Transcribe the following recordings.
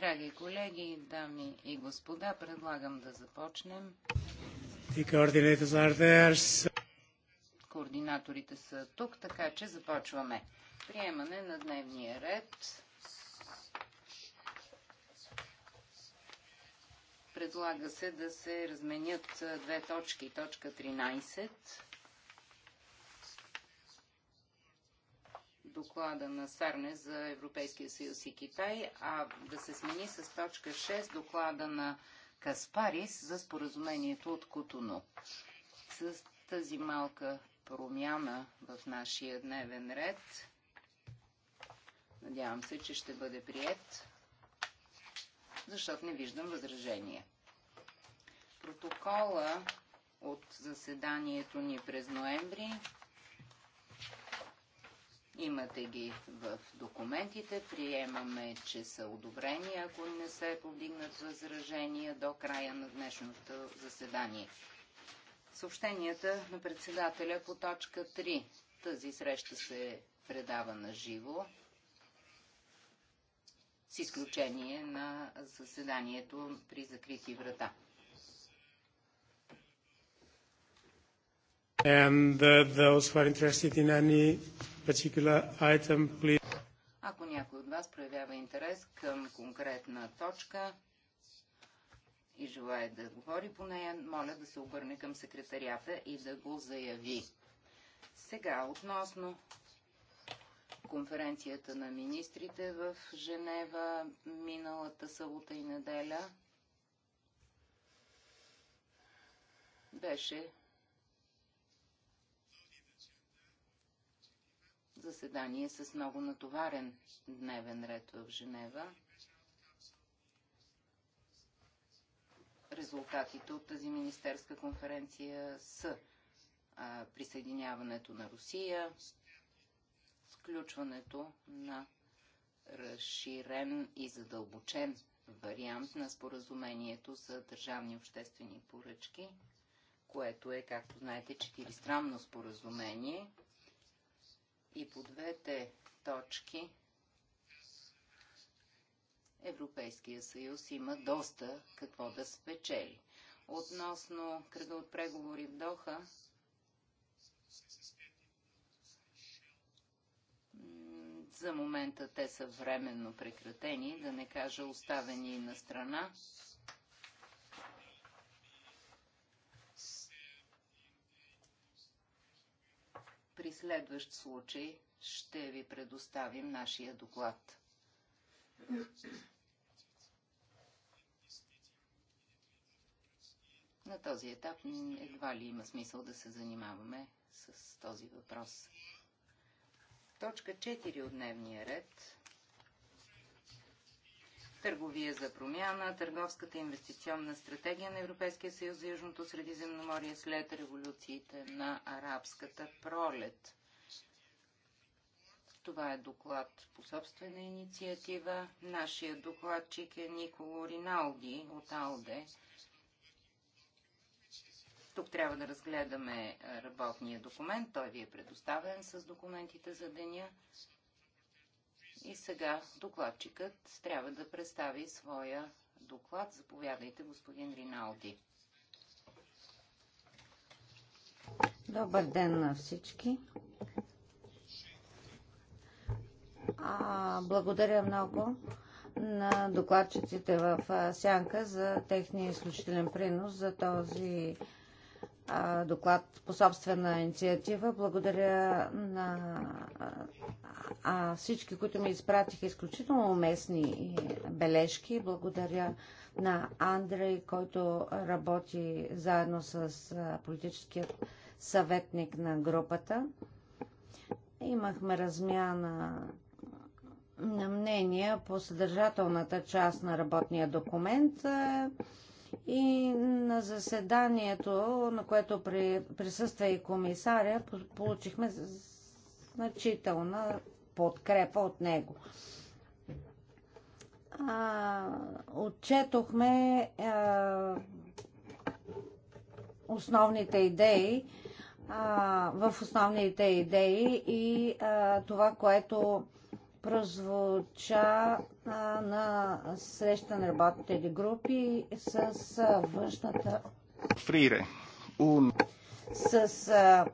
Драги колеги, дами и господа, предлагам да започнем. Координаторите са тук, така че започваме. Приемане на дневния ред. Предлага се да се разменят две точки. Точка 13 доклада на Сарне за Европейския съюз и Китай, а да се смени с точка 6 доклада на Каспарис за споразумението от Кутуно. С тази малка промяна в нашия дневен ред, надявам се, че ще бъде прият, защото не виждам възражение. Протокола от заседанието ни през ноември Имате ги в документите. Приемаме, че са одобрени, ако не се повдигнат възражения до края на днешното заседание. Съобщенията на председателя по точка 3. Тази среща се предава на живо, с изключение на заседанието при закрити врата. And uh, those who are interested in any particular item, please. Ако някой от вас проявява интерес към конкретна точка и желая да говори по нея, моля да се обърне към секретарията и да го заяви. Сега, относно конференцията на министрите в Женева миналата събота и неделя, беше заседание с много натоварен дневен ред в Женева. Резултатите от тази министерска конференция са а, присъединяването на Русия, включването на разширен и задълбочен вариант на споразумението за държавни обществени поръчки, което е, както знаете, четиристранно споразумение – i po по двете точки Европейския съюз има доста какво да спечели. Относно кръга от преговори в Доха, за момента те са временно прекратени, да не кажа оставени на страна. при следващ случай ще ви предоставим нашия доклад. На този етап едва ли има смисъл да се занимаваме с този въпрос. Точка 4 от дневния ред търговия за промяна, търговската инвестиционна стратегия на Европейския съюз за Южното Средиземноморие след революциите на арабската пролет. Това е доклад по собствена инициатива. Нашия докладчик е Николо Риналди от АЛДЕ. Тук трябва да разгледаме работния документ. Той ви е предоставен с документите за деня. И сега докладчикът трябва да представи своя доклад. Заповядайте, господин Риналди. Добър ден на всички. А, благодаря много на докладчиците в Сянка за техния изключителен принос за този доклад по собствена инициатива. Благодаря на всички, които ми изпратиха изключително уместни бележки. Благодаря на Андрей, който работи заедно с политическият съветник на групата. Имахме размяна на мнения по съдържателната част на работния документ. И на заседанието, на което при, присъства и комисаря, получихме значителна подкрепа от него. А, отчетохме а, основните идеи а, в основните идеи и а, това, което прозвуча на среща на работните групи с външната Фрире. С а,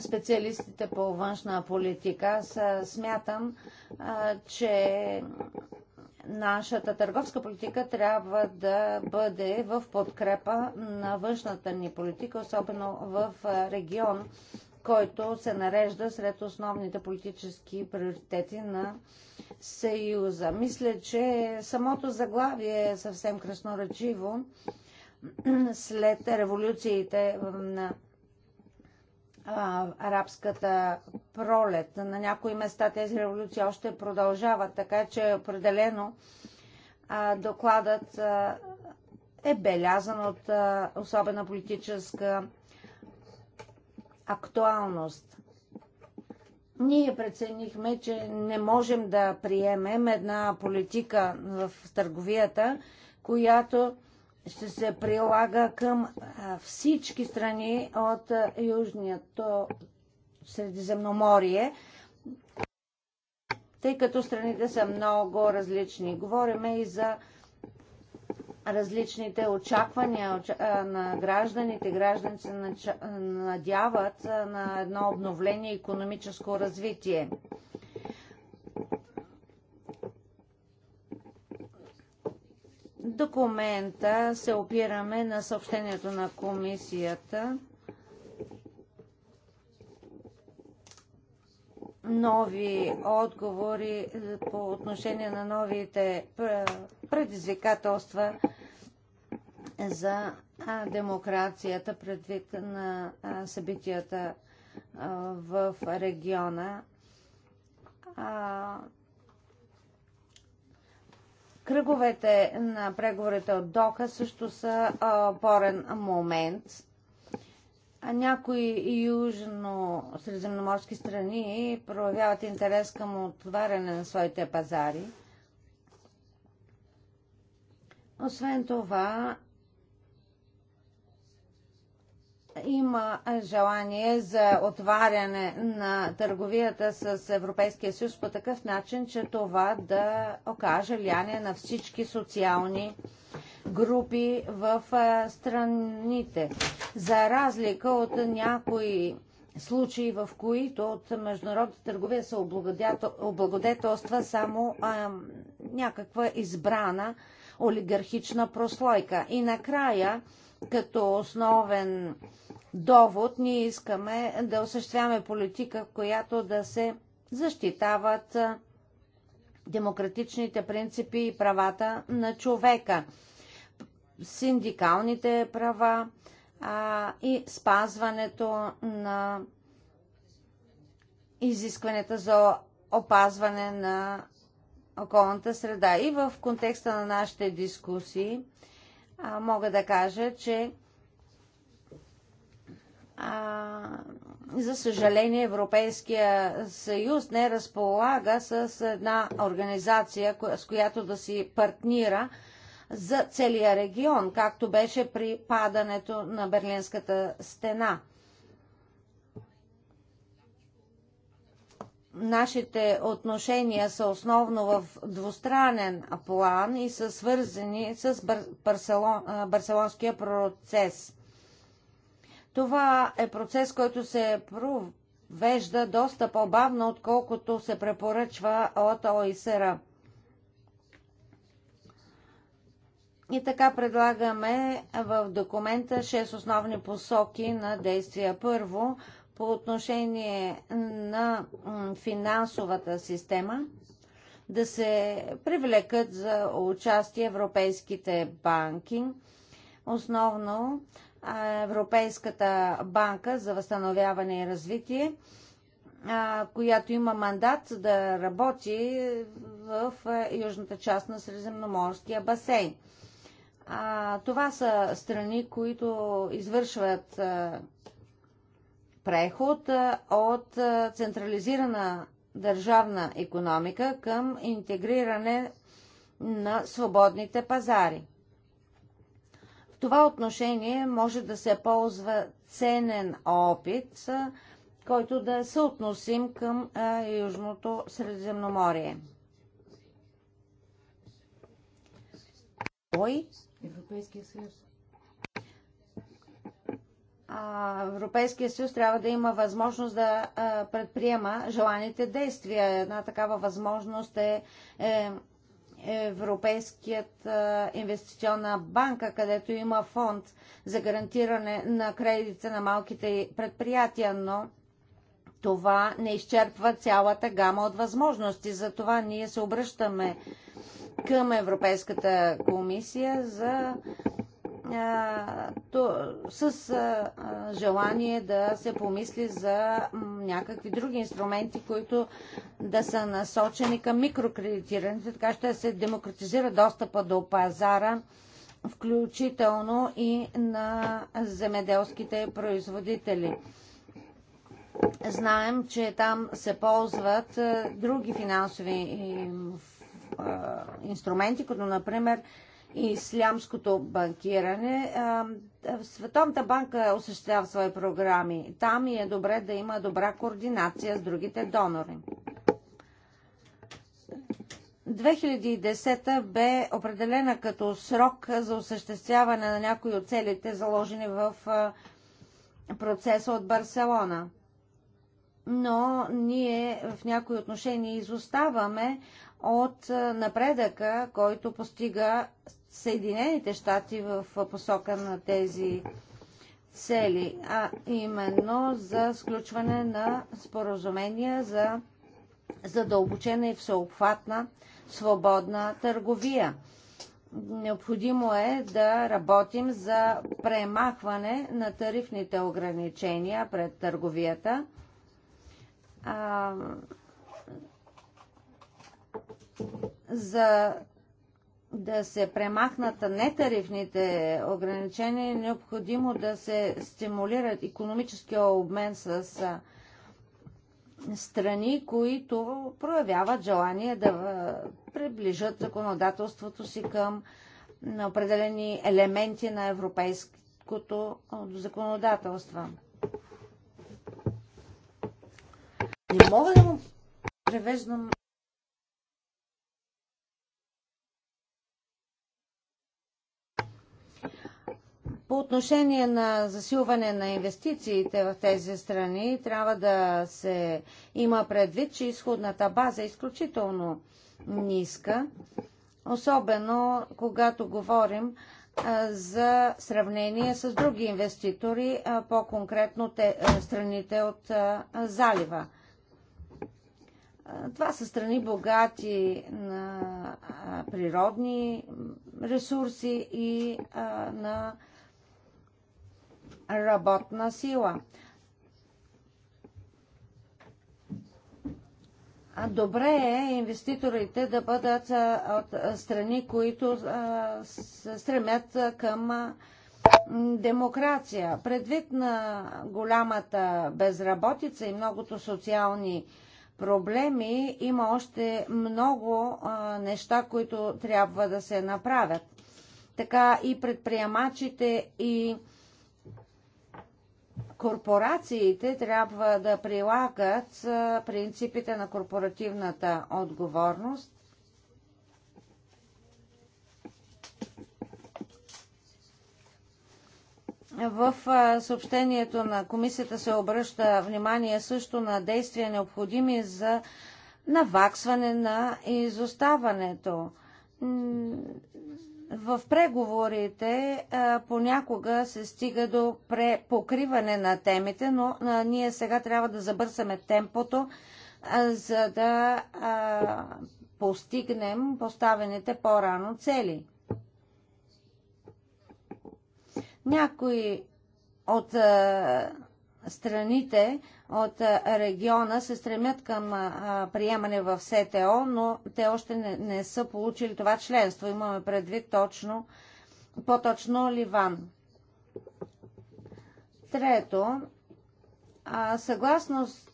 специалистите по външна политика. Аз смятам, а, че нашата търговска политика трябва да бъде в подкрепа на външната ни политика, особено в регион, който се нарежда сред основните политически приоритети на Съюза. Мисля, че самото заглавие е съвсем красноречиво след революциите на арабската пролет. На някои места тези революции още продължават, така че определено докладът е белязан от особена политическа актуалност. Ние преценихме, че не можем да приемем една политика в търговията, която ще се прилага към всички страни от Южното Средиземноморие, тъй като страните са много различни. Говориме и за различните очаквания на гражданите. Гражданите се надяват на едно обновление и економическо развитие. документа се опираме на съобщението на комисията – нови отговори по отношение на новите предизвикателства за демокрацията предвид на събитията в региона. Кръговете на преговорите от Дока също са опорен момент някои южно-средиземноморски страни проявяват интерес към отваряне на своите пазари. Освен това, има желание за отваряне на търговията с Европейския съюз по такъв начин, че това да окаже влияние на всички социални групи в страните. За разлика от някои случаи, в които от международната търговия се облагодетелства само а, някаква избрана олигархична прослойка. И накрая, като основен довод, ние искаме да осъществяваме политика, в която да се защитават демократичните принципи и правата на човека синдикалните права а, и спазването на изискванията за опазване на околната среда. И в контекста на нашите дискусии а, мога да кажа, че а, за съжаление Европейския съюз не разполага с една организация, с която да си партнира за целия регион, както беше при падането на Берлинската стена. Нашите отношения са основно в двустранен план и са свързани с Барселон, Барселонския процес. Това е процес, който се провежда доста по-бавно, отколкото се препоръчва от ОИСР. И така предлагаме в документа 6 основни посоки на действия. Първо, по отношение на финансовата система, да се привлекат за участие европейските банки, основно Европейската банка за възстановяване и развитие, която има мандат да работи в южната част на Средиземноморския басейн. А, това са страни, които извършват а, преход а, от а, централизирана държавна економика към интегриране на свободните пазари. В това отношение може да се ползва ценен опит, а, който да е съотносим към а, Южното Средиземноморие. Той. Европейския съюз. А, Европейския съюз трябва да има възможност да а, предприема желаните действия. Една такава възможност е, е Европейският а, инвестиционна банка, където има фонд за гарантиране на кредитите на малките предприятия, но това не изчерпва цялата гама от възможности. Затова ние се обръщаме към Европейската комисия за то, с а, желание да се помисли за м, някакви други инструменти, които да са насочени към микрокредитирането. Така ще се демократизира достъпа до пазара, включително и на земеделските производители. Знаем, че там се ползват а, други финансови и, инструменти, като например ислямското банкиране. Световната банка осъществява свои програми. Там и е добре да има добра координация с другите донори. 2010 бе определена като срок за осъществяване на някои от целите, заложени в процеса от Барселона. Но ние в някои отношения изоставаме от напредъка, който постига Съединените щати в посока на тези цели, а именно за сключване на споразумения за задълбочена и всеобхватна свободна търговия. Необходимо е да работим за премахване на тарифните ограничения пред търговията за да се премахнат нетарифните ограничения, е необходимо да се стимулират економическия обмен с страни, които проявяват желание да приближат законодателството си към на определени елементи на европейското законодателство. Не мога да му превеждам По отношение на засилване на инвестициите в тези страни, трябва да се има предвид, че изходната база е изключително ниска, особено когато говорим за сравнение с други инвеститори, по-конкретно страните от залива. Това са страни богати на природни ресурси и на работна сила. А Добре е инвеститорите да бъдат от страни, които се стремят към демокрация. Предвид на голямата безработица и многото социални проблеми, има още много неща, които трябва да се направят. Така и предприемачите и Корпорациите трябва да прилагат принципите на корпоративната отговорност В съобщението на комисията се обръща внимание също на действия необходими за наваксване на изоставането. В преговорите понякога се стига до препокриване на темите, но ние сега трябва да забърсаме темпото, за да постигнем поставените по-рано цели. Някои от страните от региона се стремят към приемане в СТО, но те още не, не са получили това членство. Имаме предвид точно, по-точно Ливан. Трето, а, съгласно с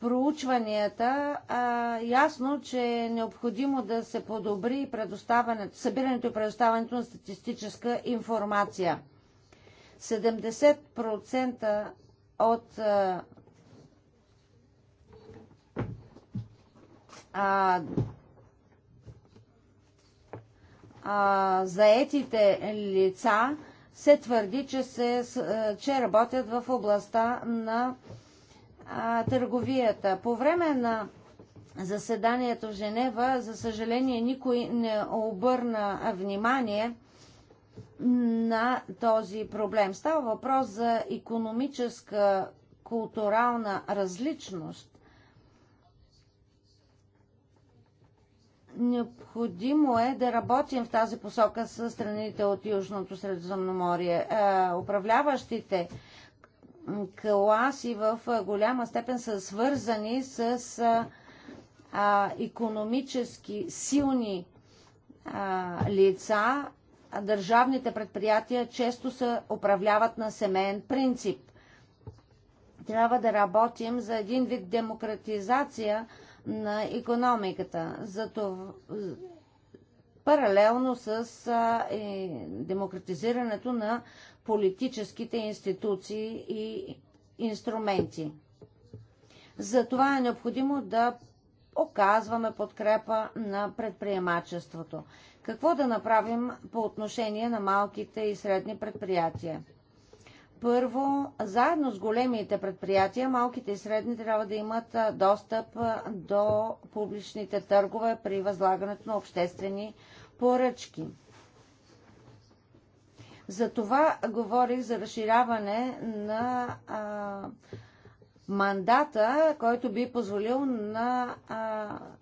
проучванията, а, ясно, че е необходимо да се подобри предоставането, събирането и предоставането на статистическа информация. 70% от а, а, заетите лица се твърди, че, се, че работят в областта на а, търговията. По време на заседанието в Женева, за съжаление, никой не обърна внимание – на този проблем. Става въпрос за економическа, културална различност. Необходимо е да работим в тази посока с страните от Южното Средиземноморие. Управляващите класи в голяма степен са свързани с економически силни лица, държавните предприятия често се управляват на семейен принцип. Трябва да работим за един вид демократизация на економиката. Зато паралелно с демократизирането на политическите институции и инструменти. Затова е необходимо да оказваме подкрепа на предприемачеството. Какво да направим по отношение на малките и средни предприятия? Първо, заедно с големите предприятия, малките и средни трябва да имат достъп до публичните търгове при възлагането на обществени поръчки. За това говорих за разширяване на а, мандата, който би позволил на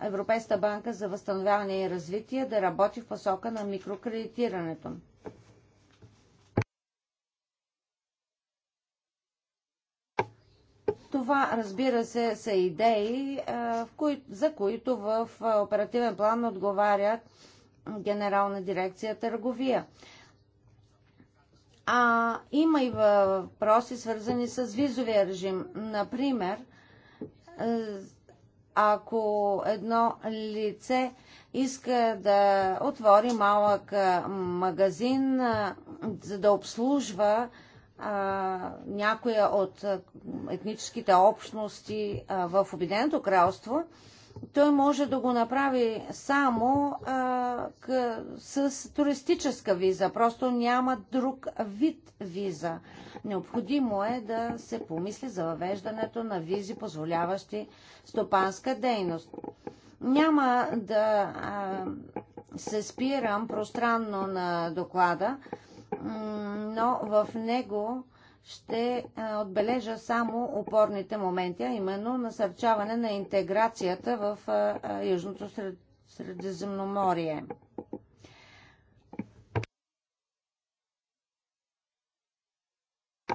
Европейската банка за възстановяване и развитие да работи в посока на микрокредитирането. Това, разбира се, са идеи, за които в оперативен план отговарят Генерална дирекция търговия. А има и въпроси, свързани с визовия режим. Например, ако едно лице иска да отвори малък магазин, за да обслужва някоя от етническите общности в Обединеното кралство, той може да го направи само а, къ, с туристическа виза. Просто няма друг вид виза. Необходимо е да се помисли за въвеждането на визи, позволяващи стопанска дейност. Няма да а, се спирам пространно на доклада, но в него ще отбележа само опорните моменти, а именно насърчаване на интеграцията в Южното Средиземноморие.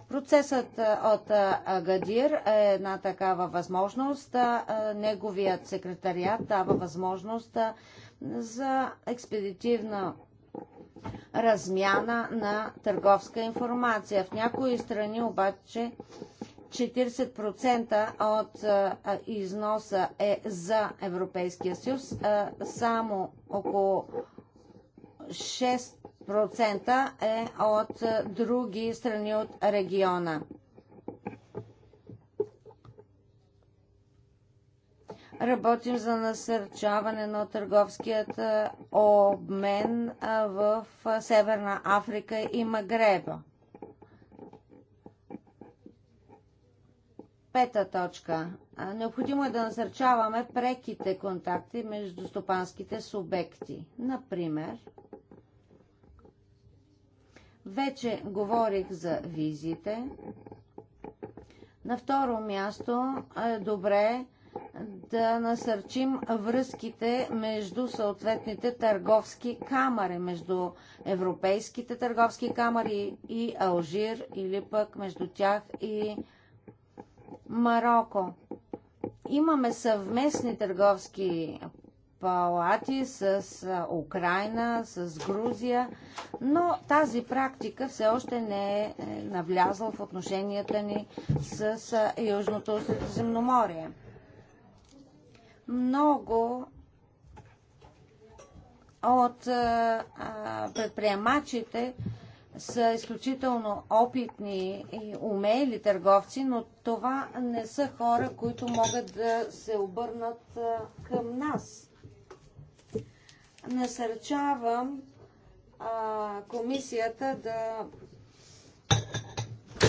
Процесът от Агадир е една такава възможност. Неговият секретариат дава възможност за експедитивна размяна на търговска информация. В някои страни обаче 40% от износа е за Европейския съюз, а, само около 6% е от други страни от региона. Работим за насърчаване на търговският обмен в Северна Африка и Магреба. Пета точка. Необходимо е да насърчаваме преките контакти между стопанските субекти. Например, вече говорих за визите. На второ място е добре да насърчим връзките между съответните търговски камери, между европейските търговски камери и Алжир или пък между тях и Марокко. Имаме съвместни търговски палати с Украина, с Грузия, но тази практика все още не е навлязла в отношенията ни с Южното Средиземноморие много от предприемачите са изключително опитни и умели търговци, но това не са хора, които могат да се обърнат към нас. Насърчавам комисията да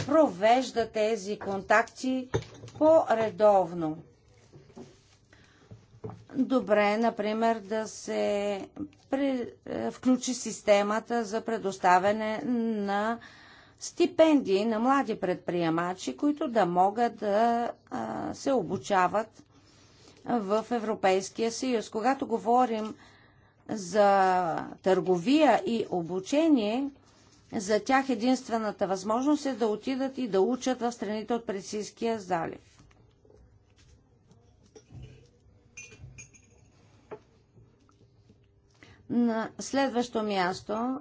провежда тези контакти по-редовно добре, например, да се при, включи системата за предоставяне на стипендии на млади предприемачи, които да могат да а, се обучават в Европейския съюз. Когато говорим за търговия и обучение, за тях единствената възможност е да отидат и да учат в страните от Пресийския залив. На следващо място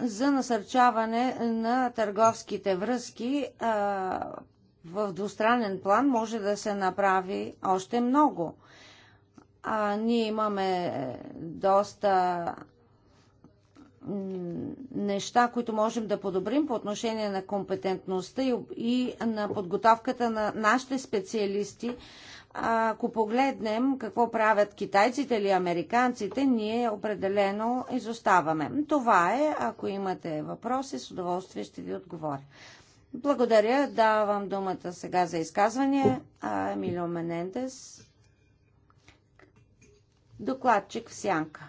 за насърчаване на търговските връзки в двустранен план може да се направи още много. А, ние имаме доста неща, които можем да подобрим по отношение на компетентността и на подготовката на нашите специалисти ако погледнем какво правят китайците или американците, ние определено изоставаме. Това е. Ако имате въпроси, с удоволствие ще ви отговоря. Благодаря. Давам думата сега за изказване. Емилио Менендес, докладчик в Сянка.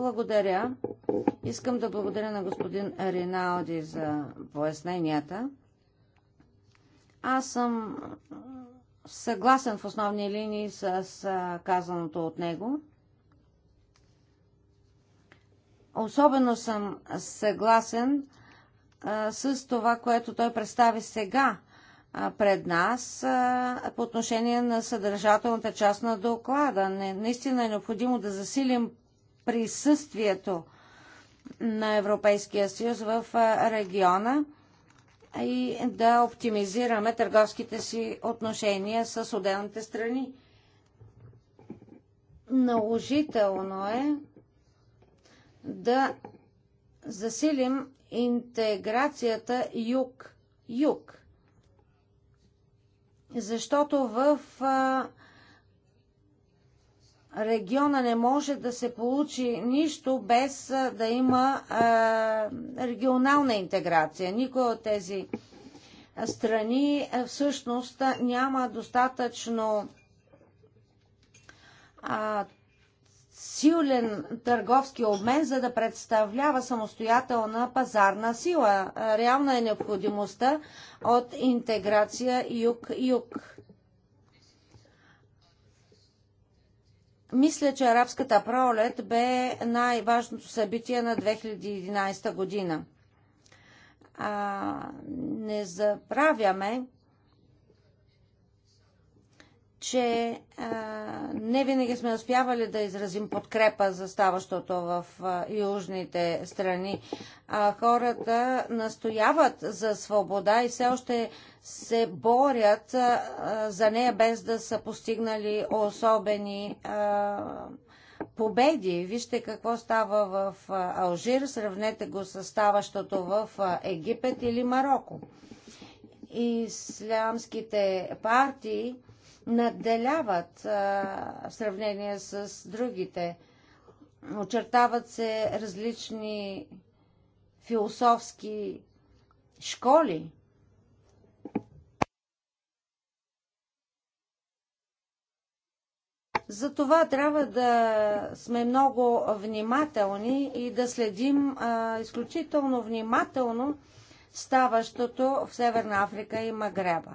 Благодаря. Искам да благодаря на господин Риналди за поясненията. Аз съм съгласен в основни линии с казаното от него. Особено съм съгласен с това, което той представи сега пред нас по отношение на съдържателната част на доклада. наистина е необходимо да засилим присъствието на Европейския съюз в региона и да оптимизираме търговските си отношения с отделните страни. Наложително е да засилим интеграцията юг-юг. Защото в а, региона не може да се получи нищо без да има регионална интеграция. Никой от тези страни всъщност няма достатъчно силен търговски обмен, за да представлява самостоятелна пазарна сила. Реална е необходимостта от интеграция юг-юг Мисля, че арабската пролет бе най-важното събитие на 2011 година. А, не забравяме, че а, не винаги сме успявали да изразим подкрепа за ставащото в а, южните страни. А, хората настояват за свобода и все още се борят а, а, за нея без да са постигнали особени а, победи. Вижте какво става в а, Алжир, сравнете го с ставащото в а, Египет или Марокко. Ислямските партии надделяват в сравнение с другите. Очертават се различни философски школи. Затова трябва да сме много внимателни и да следим а, изключително внимателно ставащото в Северна Африка и Магреба.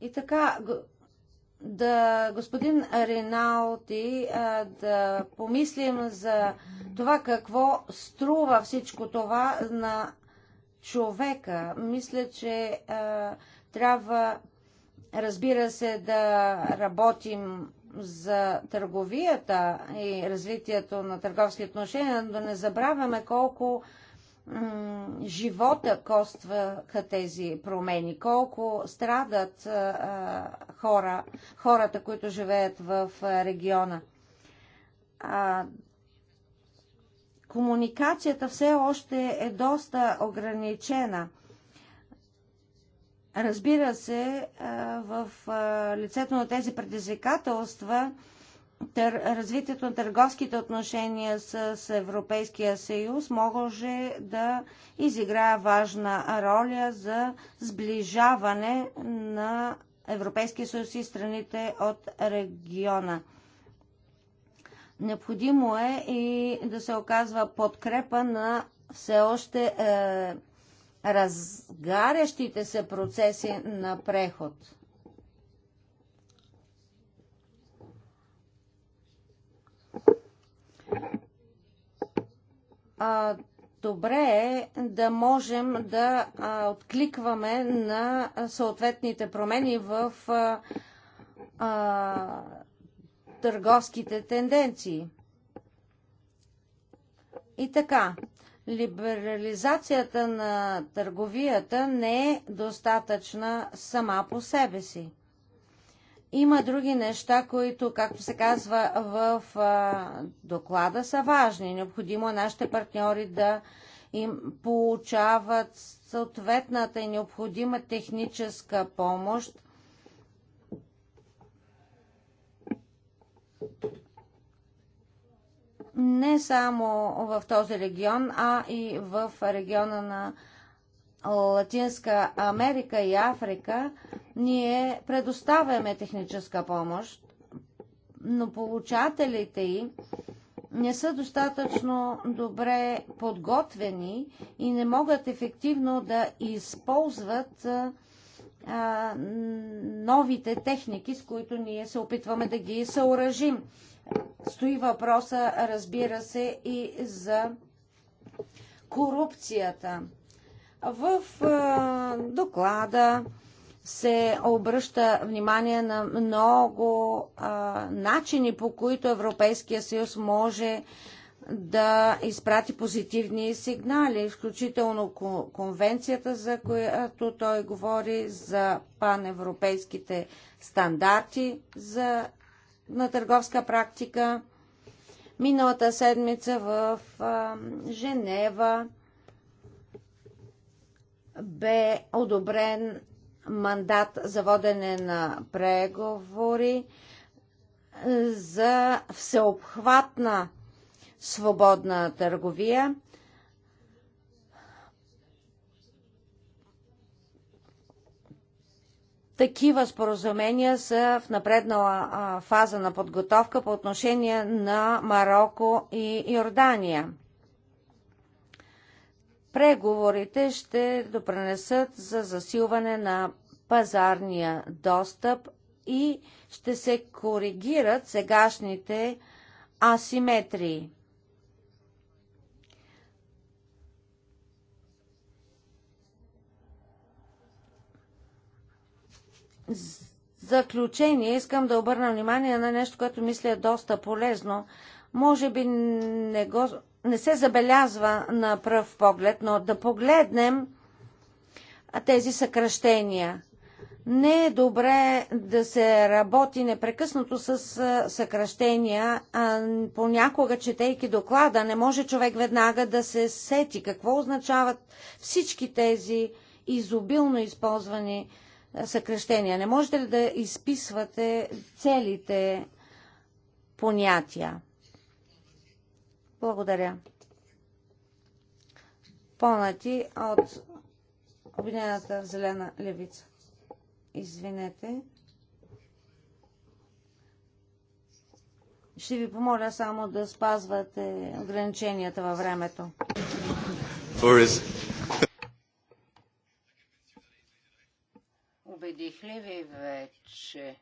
И така, да, господин Риналти, да помислим за това какво струва всичко това на човека. Мисля, че трябва, разбира се, да работим за търговията и развитието на търговски отношения, но да не забравяме колко живота костваха тези промени, колко страдат хора, хората, които живеят в региона. А, комуникацията все още е доста ограничена. Разбира се, в лицето на тези предизвикателства тър, развитието на търговските отношения с Европейския съюз може да изиграе важна роля за сближаване на Европейския съюз и страните от региона. Необходимо е и да се оказва подкрепа на все още е, разгарящите се процеси на преход. добре е да можем да откликваме на съответните промени в търговските тенденции. И така, либерализацията на търговията не е достатъчна сама по себе си. Има други неща, които, както се казва в доклада, са важни. Необходимо е нашите партньори да им получават съответната и необходима техническа помощ. Не само в този регион, а и в региона на Латинска Америка и Африка, ние предоставяме техническа помощ, но получателите й не са достатъчно добре подготвени и не могат ефективно да използват а, новите техники, с които ние се опитваме да ги съоръжим. Стои въпроса, разбира се, и за корупцията. В доклада се обръща внимание на много а, начини, по които Европейския съюз може да изпрати позитивни сигнали, включително конвенцията, за която той говори, за паневропейските стандарти за, на търговска практика. Миналата седмица в а, Женева бе одобрен мандат за водене на преговори за всеобхватна свободна търговия. Такива споразумения са в напреднала фаза на подготовка по отношение на Марокко и Йордания. Преговорите ще допренесат за засилване на пазарния достъп и ще се коригират сегашните асиметрии. заключение искам да обърна внимание на нещо, което мисля е доста полезно. Може би не го не се забелязва на пръв поглед, но да погледнем тези съкръщения. Не е добре да се работи непрекъснато с съкръщения. а Понякога, четейки доклада, не може човек веднага да се сети какво означават всички тези изобилно използвани съкръщения. Не можете ли да изписвате целите понятия? Благодаря. Понати от обвинената зелена левица. Извинете. Ще ви помоля само да спазвате ограниченията във времето. Убедих ли ви вече?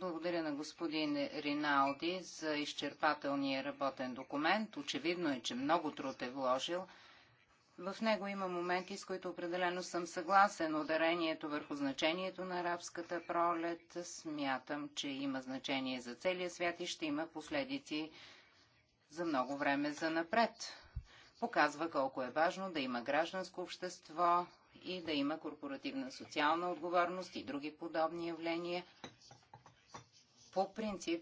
Благодаря на господин Риналди за изчерпателния работен документ. Очевидно е, че много труд е вложил. В него има моменти, с които определено съм съгласен. Ударението върху значението на арабската пролет смятам, че има значение за целия свят и ще има последици за много време за напред. Показва колко е важно да има гражданско общество и да има корпоративна социална отговорност и други подобни явления, По принцип,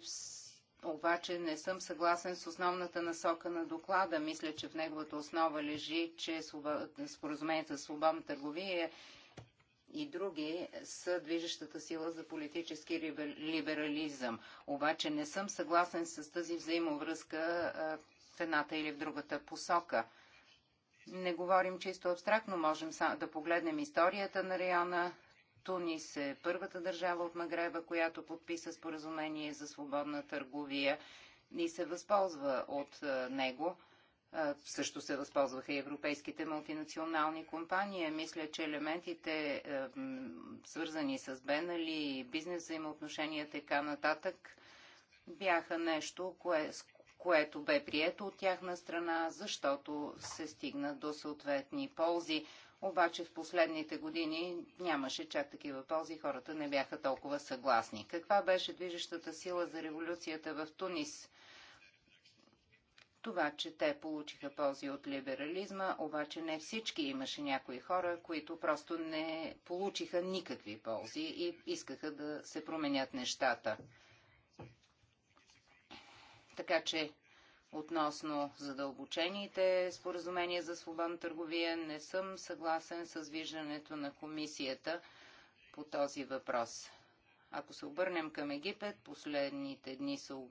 обаче не съм съгласен с основната насока на доклада. Мисля, че в неговата основа лежи, че споразумението за свободна търговия и други са движещата сила за политически либерализъм. Обаче не съм съгласен с тази взаимовръзка в едната или в другата посока. Не говорим чисто абстрактно, можем да погледнем историята на района, Тунис е първата държава от Магреба, която подписа споразумение за свободна търговия и се възползва от него. Също се възползваха и европейските мултинационални компании. Мисля, че елементите, свързани с Бенали, бизнес взаимоотношения, така нататък, бяха нещо, кое, което бе прието от тяхна страна, защото се стигна до съответни ползи обаче в последните години нямаше чак такива ползи хората не бяха толкова съгласни. Каква беше движещата сила за революцията в Тунис? Това, че те получиха ползи от либерализма, обаче не всички имаше някои хора, които просто не получиха никакви ползи и искаха да се променят нещата. Така че Относно задълбочените споразумения за свободна търговия, не съм съгласен с виждането на комисията по този въпрос. Ако се обърнем към Египет, последните дни са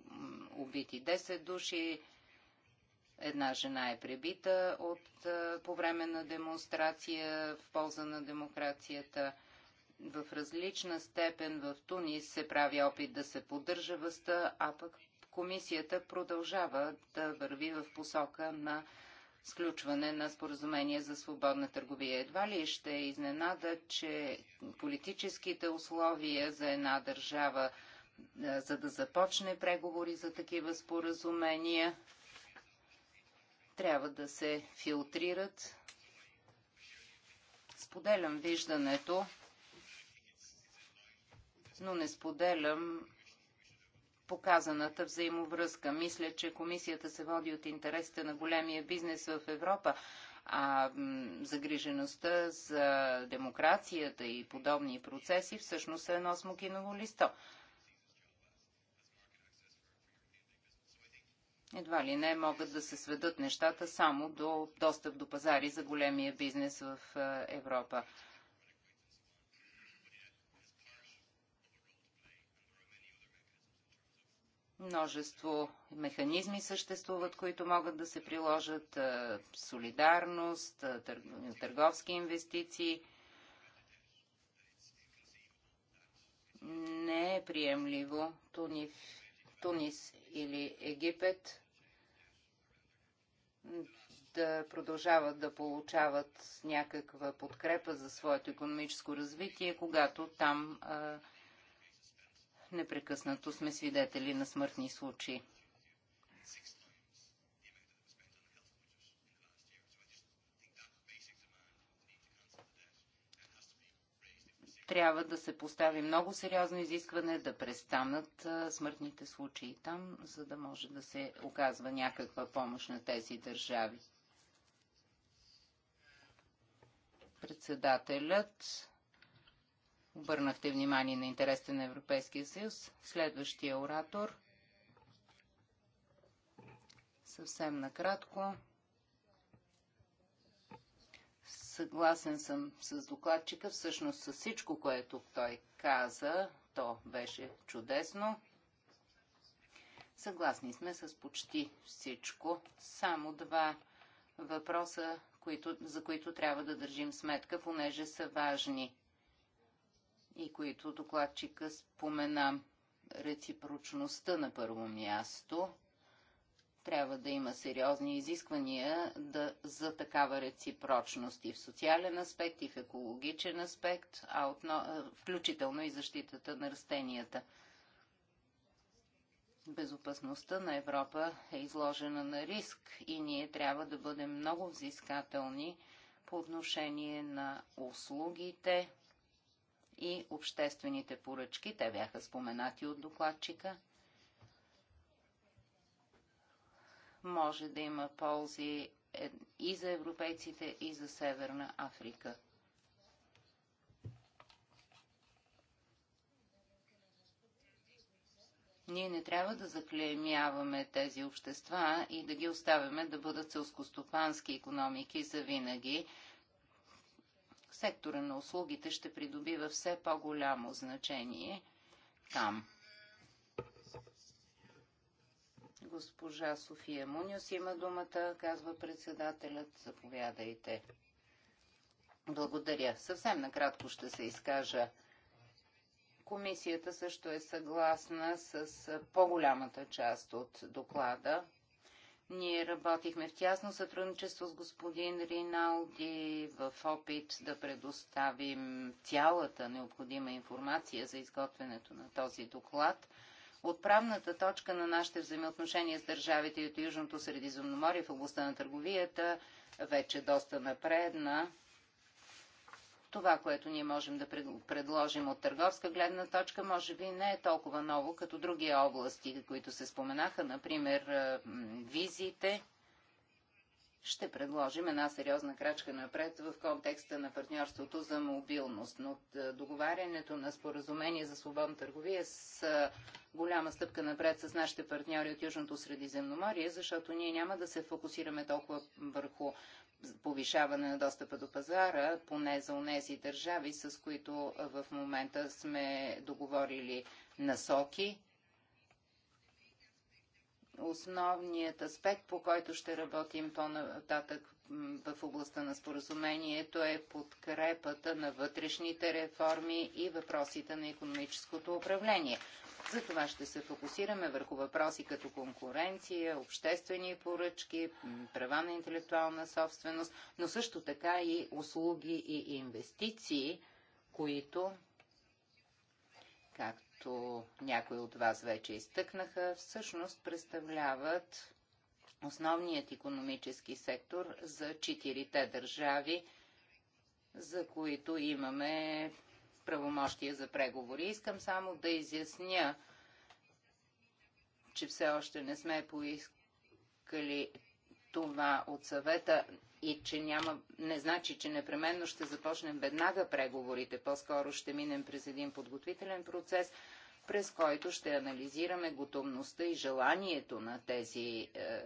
убити 10 души, една жена е пребита от, по време на демонстрация в полза на демокрацията. В различна степен в Тунис се прави опит да се поддържа възта, а пък комисията продължава да върви в посока на сключване на споразумение за свободна търговия. Едва ли ще е изненада, че политическите условия за една държава, за да започне преговори за такива споразумения, трябва да се филтрират. Споделям виждането, но не споделям показаната взаимовръзка. Мисля, че комисията се води от интересите на големия бизнес в Европа, а загрижеността за демокрацията и подобни процеси всъщност е едно смокиново листо. Едва ли не могат да се сведат нещата само до достъп до пазари за големия бизнес в Европа. Множество механизми съществуват, които могат да се приложат. Солидарност, търговски инвестиции. Не е приемливо Тунис, Тунис или Египет да продължават да получават някаква подкрепа за своето економическо развитие, когато там а, Непрекъснато сме свидетели на смъртни случаи. трябва да се постави много сериозно изискване да престанат смъртните случаи там, за да може да се оказва някаква помощ на тези държави. Председателят обърнахте внимание на интересите на Европейския съюз. Следващия оратор. Съвсем накратко. Съгласен съм с докладчика, всъщност с всичко, което той каза. То беше чудесно. Съгласни сме с почти всичко. Само два въпроса, които, за които трябва да държим сметка, понеже са важни и които докладчика спомена реципрочността на първо място. Трябва да има сериозни изисквания да, за такава реципрочност и в социален аспект, и в екологичен аспект, а отно, включително и защитата на растенията. Безопасността на Европа е изложена на риск и ние трябва да бъдем много взискателни по отношение на услугите, и обществените поръчки. Те бяха споменати от докладчика. Може да има ползи и за европейците, и за Северна Африка. Ние не трябва да заклеймяваме тези общества и да ги оставяме да бъдат селскостопански економики за винаги сектора на услугите ще придобива все по-голямо значение там. Госпожа София Муниус има думата, казва председателят. Заповядайте. Благодаря. Съвсем накратко ще се изкажа. Комисията също е съгласна с по-голямата част от доклада. Ние работихме в тясно сътрудничество с господин Риналди в опит да предоставим цялата необходима информация за изготвянето на този доклад. Отправната точка на нашите взаимоотношения с държавите от Южното Средиземноморие в областта на търговията вече доста напредна. Това, което ние можем да предложим от търговска гледна точка, може би не е толкова ново, като други области, които се споменаха, например визите. Ще предложим една сериозна крачка напред в контекста на партньорството за мобилност, но договарянето на споразумение за свободна търговия с голяма стъпка напред с нашите партньори от Южното Средиземноморие, защото ние няма да се фокусираме толкова върху повишаване на достъпа до пазара, поне за унези държави, с които в момента сме договорили насоки. Основният аспект, по който ще работим по-нататък в областта на споразумението е подкрепата на вътрешните реформи и въпросите на економическото управление. Затова ще се фокусираме върху въпроси като конкуренция, обществени поръчки, права на интелектуална собственост, но също така и услуги и инвестиции, които, както някои от вас вече изтъкнаха, всъщност представляват основният економически сектор за четирите държави, за които имаме правомощия за преговори. Искам само да изясня, че все още не сме поискали това от съвета и че няма, не значи, че непременно ще започнем веднага преговорите. По-скоро ще минем през един подготвителен процес, през който ще анализираме готовността и желанието на тези е,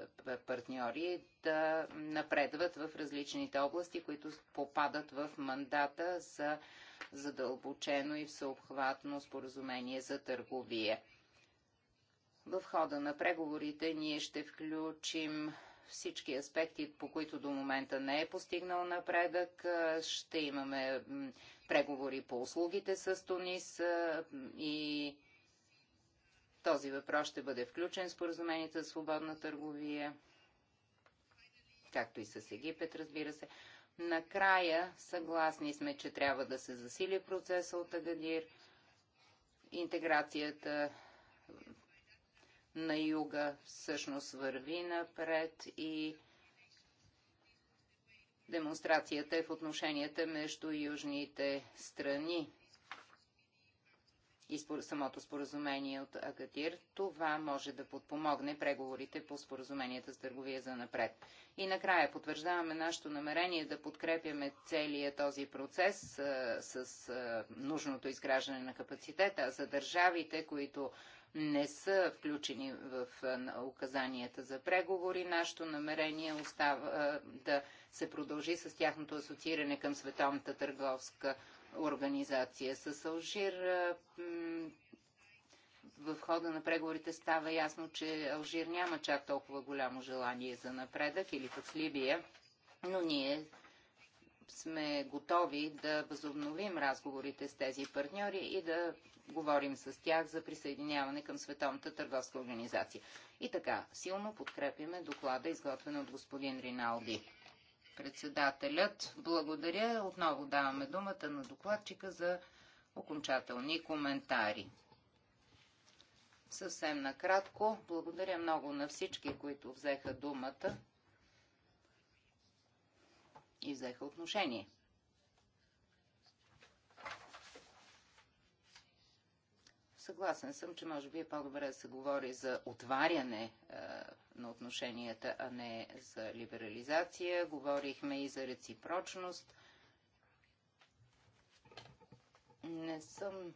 партньори да напредват в различните области, които попадат в мандата за е, задълбочено и всеобхватно споразумение за търговия. В хода на преговорите ние ще включим всички аспекти, по които до момента не е постигнал напредък. Ще имаме преговори по услугите с Тунис и този въпрос ще бъде включен в споразумението за свободна търговия, както и с Египет, разбира се. Накрая съгласни сме, че трябва да се засили процеса от Агадир, интеграцията на юга всъщност върви напред и демонстрацията е в отношенията между южните страни и самото споразумение от Агатир, това може да подпомогне преговорите по споразуменията с търговия за напред. И накрая потвърждаваме нашето намерение да подкрепяме целият този процес а, с а, нужното изграждане на капацитета за държавите, които не са включени в указанията за преговори. Нашето намерение остава да се продължи с тяхното асоцииране към Световната търговска организация. С Алжир в хода на преговорите става ясно, че Алжир няма чак толкова голямо желание за напредък или пък с Либия, но ние сме готови да възобновим разговорите с тези партньори и да говорим с тях за присъединяване към Световната търговска организация. И така, силно подкрепиме доклада, изготвен от господин Риналди. Председателят, благодаря. Отново даваме думата на докладчика за окончателни коментари. Съвсем накратко, благодаря много на всички, които взеха думата и взеха отношение. Съгласен съм, че може би е по-добре да се говори за отваряне е, на отношенията, а не за либерализация. Говорихме и за реципрочност. Не съм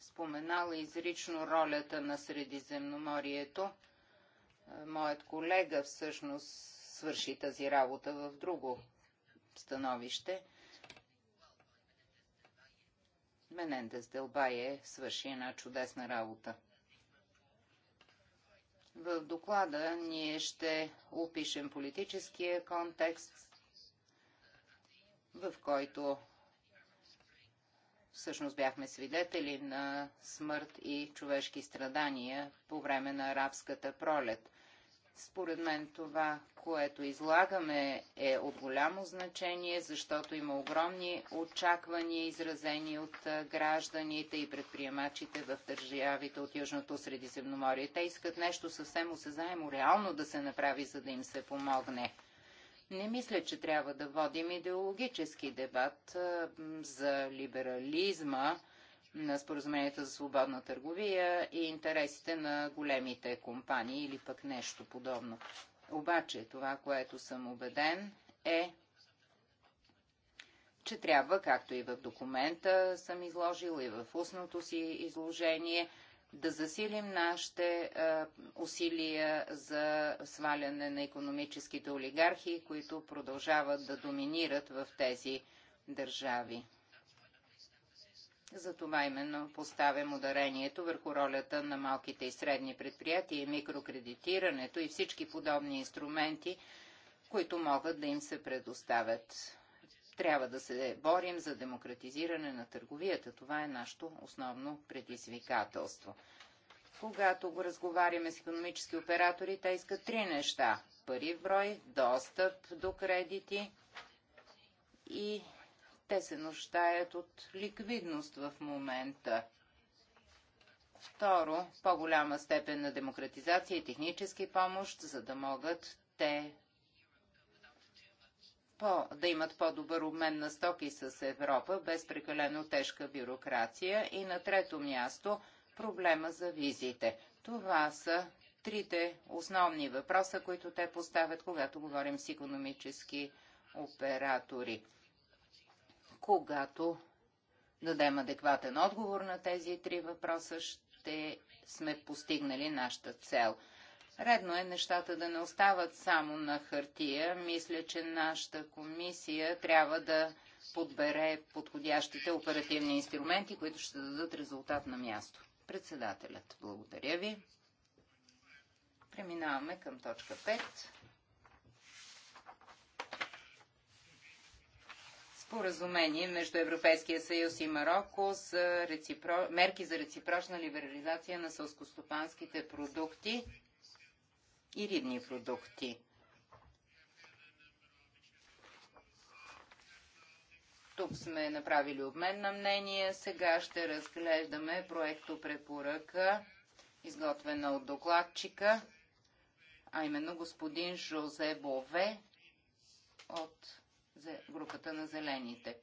споменала изрично ролята на Средиземноморието. Моят колега всъщност свърши тази работа в друго становище. Менендес Делбае свърши една чудесна работа. В доклада ние ще опишем политическия контекст, в който всъщност бяхме свидетели на смърт и човешки страдания по време на арабската пролет. Според мен това, което излагаме е от голямо значение, защото има огромни очаквания, изразени от гражданите и предприемачите в държавите от Южното Средиземноморие. Те искат нещо съвсем осезаемо, реално да се направи, за да им се помогне. Не мисля, че трябва да водим идеологически дебат за либерализма на споразумението за свободна търговия и интересите на големите компании или пък нещо подобно. Обаче това, което съм убеден е, че трябва, както и в документа съм изложил и в устното си изложение, да засилим нашите а, усилия за сваляне на економическите олигархи, които продължават да доминират в тези държави. Затова именно поставям ударението върху ролята на малките и средни предприятия, микрокредитирането и всички подобни инструменти, които могат да им се предоставят. Трябва да се борим за демократизиране на търговията. Това е нашето основно предизвикателство. Когато го разговаряме с економически оператори, те искат три неща. Пари в брой, достъп до кредити и Те се нуждаят от ликвидност в момента. Второ, по-голяма степен на демократизация и технически помощ, за да могат те по, да имат по-добър обмен на стоки с Европа, без прекалено тежка бюрокрация. И на трето място, проблема за визите. Това са трите основни въпроса, които те поставят, когато говорим с економически оператори когато дадем адекватен отговор на тези три въпроса, ще сме постигнали нашата цел. Редно е нещата да не остават само на хартия. Мисля, че нашата комисия трябва да подбере подходящите оперативни инструменти, които ще дадат резултат на място. Председателят, благодаря ви. Преминаваме към точка 5. споразумение между Европейския съюз и Марокко за реципро... мерки за реципрочна либерализация на сълскостопанските продукти и рибни продукти. Тук сме направили обмен на мнение. Сега ще разглеждаме проекто препоръка, изготвена от докладчика, а именно господин Жозе Бове от за групата на зелените.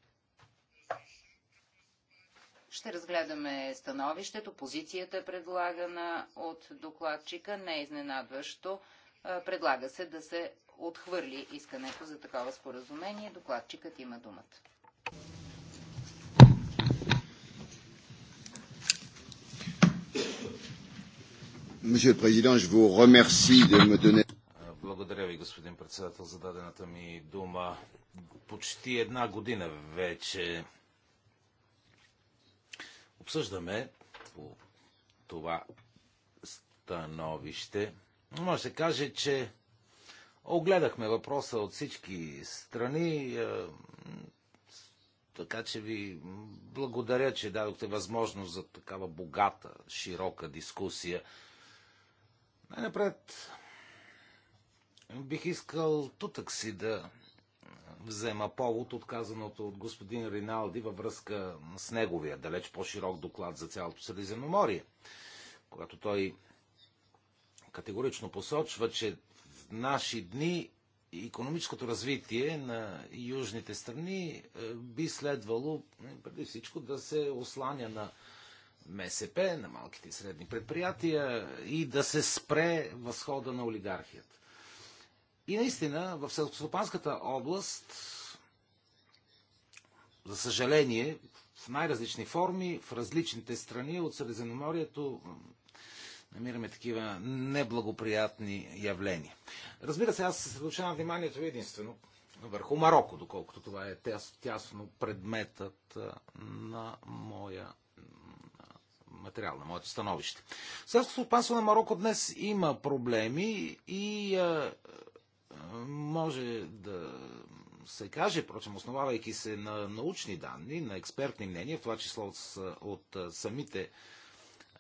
Ще разгледаме становището, позицията предлагана от докладчика, не е изненадващо. Предлага се да се отхвърли искането за такова споразумение. Докладчикът има думата. Благодаря ви, господин председател, за дадената ми дума почти една година вече обсъждаме по това становище. Може се каже, че огледахме въпроса от всички страни, така че ви благодаря, че дадохте възможност за такава богата, широка дискусия. Най-напред бих искал тутък си да взема повод от казаното от господин Риналди във връзка с неговия далеч по-широк доклад за цялото Средиземноморие, когато той категорично посочва, че в наши дни економическото развитие на южните страни би следвало преди всичко да се осланя на МСП, на малките и средни предприятия и да се спре възхода на олигархията. И наистина в селскостопанската област, за съжаление, в най-различни форми, в различните страни от Средиземноморието намираме такива неблагоприятни явления. Разбира се, аз се съсредоточавам вниманието единствено върху Марокко, доколкото това е тясно предметът на моя материал, на моето становище. Селското стопанство на Марокко днес има проблеми и може да се каже, впрочем, основавайки се на научни данни, на експертни мнения, в това число от, от самите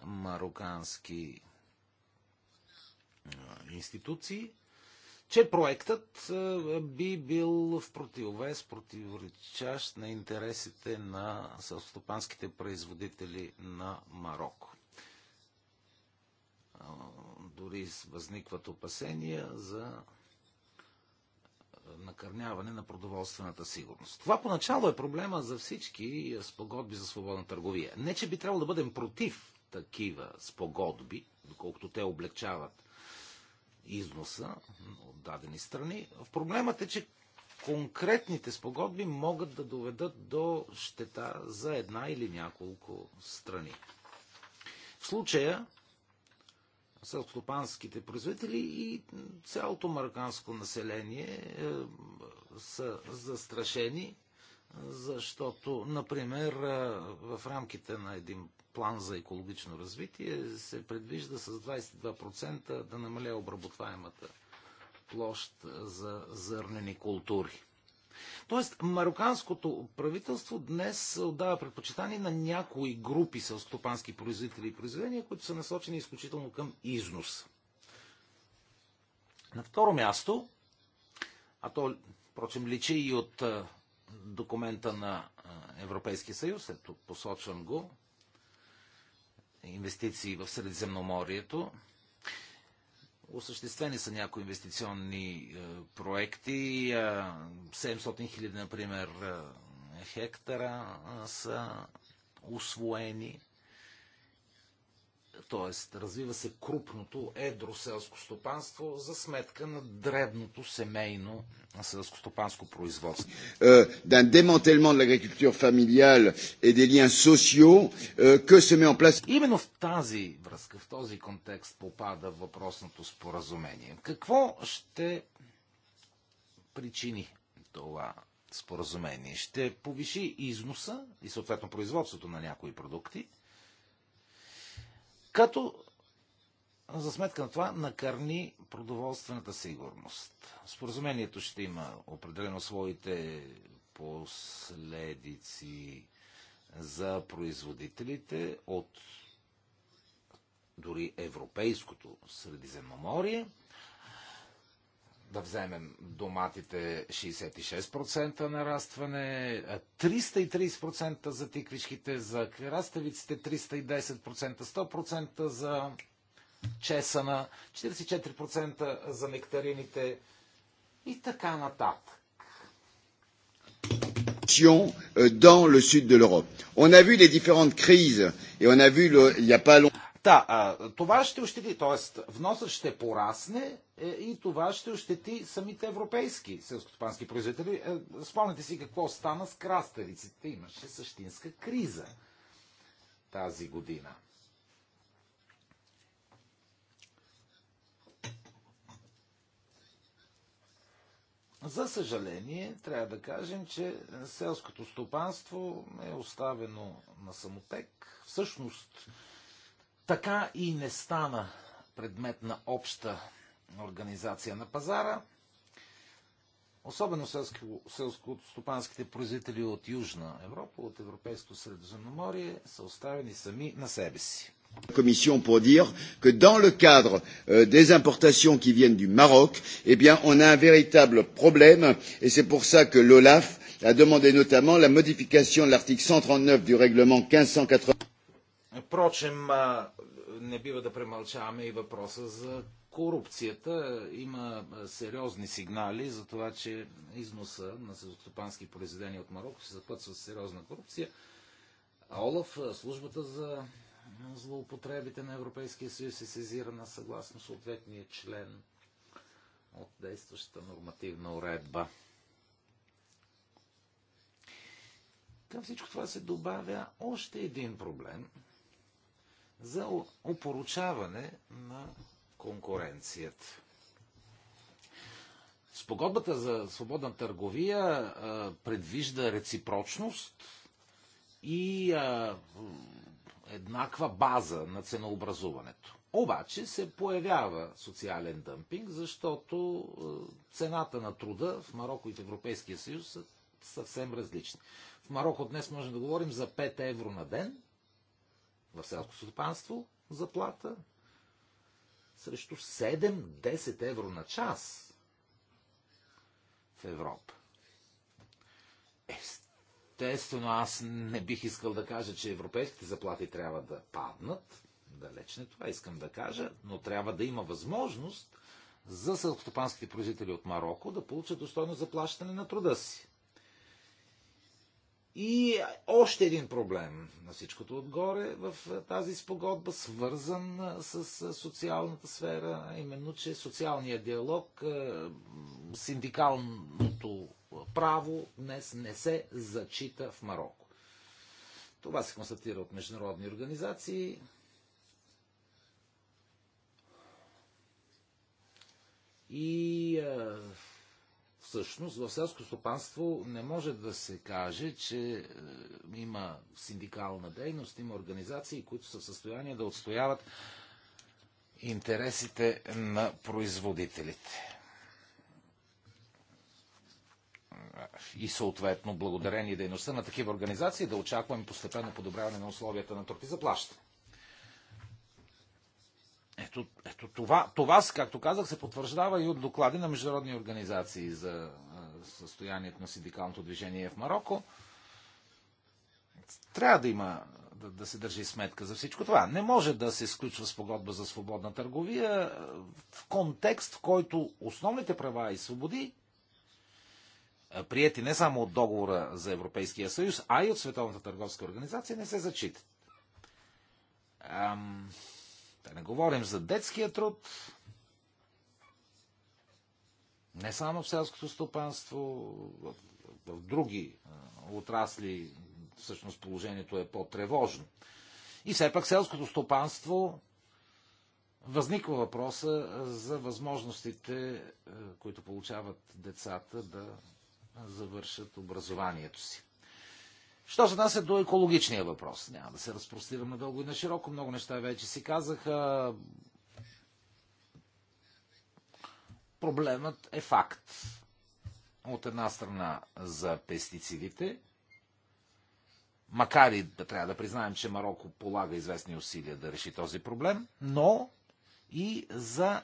марокански институции, че проектът би бил в противовес, противоречащ на интересите на селстопанските производители на Марокко. Дори възникват опасения за накърняване на продоволствената сигурност. Това поначало е проблема за всички спогодби за свободна търговия. Не, че би трябвало да бъдем против такива спогодби, доколкото те облегчават износа от дадени страни. В Проблемът е, че конкретните спогодби могат да доведат до щета за една или няколко страни. В случая селскостопанските производители и цялото марокканско население са застрашени, защото, например, в рамките на един план за екологично развитие се предвижда с 22% да намаля обработваемата площ за зърнени култури. Тоест, марокканското правителство днес отдава предпочитание на някои групи селскотопански производители и произведения, които са насочени изключително към износ. На второ място, а то, впрочем, личи и от документа на Европейския съюз, ето посочвам го, инвестиции в Средиземноморието, Осъществени са някои инвестиционни проекти. 700 хиляди, например, хектара са освоени т.е. развива се крупното едро селско стопанство за сметка на дребното семейно селско-стопанско производство. D'un démantèlement de l'agriculture familiale et des liens sociaux que se met en place. Именно в тази връзка, в този контекст попада въпросното споразумение. Какво ще причини това споразумение? Ще повиши износа и съответно производството на някои продукти – като за сметка на това накърни продоволствената сигурност. Споразумението ще има определено своите последици за производителите от дори Европейското Средиземноморие – да вземем доматите 66% нарастване, 330% за тиквичките, за краставиците 310%, 100% за чесъна, 44% за нектарините и така нататък. Dans le sud de l'Europe. On a vu les différentes crises et on a vu le, il n'y a pas longtemps. Та, това ще ощети, т.е. вносът ще порасне и това ще ощети самите европейски селскостопански производители. Спомнете си какво стана с краставиците. Имаше същинска криза тази година. За съжаление, трябва да кажем, че селското стопанство е оставено на самотек. Всъщност, така и не стана предмет на обща организация на пазара. Особено селско-стопанските селско производители от Южна Европа, от Европейското средоземноморие, са оставени сами на себе си. Commission pour dire que dans le cadre euh, des importations qui viennent du Maroc, eh bien, on a un véritable problème et c'est pour ça que l'OLAF a demandé notamment la modification de l'article 139 du règlement 1580. Впрочем, не бива да премълчаваме и въпроса за корупцията. Има сериозни сигнали за това, че износа на селскостопански произведения от Марокко се запътства с сериозна корупция. А Олаф, службата за злоупотребите на Европейския съюз е сезирана съгласно съответния член от действащата нормативна уредба. Към всичко това се добавя още един проблем – за опоручаване на конкуренцията. Спогодбата за свободна търговия а, предвижда реципрочност и а, еднаква база на ценообразуването. Обаче се появява социален дъмпинг, защото цената на труда в Марокко и в Европейския съюз са съвсем различни. В Марокко днес можем да говорим за 5 евро на ден, в селско стопанство заплата срещу 7-10 евро на час в Европа. Естествено, аз не бих искал да кажа, че европейските заплати трябва да паднат. Далеч не това искам да кажа, но трябва да има възможност за селскостопанските производители от Марокко да получат достойно заплащане на труда си. И още един проблем на всичкото отгоре в тази спогодба, свързан с социалната сфера, именно, че социалният диалог, синдикалното право днес не се зачита в Марокко. Това се констатира от международни организации. И всъщност в селско стопанство не може да се каже, че има синдикална дейност, има организации, които са в състояние да отстояват интересите на производителите. и съответно благодарение дейността на такива организации да очакваме постепенно подобряване на условията на труд и заплащане. Ето, ето това, това, както казах, се потвърждава и от доклади на международни организации за състоянието на синдикалното движение в Марокко. Трябва да има, да, да се държи сметка за всичко това. Не може да се изключва спогодба за свободна търговия в контекст, в който основните права и свободи, прияти не само от договора за Европейския съюз, а и от Световната търговска организация, не се зачитат. Ам... Да не говорим за детския труд, не само в селското стопанство, в, в други отрасли всъщност положението е по-тревожно. И все пак селското стопанство възниква въпроса за възможностите, които получават децата да завършат образованието си. Що се отнася до екологичния въпрос? Няма да се разпростирам надълго и на широко. Много неща вече си казаха. Проблемът е факт. От една страна за пестицидите, макар и да трябва да признаем, че Марокко полага известни усилия да реши този проблем, но и за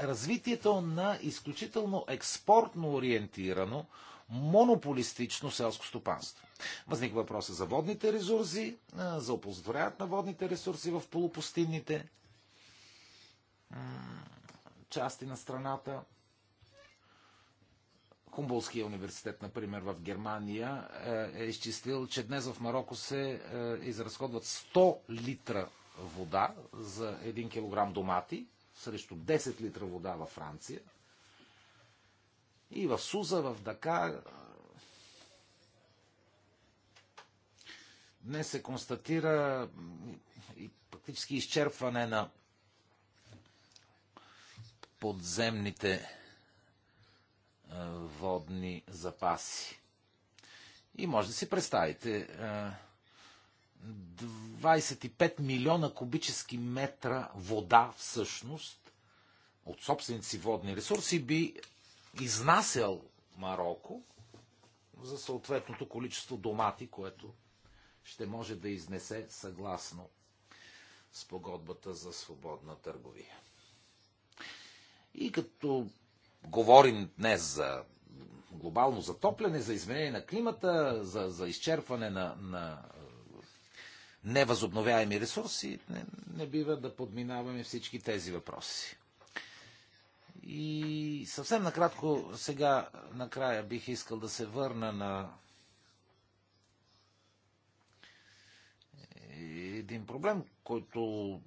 развитието на изключително експортно ориентирано монополистично селско стопанство. Възниква въпроса за водните ресурси, за оползотворяването на водните ресурси в полупустинните части на страната. Хумболския университет, например, в Германия е изчислил, че днес в Марокко се изразходват 100 литра вода за 1 кг домати, срещу 10 литра вода във Франция, И в Суза, в Дакар. Днес се констатира и практически изчерпване на подземните водни запаси. И може да си представите 25 милиона кубически метра вода всъщност от собствените си водни ресурси би изнасял Марокко за съответното количество домати, което ще може да изнесе съгласно с погодбата за свободна търговия. И като говорим днес за глобално затопляне, за изменение на климата, за, за изчерпване на, на невъзобновяеми ресурси, не, не бива да подминаваме всички тези въпроси. И съвсем накратко сега, накрая, бих искал да се върна на един проблем, който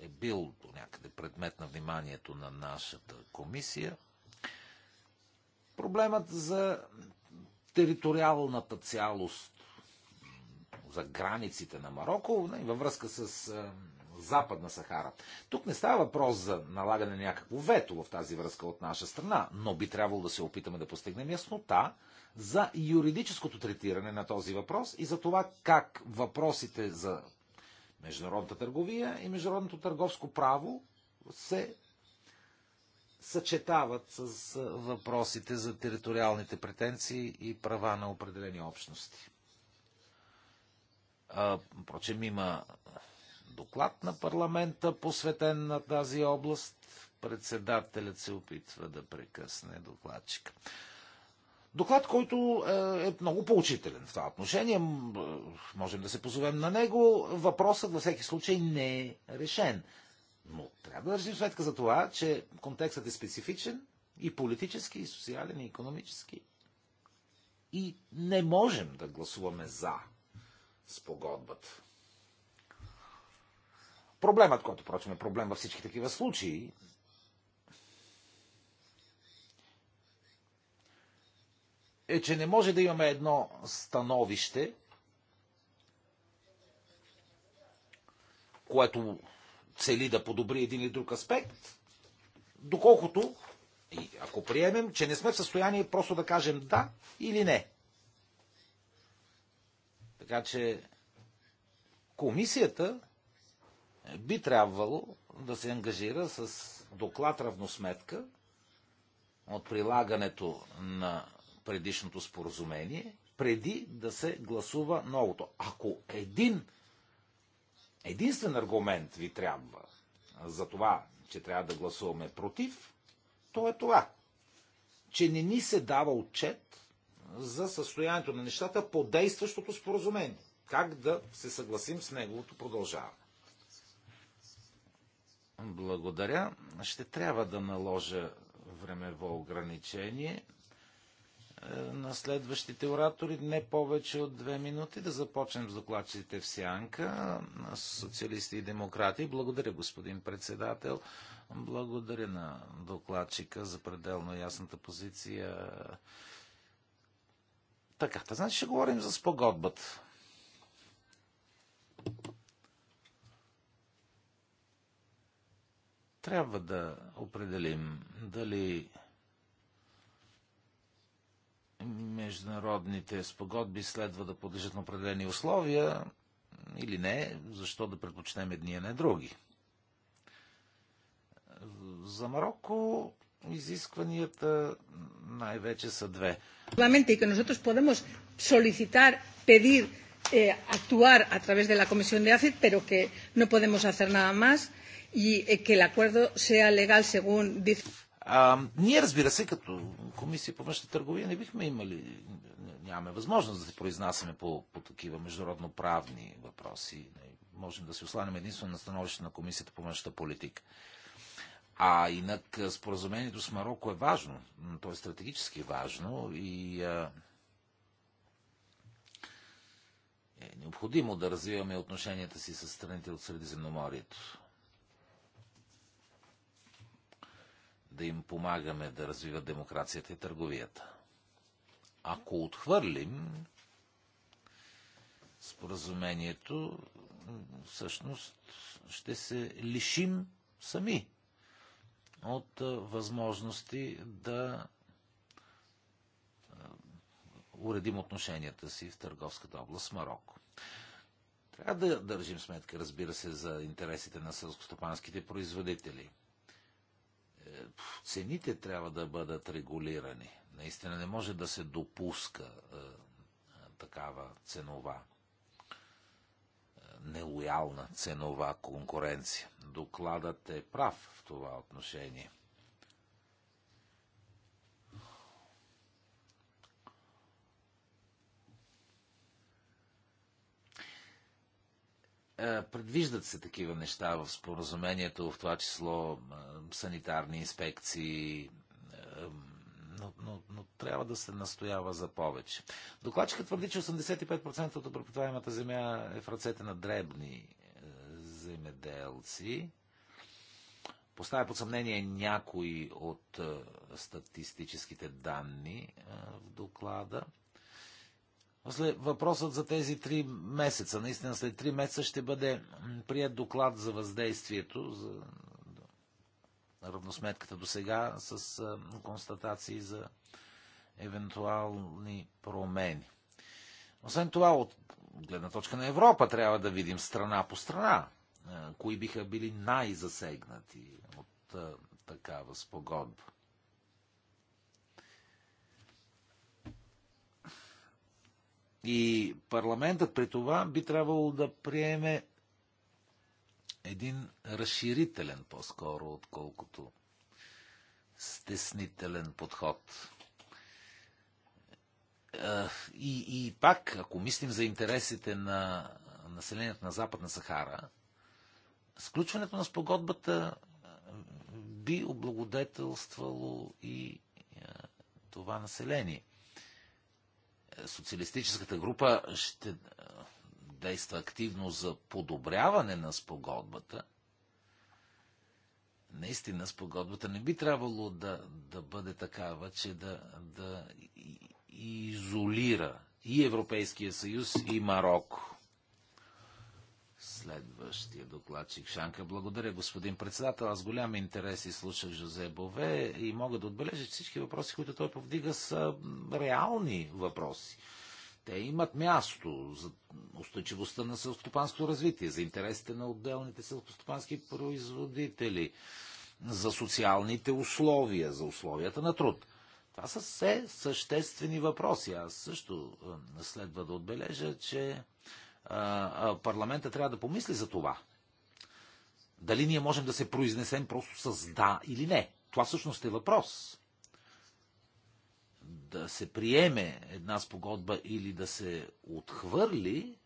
е бил до някъде предмет на вниманието на нашата комисия. Проблемът за териториалната цялост, за границите на Марокко, във връзка с Западна Сахара. Тук не става въпрос за налагане на някакво вето в тази връзка от наша страна, но би трябвало да се опитаме да постигнем яснота за юридическото третиране на този въпрос и за това как въпросите за международната търговия и международното търговско право се съчетават с въпросите за териториалните претенции и права на определени общности. Впрочем, има доклад на парламента, посветен на тази област. Председателят се опитва да прекъсне докладчика. Доклад, който е много поучителен в това отношение. Можем да се позовем на него. Въпросът във всеки случай не е решен. Но трябва да държим сметка за това, че контекстът е специфичен и политически, и социален, и економически. И не можем да гласуваме за спогодбата. Проблемът, който впрочем е проблем във всички такива случаи, е, че не може да имаме едно становище, което цели да подобри един или друг аспект, доколкото, и ако приемем, че не сме в състояние просто да кажем да или не. Така че комисията би трябвало да се ангажира с доклад равносметка от прилагането на предишното споразумение, преди да се гласува новото. Ако един единствен аргумент ви трябва за това, че трябва да гласуваме против, то е това, че не ни се дава отчет за състоянието на нещата по действащото споразумение. Как да се съгласим с неговото продължаване. Благодаря. Ще трябва да наложа времево ограничение на следващите оратори, не повече от две минути. Да започнем с докладчите в Сянка, на социалисти и демократи. Благодаря, господин председател. Благодаря на докладчика за пределно ясната позиция. Така, значи ще говорим за спогодбата. трябва да определим дали международните спогодби следва да подлежат на определени условия или не, защо да предпочнем едни, а не други. За Марокко изискванията най-вече са две. Solamente que nosotros podemos можем солицитар, педир, actuar a través de la Comisión de ACID, pero que no podemos hacer nada más y que el acuerdo sea legal según dice. А, ние, разбира се, като Комисия по външна търговия не бихме имали, нямаме възможност да се произнасяме по, по такива международноправни въпроси. Не, Можем да се осланем единствено на становище на Комисията по външна политика. А инак споразумението с Марокко е важно, то е стратегически важно и а, е необходимо да развиваме отношенията си с страните от Средиземноморието. да им помагаме да развиват демокрацията и търговията. Ако отхвърлим споразумението, всъщност ще се лишим сами от възможности да уредим отношенията си в търговската област с Марокко. Трябва да държим сметка, разбира се, за интересите на сълскостопанските производители – цените трябва да бъдат регулирани. Наистина не може да се допуска е, такава ценова, е, нелоялна ценова конкуренция. Докладът е прав в това отношение – Предвиждат се такива неща в споразумението, в това число санитарни инспекции, но, но, но трябва да се настоява за повече. Докладчика твърди, че 85% от обработваемата земя е в ръцете на дребни земеделци. Поставя под съмнение някои от статистическите данни в доклада въпросът за тези три месеца, наистина след три месеца ще бъде прият доклад за въздействието, за равносметката до сега, с констатации за евентуални промени. Освен това, от гледна точка на Европа трябва да видим страна по страна, кои биха били най-засегнати от такава спогодба. И парламентът при това би трябвало да приеме един разширителен по-скоро, отколкото стеснителен подход. И, и пак, ако мислим за интересите на населението на Западна Сахара, сключването на спогодбата би облагодетелствало и това население социалистическата група ще действа активно за подобряване на спогодбата, наистина спогодбата не би трябвало да, да бъде такава, че да, да изолира и Европейския съюз, и Марокко. Следващия докладчик Шанка. Благодаря, господин председател. Аз голям интерес и слушах Жозе Бове и мога да отбележа, че всички въпроси, които той повдига, са реални въпроси. Те имат място за устойчивостта на селскостопанското развитие, за интересите на отделните селскостопански производители, за социалните условия, за условията на труд. Това са все съществени въпроси. Аз също следва да отбележа, че парламента трябва да помисли за това. Дали ние можем да се произнесем просто с да или не. Това всъщност е въпрос. Да се приеме една спогодба или да се отхвърли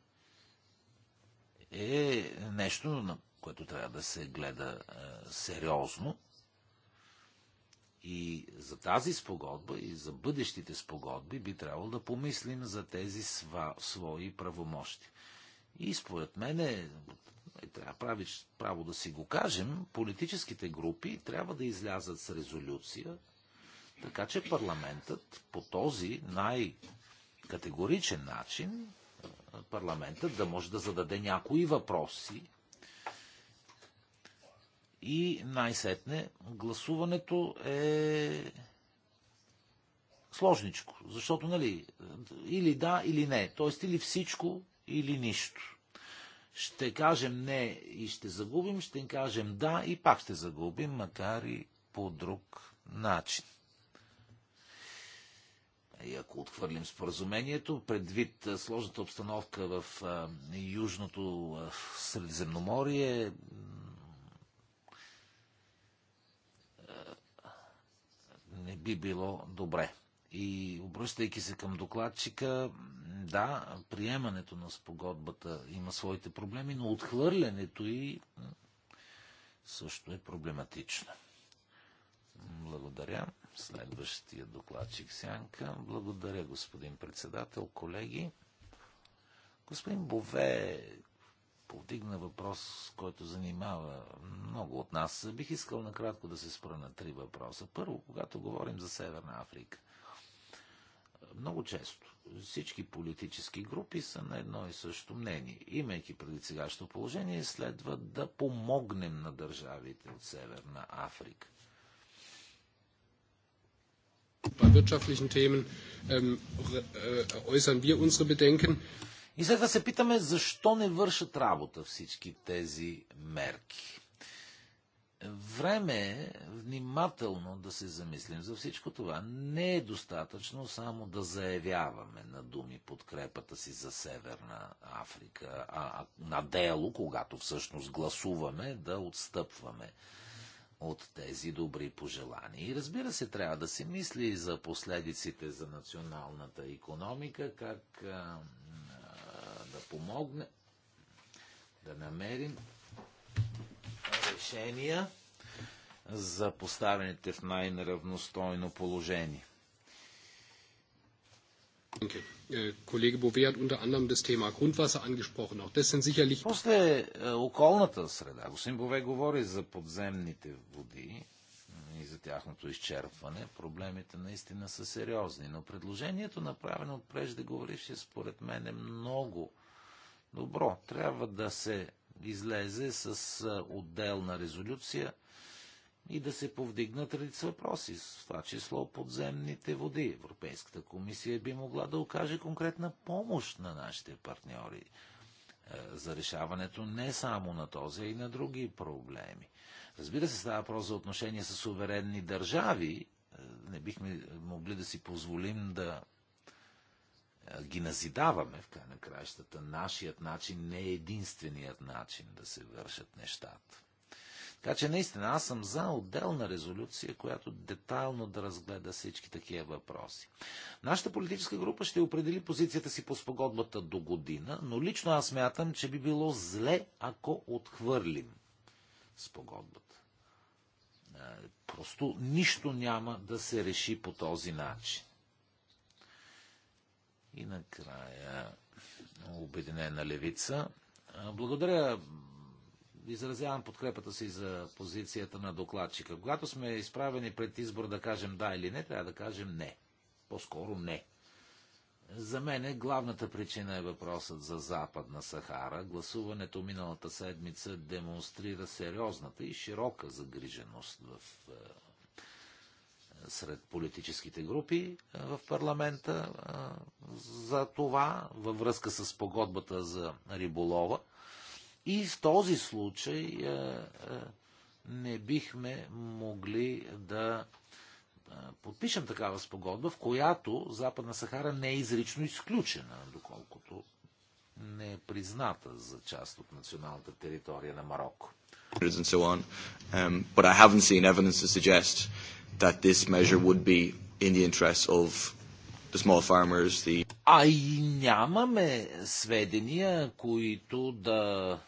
е нещо, на което трябва да се гледа е, сериозно. И за тази спогодба и за бъдещите спогодби би трябвало да помислим за тези сва, свои правомощи. И според мен е, трябва правиш право да си го кажем, политическите групи трябва да излязат с резолюция, така че парламентът по този най-категоричен начин парламентът да може да зададе някои въпроси и най-сетне гласуването е сложничко, защото, нали, или да, или не. т.е. или всичко, или нищо. Ще кажем не и ще загубим, ще им кажем да и пак ще загубим, макар и по друг начин. И ако отхвърлим споразумението, предвид сложната обстановка в Южното Средиземноморие, не би било добре. И обръщайки се към докладчика, Да, приемането на спогодбата има своите проблеми, но отхвърлянето и също е проблематично. Благодаря. Следващия докладчик Сянка. Благодаря, господин председател, колеги. Господин Бове повдигна въпрос, който занимава много от нас. Бих искал накратко да се спра на три въпроса. Първо, когато говорим за Северна Африка много често всички политически групи са на едно и също мнение. Имайки преди сегашното положение, следва да помогнем на държавите от Северна Африка. Bei wirtschaftlichen Themen ähm, äußern wir unsere Bedenken. И следва да се питаме защо не вършат работа всички тези мерки. Време внимателно да се замислим за всичко това. Не е достатъчно само да заявяваме на думи подкрепата си за Северна Африка, а на дело, когато всъщност гласуваме, да отстъпваме от тези добри пожелания. И разбира се, трябва да се мисли и за последиците за националната економика, как а, а, да помогне да намерим решения за поставените в най-неравностойно положение. Danke. Kollege Bouvet hat unter anderem das Thema Grundwasser angesprochen. Auch das sind sicherlich... После околната среда, господин Бове говори за подземните води и за тяхното изчерпване, проблемите наистина са сериозни. Но предложението, направено от преждеговорившия, според мен е много добро. Трябва да се излезе с отделна резолюция и да се повдигнат редица въпроси, с това число подземните води. Европейската комисия би могла да окаже конкретна помощ на нашите партньори за решаването не само на този, а и на други проблеми. Разбира се, става въпрос за отношения с суверенни държави. Не бихме могли да си позволим да ги назидаваме в край на краищата. Нашият начин не е единственият начин да се вършат нещата. Така че наистина аз съм за отделна резолюция, която детайлно да разгледа всички такива въпроси. Нашата политическа група ще определи позицията си по спогодбата до година, но лично аз мятам, че би било зле, ако отхвърлим спогодбата. Просто нищо няма да се реши по този начин. И накрая Обединена левица. Благодаря. Изразявам подкрепата си за позицията на докладчика. Когато сме изправени пред избор да кажем да или не, трябва да кажем не. По-скоро не. За мен е главната причина е въпросът за Западна Сахара. Гласуването миналата седмица демонстрира сериозната и широка загриженост в сред политическите групи в парламента за това, във връзка с погодбата за риболова. И в този случай не бихме могли да подпишем такава спогодба, в която Западна Сахара не е изрично изключена, доколкото не е призната за част от националната територия на Марокко. And so on. Um, but I haven't seen evidence to suggest that this measure would be in the interests of the small farmers, the... А и нямаме сведения, които да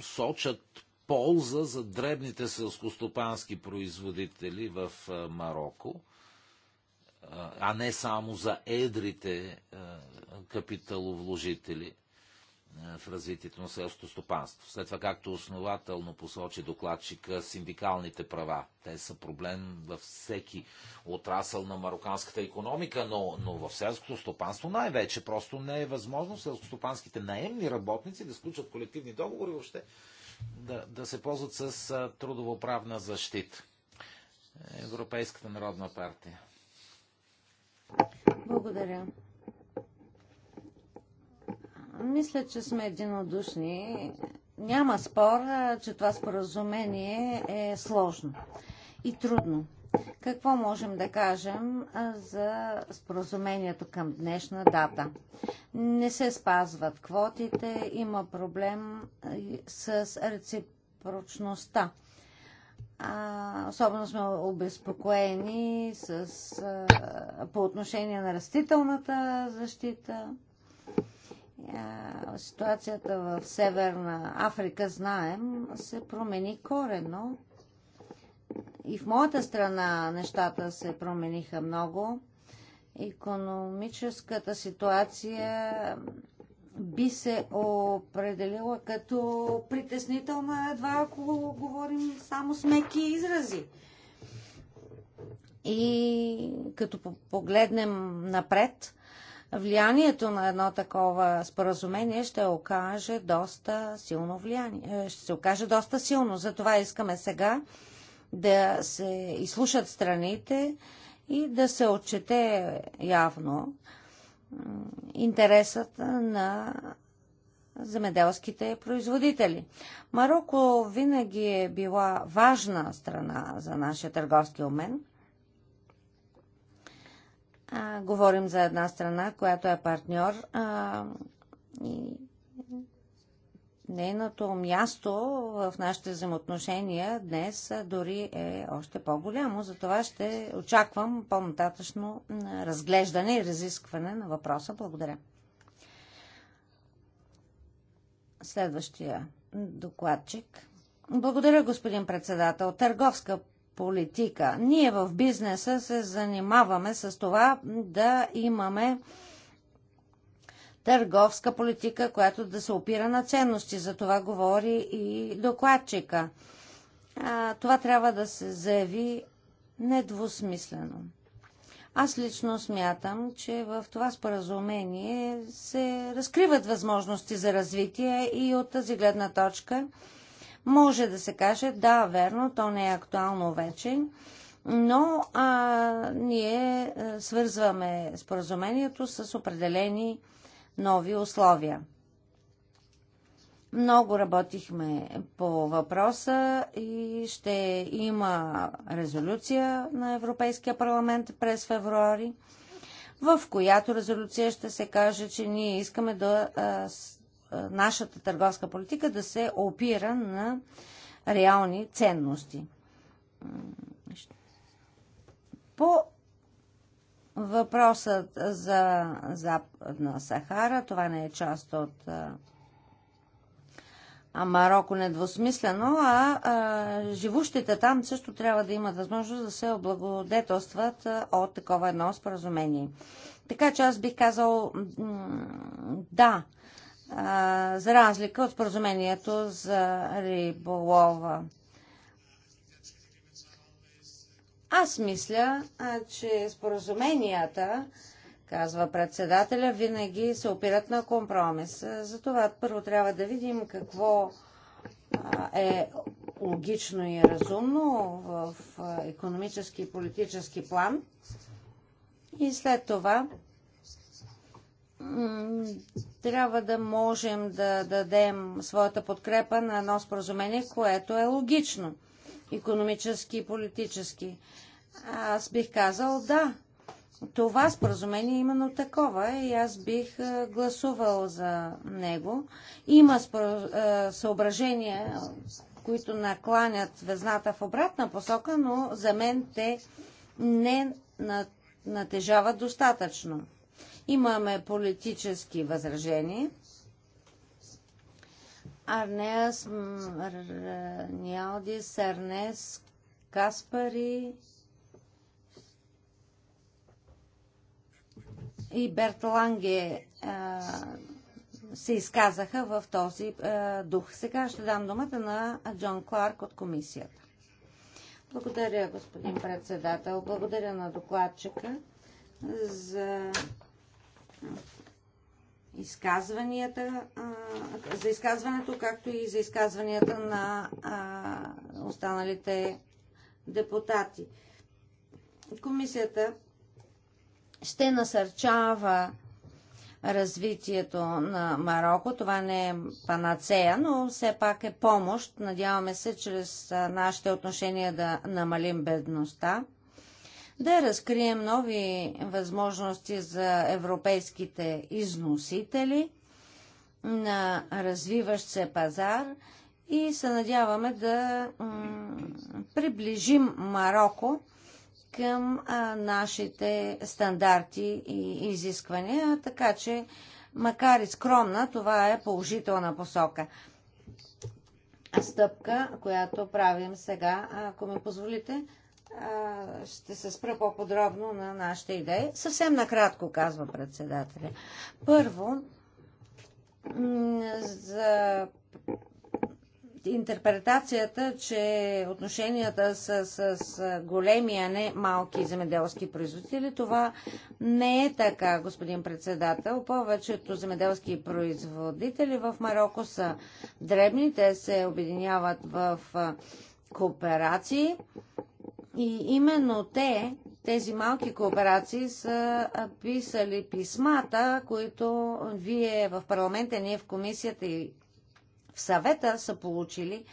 сочат полза за дребните селскостопански производители в Марокко, а не само за едрите капиталовложители в развитието на селското стопанство. След това, както основателно посочи докладчика, синдикалните права. Те са проблем във всеки отрасъл на мароканската економика, но, но в селското стопанство най-вече просто не е възможно селскостопанските наемни работници да сключат колективни договори въобще да, да се ползват с трудовоправна защита. Европейската народна партия. Благодаря. Мисля, че сме единодушни. Няма спор, че това споразумение е сложно и трудно. Какво можем да кажем за споразумението към днешна дата? Не се спазват квотите, има проблем с реципрочността. А, особено сме обезпокоени с, а, по отношение на растителната защита ситуацията в Северна Африка, знаем, се промени корено. И в моята страна нещата се промениха много. Економическата ситуация би се определила като притеснителна едва ако говорим само с меки изрази. И като погледнем напред, влиянието на едно такова споразумение ще окаже доста силно влияние. Ще се окаже доста силно. Затова искаме сега да се изслушат страните и да се отчете явно интересът на земеделските производители. Марокко винаги е била важна страна за нашия търговски обмен – А, говорим за една страна, която е партньор а, и нейното място в нашите взаимоотношения днес дори е още по-голямо. Затова ще очаквам по-нататъчно разглеждане и разискване на въпроса. Благодаря. Следващия докладчик. Благодаря, господин председател. Търговска политика. Ние в бизнеса се занимаваме с това да имаме търговска политика, която да се опира на ценности. За това говори и докладчика. А, това трябва да се заяви недвусмислено. Аз лично смятам, че в това споразумение се разкриват възможности за развитие и от тази гледна точка може да се каже, да, верно, то не е актуално вече, но а, ние свързваме споразумението с определени нови условия. Много работихме по въпроса и ще има резолюция на Европейския парламент през февруари, в която резолюция ще се каже, че ние искаме да нашата търговска политика да се опира на реални ценности. По въпросът за Западна Сахара, това не е част от а Марокко недвусмислено, а, а живущите там също трябва да имат възможност да се облагодетелстват от такова едно споразумение. Така че аз бих казал да за разлика от споразумението за риболова. Аз мисля, че споразуменията, казва председателя, винаги се опират на компромис. Затова първо трябва да видим какво е логично и разумно в економически и политически план. И след това трябва да можем да дадем своята подкрепа на едно споразумение, което е логично, економически и политически. Аз бих казал да. Това споразумение е именно такова и аз бих гласувал за него. Има съображения, които накланят везната в обратна посока, но за мен те не натежават достатъчно. Имаме политически възражения. Арнеас Ниалдис, Арнес Каспари и Берт Ланге а, се изказаха в този а, дух. Сега ще дам думата на Джон Кларк от комисията. Благодаря, господин председател. Благодаря на докладчика за изказванията, а, за изказването, както и за изказванията на а, останалите депутати. Комисията ще насърчава развитието на Марокко. Това не е панацея, но все пак е помощ. Надяваме се, чрез нашите отношения да намалим бедността да разкрием нови възможности за европейските износители на развиващ се пазар и се надяваме да приближим Марокко към нашите стандарти и изисквания, така че макар и скромна, това е положителна посока. Стъпка, която правим сега, ако ми позволите, ще се спра по-подробно на нашите идеи. Съвсем накратко, казва председателя. Първо, за интерпретацията, че отношенията с, с, с големи, а не малки земеделски производители, това не е така, господин председател. Повечето земеделски производители в Марокко са дребни, те се объединяват в кооперации И именно те, тези малки кооперации, са писали писмата, които вие в парламента, ние в комисията и в съвета са получили,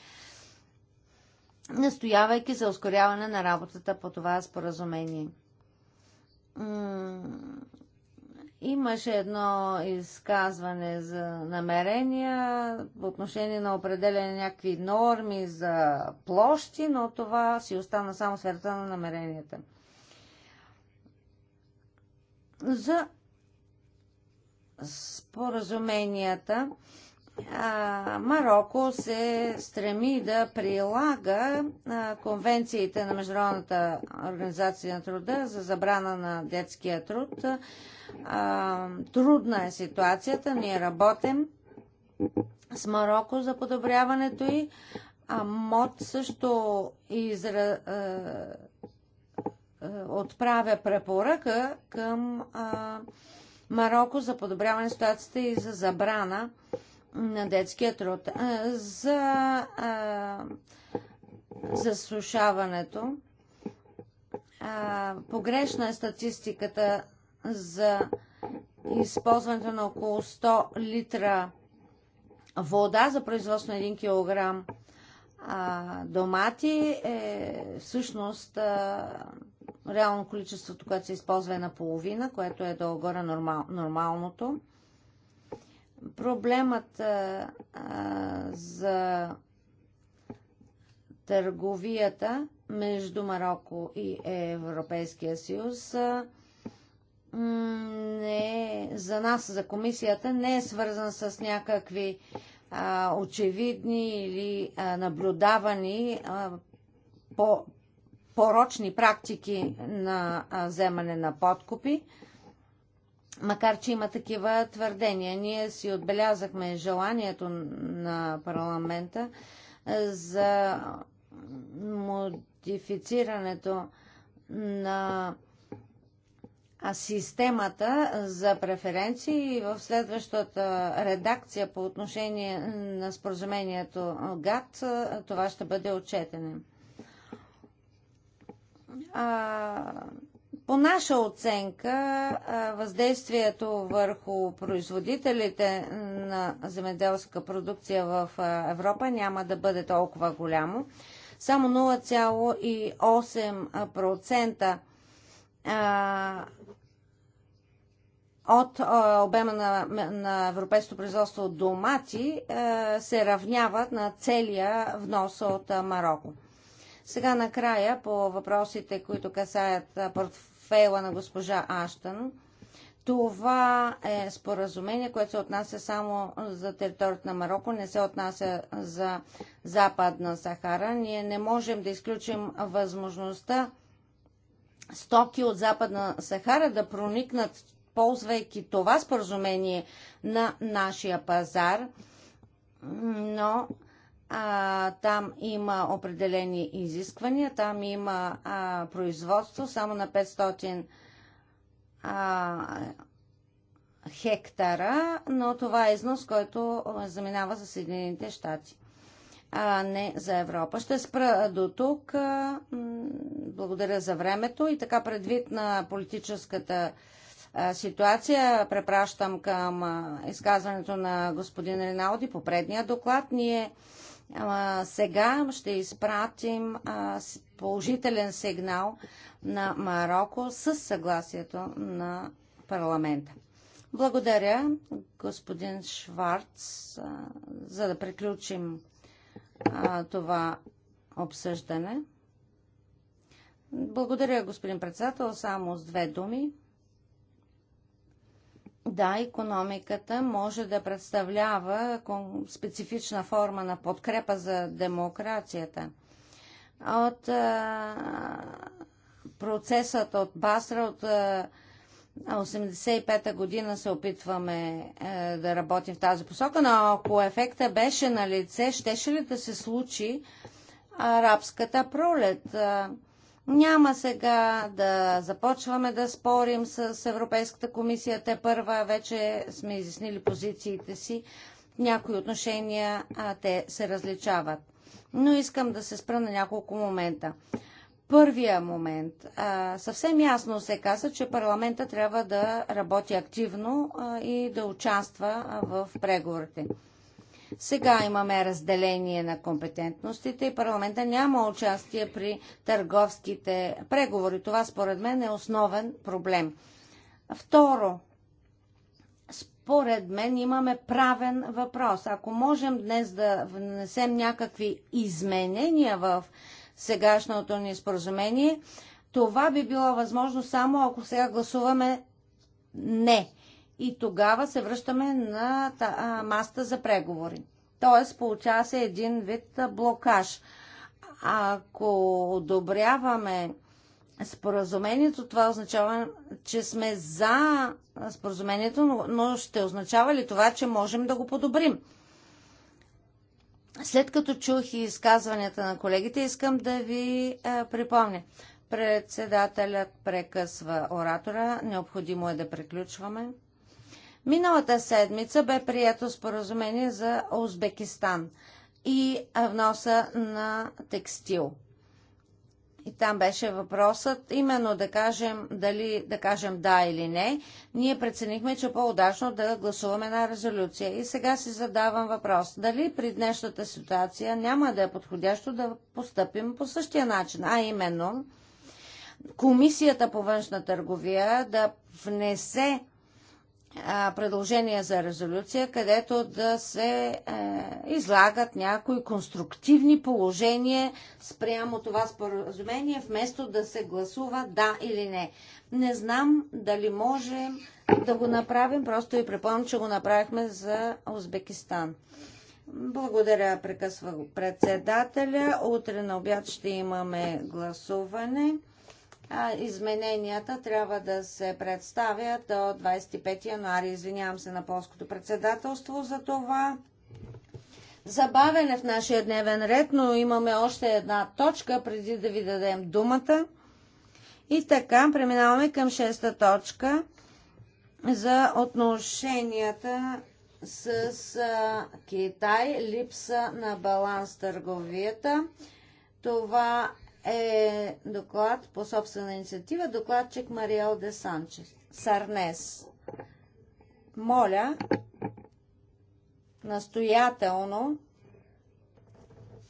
настоявайки за ускоряване на работата по това споразумение Имаше едно изказване за намерения в отношение на определени някакви норми за площи, но това си остана само сферата на намеренията. За споразуменията Марокко се стреми да прилага конвенциите на Международната организация на труда за забрана на детския труд трудна е ситуацията. Ние работим с Марокко за подобряването и а МОД също изра... отправя препоръка към Марокко за подобряване на ситуацията и за забрана на детския труд. За засушаването. погрешна е статистиката за използването на около 100 литра вода за производство на 1 кг домати е всъщност а, реално количеството, което се използва е на половина, което е долу-горе нормал, нормалното. Проблемът а, за търговията между Марокко и Европейския съюз а, не, е за нас, за комисията, не е свързан с някакви а, очевидни или а, наблюдавани а, по, порочни практики на а, вземане на подкупи, макар че има такива твърдения. Ние си отбелязахме желанието на парламента за модифицирането на системата за преференции в следващата редакция по отношение на споразумението ГАТ това ще бъде отчетене. А, по наша оценка, въздействието върху производителите на земеделска продукция в Европа няма да бъде толкова голямо. Само 0,8% от обема на, на европейското производство от домати се равняват на целия внос от Марокко. Сега накрая по въпросите, които касаят портфела на госпожа Аштън. Това е споразумение, което се отнася само за територията на Марокко, не се отнася за Западна Сахара. Ние не можем да изключим възможността стоки от Западна Сахара да проникнат ползвайки това споразумение на нашия пазар, но а, там има определени изисквания, там има а, производство само на 500 а, хектара, но това е износ, който заминава за Съединените щати, а не за Европа. Ще спра до тук. Благодаря за времето и така предвид на политическата ситуация. Препращам към изказването на господин Риналди по предния доклад. Ние сега ще изпратим положителен сигнал на Марокко с съгласието на парламента. Благодаря, господин Шварц, за да приключим това обсъждане. Благодаря, господин председател, само с две думи. Да, економиката може да представлява специфична форма на подкрепа за демокрацията. От а, процесът от Басра от а, 85-та година се опитваме а, да работим в тази посока, но ако ефекта беше на лице, щеше ли да се случи арабската пролет? А, Няма сега да започваме да спорим с Европейската комисия. Те първа вече сме изяснили позициите си. някои отношения а, те се различават. Но искам да се спра на няколко момента. Първия момент. А, съвсем ясно се каза, че парламента трябва да работи активно а, и да участва а, в преговорите. Сега имаме разделение на компетентностите и парламента няма участие при търговските преговори. Това според мен е основен проблем. Второ, според мен имаме правен въпрос. Ако можем днес да внесем някакви изменения в сегашното ни споразумение, това би било възможно само ако сега гласуваме не и тогава се връщаме на та, а, маста за преговори. Тоест, получава се един вид блокаж. Ако одобряваме споразумението, това означава, че сме за споразумението, но ще означава ли това, че можем да го подобрим? След като чух и изказванията на колегите, искам да ви е, припомня. Председателят прекъсва оратора. Необходимо е да приключваме. Миналата седмица бе прието споразумение за Узбекистан и вноса на текстил. И там беше въпросът, именно да кажем дали да кажем да или не. Ние преценихме, че по-удачно да гласуваме на резолюция. И сега си задавам въпрос. Дали при днешната ситуация няма да е подходящо да постъпим по същия начин, а именно Комисията по външна търговия да внесе предложение за резолюция, където да се е, излагат някои конструктивни положения спрямо това споразумение, вместо да се гласува да или не. Не знам дали можем да го направим, просто и припомням, че го направихме за Узбекистан. Благодаря, прекъсва председателя. Утре на обяд ще имаме гласуване. Измененията трябва да се представят до 25 януари. Извинявам се на полското председателство за това забавене в нашия дневен ред, но имаме още една точка преди да ви дадем думата. И така, преминаваме към шеста точка за отношенията с а, Китай, липса на баланс търговията. Това е доклад по собствена инициатива, докладчик Мариел де Санчес. Сарнес. Моля настоятелно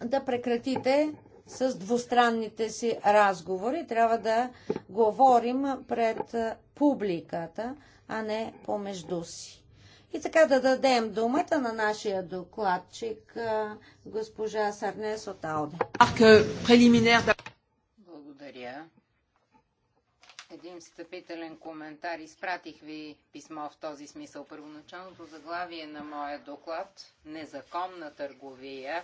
да прекратите с двустранните си разговори. Трябва да говорим пред публиката, а не помежду си. И така да дадем думата на нашия докладчик, госпожа Сарнес от Ауди. Благодаря. Един встъпителен коментар. Изпратих ви писмо в този смисъл. Първоначалното заглавие на моя доклад Незаконна търговия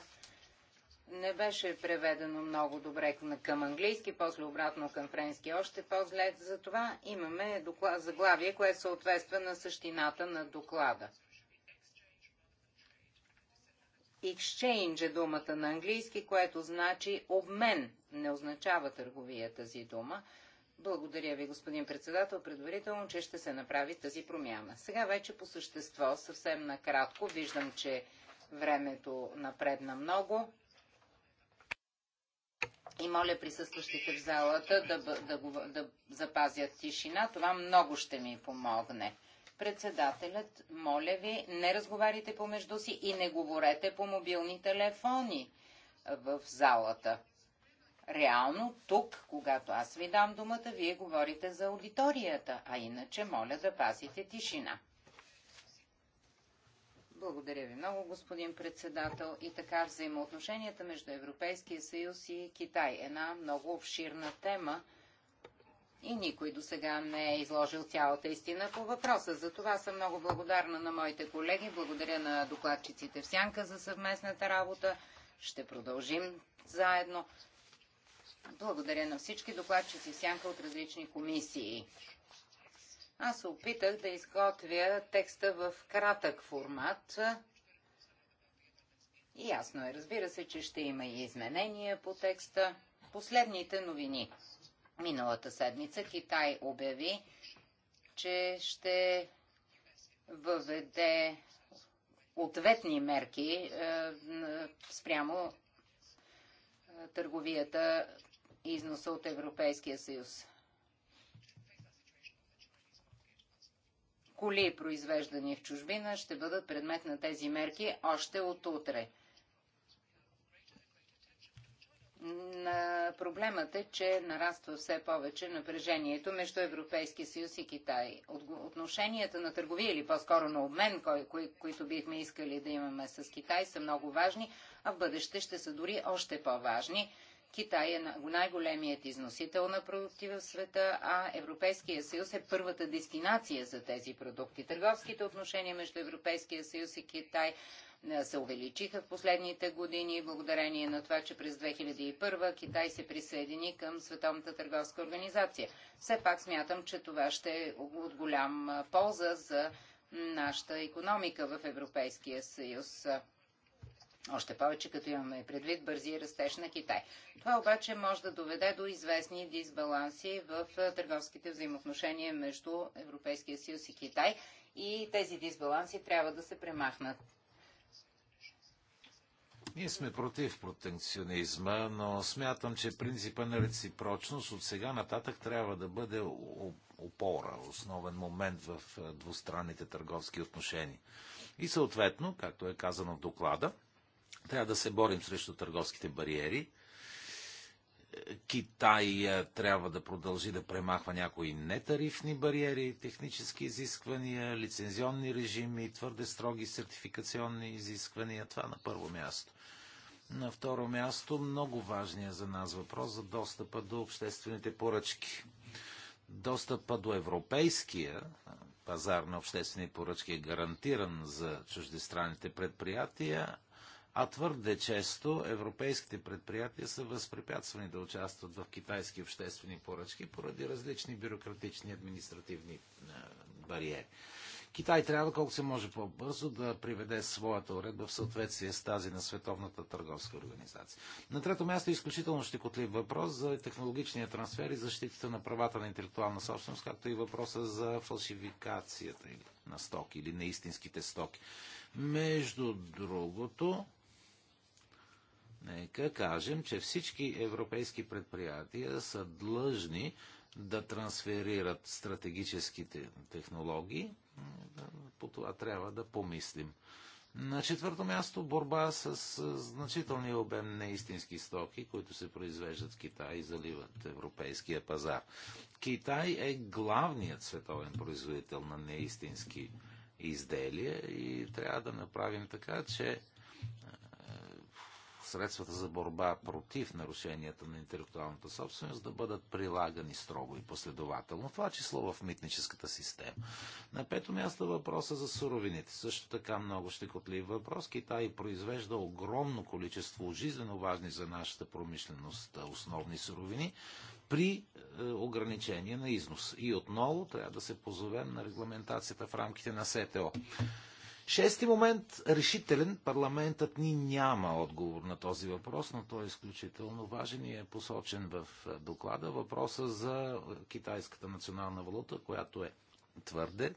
не беше преведено много добре към английски, после обратно към френски още по-зле. Затова имаме доклад, заглавие, което съответства на същината на доклада. Exchange е думата на английски, което значи обмен. Не означава търговия тази дума. Благодаря ви, господин председател, предварително, че ще се направи тази промяна. Сега вече по същество, съвсем накратко, виждам, че времето напредна много. И моля присъстващите в залата да, да, да, да запазят тишина. Това много ще ми помогне. Председателят, моля ви, не разговаряйте помежду си и не говорете по мобилни телефони в залата. Реално тук, когато аз ви дам думата, вие говорите за аудиторията, а иначе моля да пазите тишина. Благодаря ви много, господин председател. И така взаимоотношенията между Европейския съюз и Китай. Една много обширна тема и никой до сега не е изложил цялата истина по въпроса. За това съм много благодарна на моите колеги. Благодаря на докладчиците в Сянка за съвместната работа. Ще продължим заедно. Благодаря на всички докладчици в Сянка от различни комисии. Аз се опитах да изготвя текста в кратък формат. И Ясно е, разбира се, че ще има и изменения по текста. Последните новини. Миналата седмица Китай обяви, че ще въведе ответни мерки е, спрямо търговията износа от Европейския съюз. коли, произвеждани в чужбина, ще бъдат предмет на тези мерки още от утре. проблемът е, че нараства все повече напрежението между Европейския съюз и Китай. Отношенията на търговия или по-скоро на обмен, кои, кои, които бихме искали да имаме с Китай, са много важни, а в бъдеще ще са дори още по-важни Китай е най-големият износител на продукти в света, а Европейския съюз е първата дестинация за тези продукти. Търговските отношения между Европейския съюз и Китай се увеличиха в последните години, благодарение на това, че през 2001 Китай се присъедини към Световната търговска организация. Все пак смятам, че това ще е от голям полза за нашата економика в Европейския съюз. Още повече като имаме предвид бързия растеж на Китай. Това обаче може да доведе до известни дисбаланси в търговските взаимоотношения между Европейския съюз и Китай и тези дисбаланси трябва да се премахнат. Ние сме против протекционизма, но смятам, че принципа на реципрочност от сега нататък трябва да бъде опора, основен момент в двустранните търговски отношения. И съответно, както е казано в доклада, Трябва да се борим срещу търговските бариери. Китай трябва да продължи да премахва някои нетарифни бариери, технически изисквания, лицензионни режими, твърде строги сертификационни изисквания. Това на първо място. На второ място, много важният за нас въпрос за достъпа до обществените поръчки. Достъпа до европейския пазар на обществени поръчки е гарантиран за чуждестранните предприятия, а твърде често европейските предприятия са възпрепятствани да участват в китайски обществени поръчки поради различни бюрократични административни бариери. Китай трябва колко се може по-бързо да приведе своята уредба в съответствие с тази на Световната търговска организация. На трето място е изключително щекотлив въпрос за технологичния трансфер и защитата на правата на интелектуална собственост, както и въпроса за фалшификацията на стоки или на истинските стоки. Между другото, Нека кажем, че всички европейски предприятия са длъжни да трансферират стратегическите технологии. По това трябва да помислим. На четвърто място борба с значителния обем неистински стоки, които се произвеждат в Китай и заливат европейския пазар. Китай е главният световен производител на неистински изделия и трябва да направим така, че средствата за борба против нарушенията на интелектуалната собственост да бъдат прилагани строго и последователно. Това число в митническата система. На пето място въпроса за суровините. Също така много щекотлив въпрос. Китай произвежда огромно количество жизненно важни за нашата промишленост основни суровини при ограничение на износ. И отново трябва да се позовем на регламентацията в рамките на СТО. Шести момент решителен. Парламентът ни няма отговор на този въпрос, но той е изключително важен и е посочен в доклада. Въпроса за китайската национална валута, която е твърде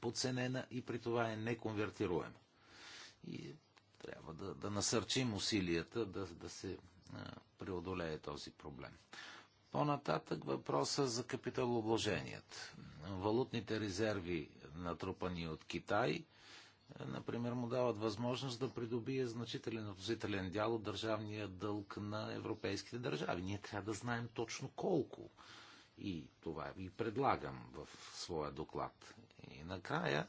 подценена и при това е неконвертируема. И трябва да, да насърчим усилията да, да се преодолее този проблем. По-нататък въпроса за капиталообложението. Валутните резерви, натрупани от Китай, например, му дават възможност да придобие значителен относителен дял от държавния дълг на европейските държави. Ние трябва да знаем точно колко. И това ви предлагам в своя доклад. И накрая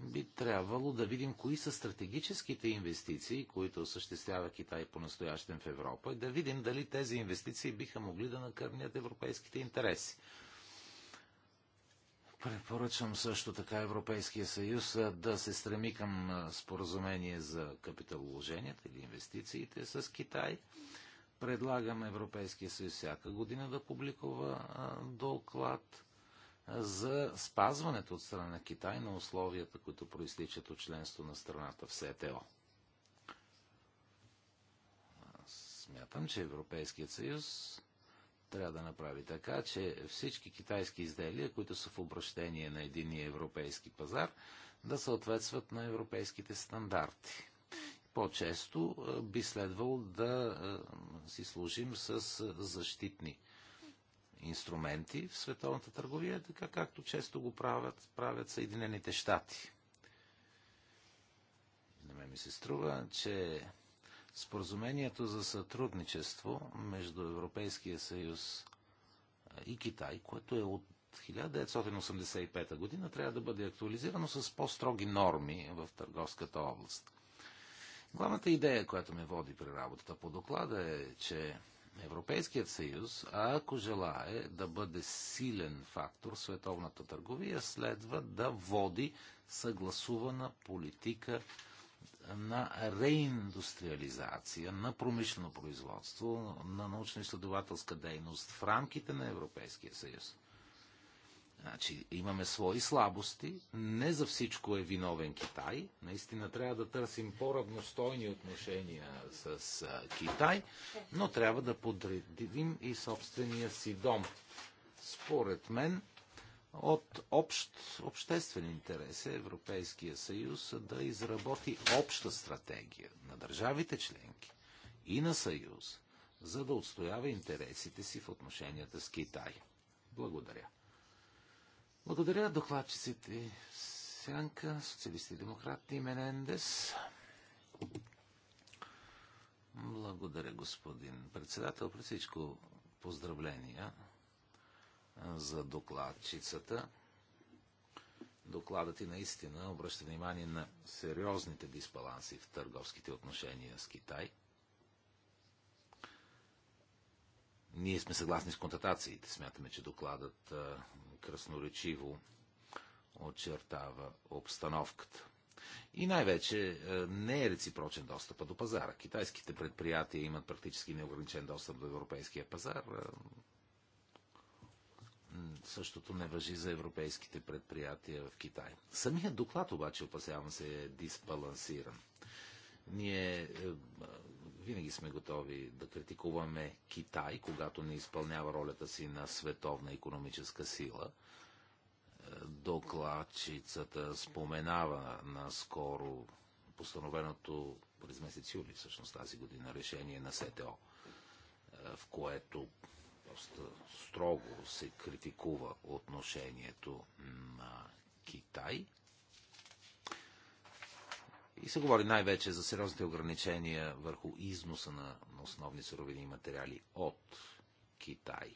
би трябвало да видим кои са стратегическите инвестиции, които осъществява Китай по-настоящен в Европа, и да видим дали тези инвестиции биха могли да накърнят европейските интереси. Препоръчвам също така Европейския съюз да се стреми към споразумение за капиталовложенията или инвестициите с Китай. Предлагам Европейския съюз всяка година да публикува доклад за спазването от страна на Китай на условията, които проистичат от членство на страната в СТО. Смятам, че Европейският съюз трябва да направи така, че всички китайски изделия, които са в обращение на единия европейски пазар, да съответстват на европейските стандарти. По-често би следвало да си служим с защитни инструменти в световната търговия, така както често го правят, правят Съединените щати. На мен ми се струва, че Споразумението за сътрудничество между Европейския съюз и Китай, което е от 1985 година, трябва да бъде актуализирано с по-строги норми в търговската област. Главната идея, която ме води при работата по доклада е, че Европейският съюз, ако желае да бъде силен фактор в световната търговия, следва да води съгласувана политика на реиндустриализация на промишлено производство, на научно-изследователска дейност в рамките на Европейския съюз. Значи, имаме свои слабости, не за всичко е виновен Китай. Наистина трябва да търсим по-равностойни отношения с Китай, но трябва да подредим и собствения си дом. Според мен, от общ, обществен интерес е Европейския съюз да изработи обща стратегия на държавите членки и на съюз, за да отстоява интересите си в отношенията с Китай. Благодаря. Благодаря докладчиците Сянка, социалисти и демократи Менендес. Благодаря, господин председател. При всичко поздравления за докладчицата. Докладът и наистина обръща внимание на сериозните дисбаланси в търговските отношения с Китай. Ние сме съгласни с контатациите. Смятаме, че докладът красноречиво очертава обстановката. И най-вече не е реципрочен достъп до пазара. Китайските предприятия имат практически неограничен достъп до европейския пазар. Същото не въжи за европейските предприятия в Китай. Самият доклад обаче, опасявам се, е дисбалансиран. Ние винаги сме готови да критикуваме Китай, когато не изпълнява ролята си на световна економическа сила. Докладчицата споменава наскоро постановеното през месец юли, всъщност тази година, решение на СТО, в което всъщност строго се критикува отношението на Китай. И се говори най-вече за сериозните ограничения върху износа на основни суровини и материали от Китай.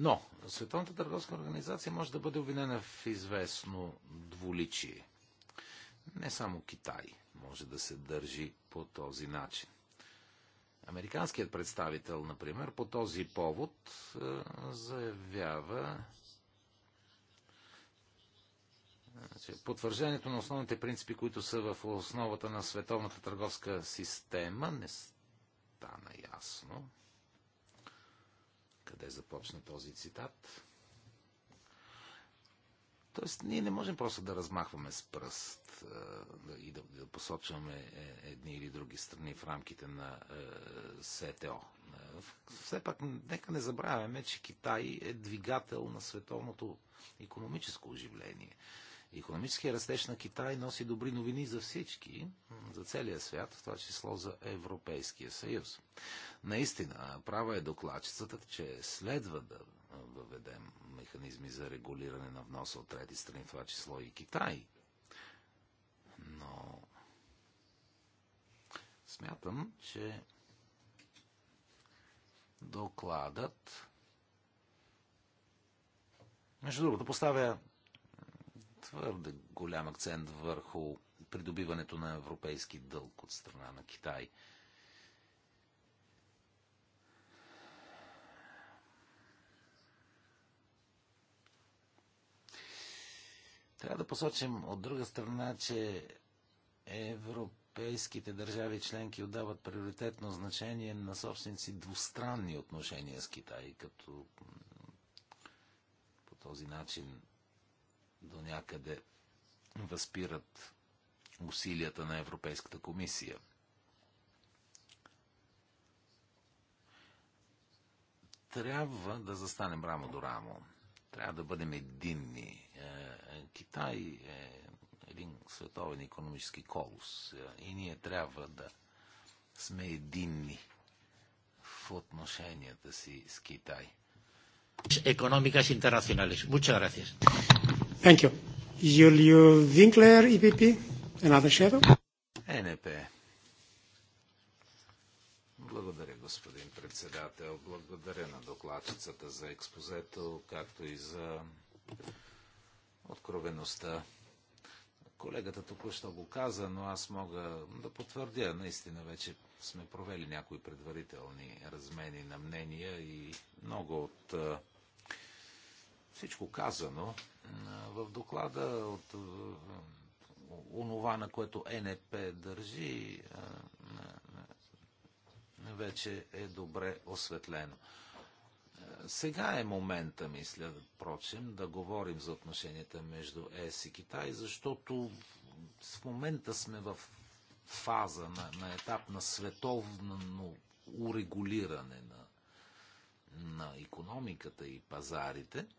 Но Световната търговска организация може да бъде обвинена в известно двуличие. Не само Китай може да се държи по този начин. Американският представител, например, по този повод заявява, потвържението на основните принципи, които са в основата на световната търговска система, не стана ясно къде започна този цитат. Тоест, ние не можем просто да размахваме с пръст и да, да посочваме едни или други страни в рамките на СТО. Все пак, нека не забравяме, че Китай е двигател на световното економическо оживление. Економическия растеж на Китай носи добри новини за всички, за целия свят, в това число за Европейския съюз. Наистина, права е докладчицата, че следва да въведем механизми за регулиране на вноса от трети страни, в това число и Китай. Но смятам, че докладът между другото, поставя твърде голям акцент върху придобиването на европейски дълг от страна на Китай. Трябва да посочим от друга страна, че европейските държави членки отдават приоритетно значение на собственици двустранни отношения с Китай, като по този начин до някъде възпират усилията на Европейската комисия. Трябва да застанем рамо до рамо. Трябва да бъдем единни. Китай е един световен економически колос и ние трябва да сме единни в отношенията си с Китай. Економика с Muchas Благодаря. Thank you. Julio Winkler, EPP, another shadow. НП. Благодаря, господин председател. Благодаря на докладчицата за експозето, както и за откровеността. Колегата току-що го каза, но аз мога да потвърдя. Наистина вече сме провели някои предварителни размени на мнения и много от Всичко казано в доклада от онова, на което НП държи, вече е добре осветлено. Сега е момента, мисля, впрочем, да говорим за отношенията между ЕС и Китай, защото в момента сме в фаза на, на етап на световно урегулиране на, на економиката и пазарите –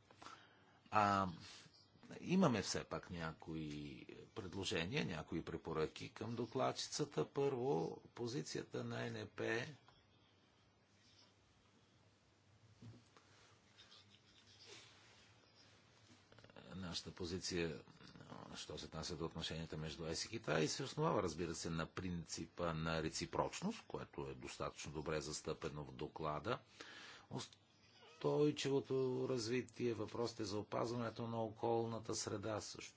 a имаме все пак някои предложения, някои препоръки към докладчицата. Първо, позицията на НП нашата позиция, що се отнася до отношенията между ЕС и Китай, се основава, разбира се, на принципа на реципрочност, което е достатъчно добре застъпено в доклада устойчивото развитие, въпросите за опазването на околната среда също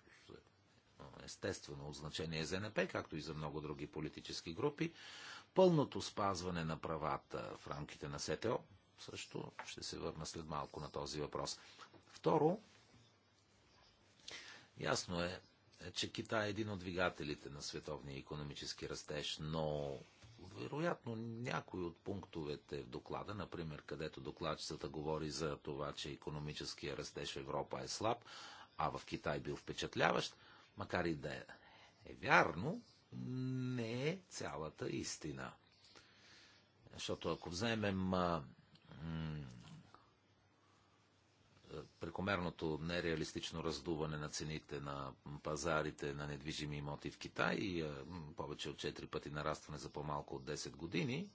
естествено значение за НП, както и за много други политически групи. Пълното спазване на правата в рамките на СТО, също ще се върна след малко на този въпрос. Второ, ясно е, че Китай е един от двигателите на световния економически растеж, но Вероятно, някои от пунктовете в доклада, например, където докладчицата говори за това, че економическия растеж в Европа е слаб, а в Китай бил впечатляващ, макар и да е, е вярно, не е цялата истина. Защото ако вземем прекомерното нереалистично раздуване на цените на пазарите на недвижими имоти в Китай, и повече от 4 пъти нарастване за по-малко от 10 години,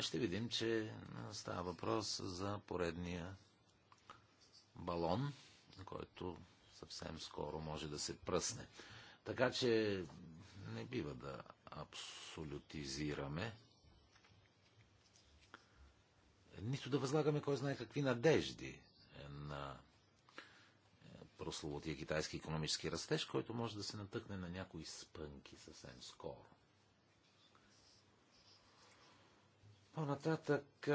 ще видим, че става въпрос за поредния балон, който съвсем скоро може да се пръсне. Така че не бива да абсолютизираме нито да възлагаме кой знае какви надежди на прословутия китайски економически растеж, който може да се натъкне на някои спънки съвсем скоро. По-нататък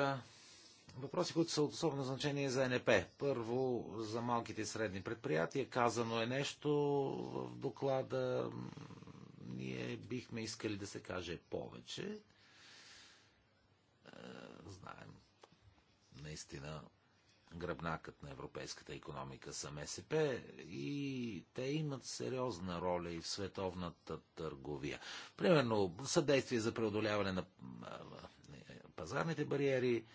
въпроси, които са от особено значение за НП. Първо, за малките и средни предприятия. Казано е нещо в доклада. Ние бихме искали да се каже повече. Знаем, наистина гръбнакът на европейската економика са МСП и те имат сериозна роля и в световната търговия. Примерно съдействие за преодоляване на пазарните бариери,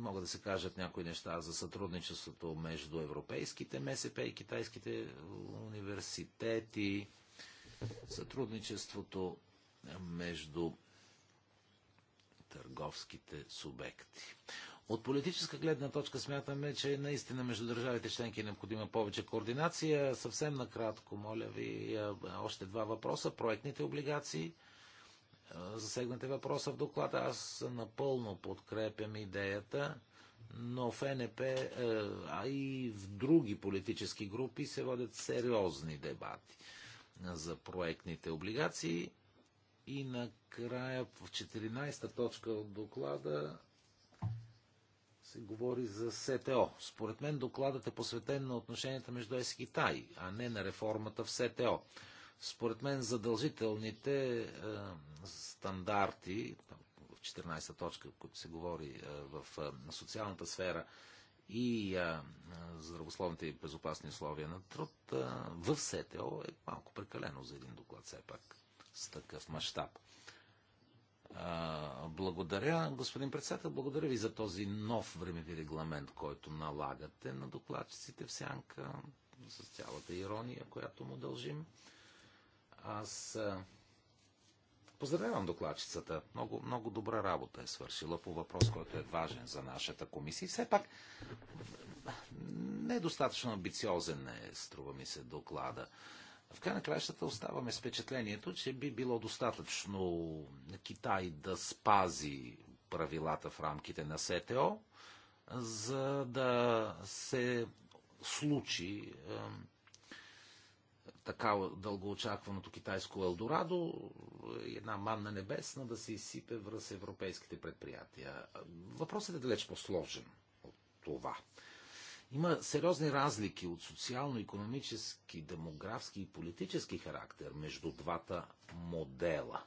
могат да се кажат някои неща за сътрудничеството между европейските МСП и китайските университети, сътрудничеството между търговските субекти. От политическа гледна точка смятаме, че наистина между държавите членки е необходима повече координация. Съвсем накратко, моля ви, още два въпроса. Проектните облигации. Засегнате въпроса в доклада. Аз напълно подкрепям идеята, но в НП, а и в други политически групи се водят сериозни дебати за проектните облигации. И накрая в 14-та точка от доклада се говори за СТО. Според мен докладът е посветен на отношенията между ЕС и Китай, а не на реформата в СТО. Според мен задължителните е, стандарти, 14-та точка, които се говори е, в е, социалната сфера и е, здравословните и безопасни условия на труд, е, в СТО е малко прекалено за един доклад все пак с такъв мащаб. Благодаря, господин председател. Благодаря ви за този нов времеви регламент, който налагате на докладчиците в сянка, с цялата ирония, която му дължим. Аз поздравявам докладчицата. Много, много добра работа е свършила по въпрос, който е важен за нашата комисия. И все пак недостатъчно амбициозен е, струва ми се, доклада. В край на краищата оставаме с впечатлението, че би било достатъчно Китай да спази правилата в рамките на СТО, за да се случи е, така дългоочакваното китайско Елдорадо, една манна небесна да се изсипе връз европейските предприятия. Въпросът е далеч по-сложен от това. Има сериозни разлики от социално-економически, демографски и политически характер между двата модела.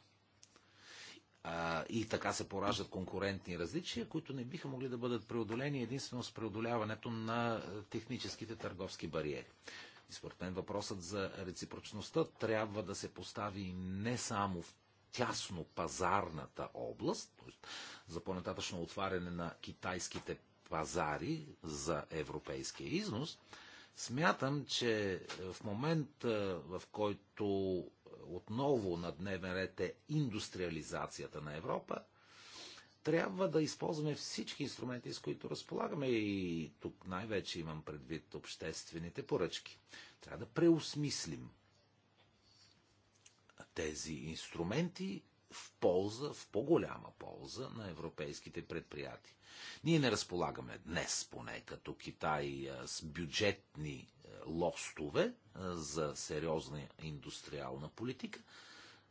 А, и така се пораждат конкурентни различия, които не биха могли да бъдат преодолени единствено с преодоляването на техническите търговски бариери. И според мен въпросът за реципрочността трябва да се постави не само в тясно пазарната област, т.е. за по-нататъчно отваряне на китайските пазари за европейския износ, смятам, че в момента, в който отново на дневен ред е индустриализацията на Европа, трябва да използваме всички инструменти, с които разполагаме. И тук най-вече имам предвид обществените поръчки. Трябва да преосмислим тези инструменти в полза, в по-голяма полза на европейските предприятия. Ние не разполагаме днес, поне като Китай, с бюджетни лостове за сериозна индустриална политика.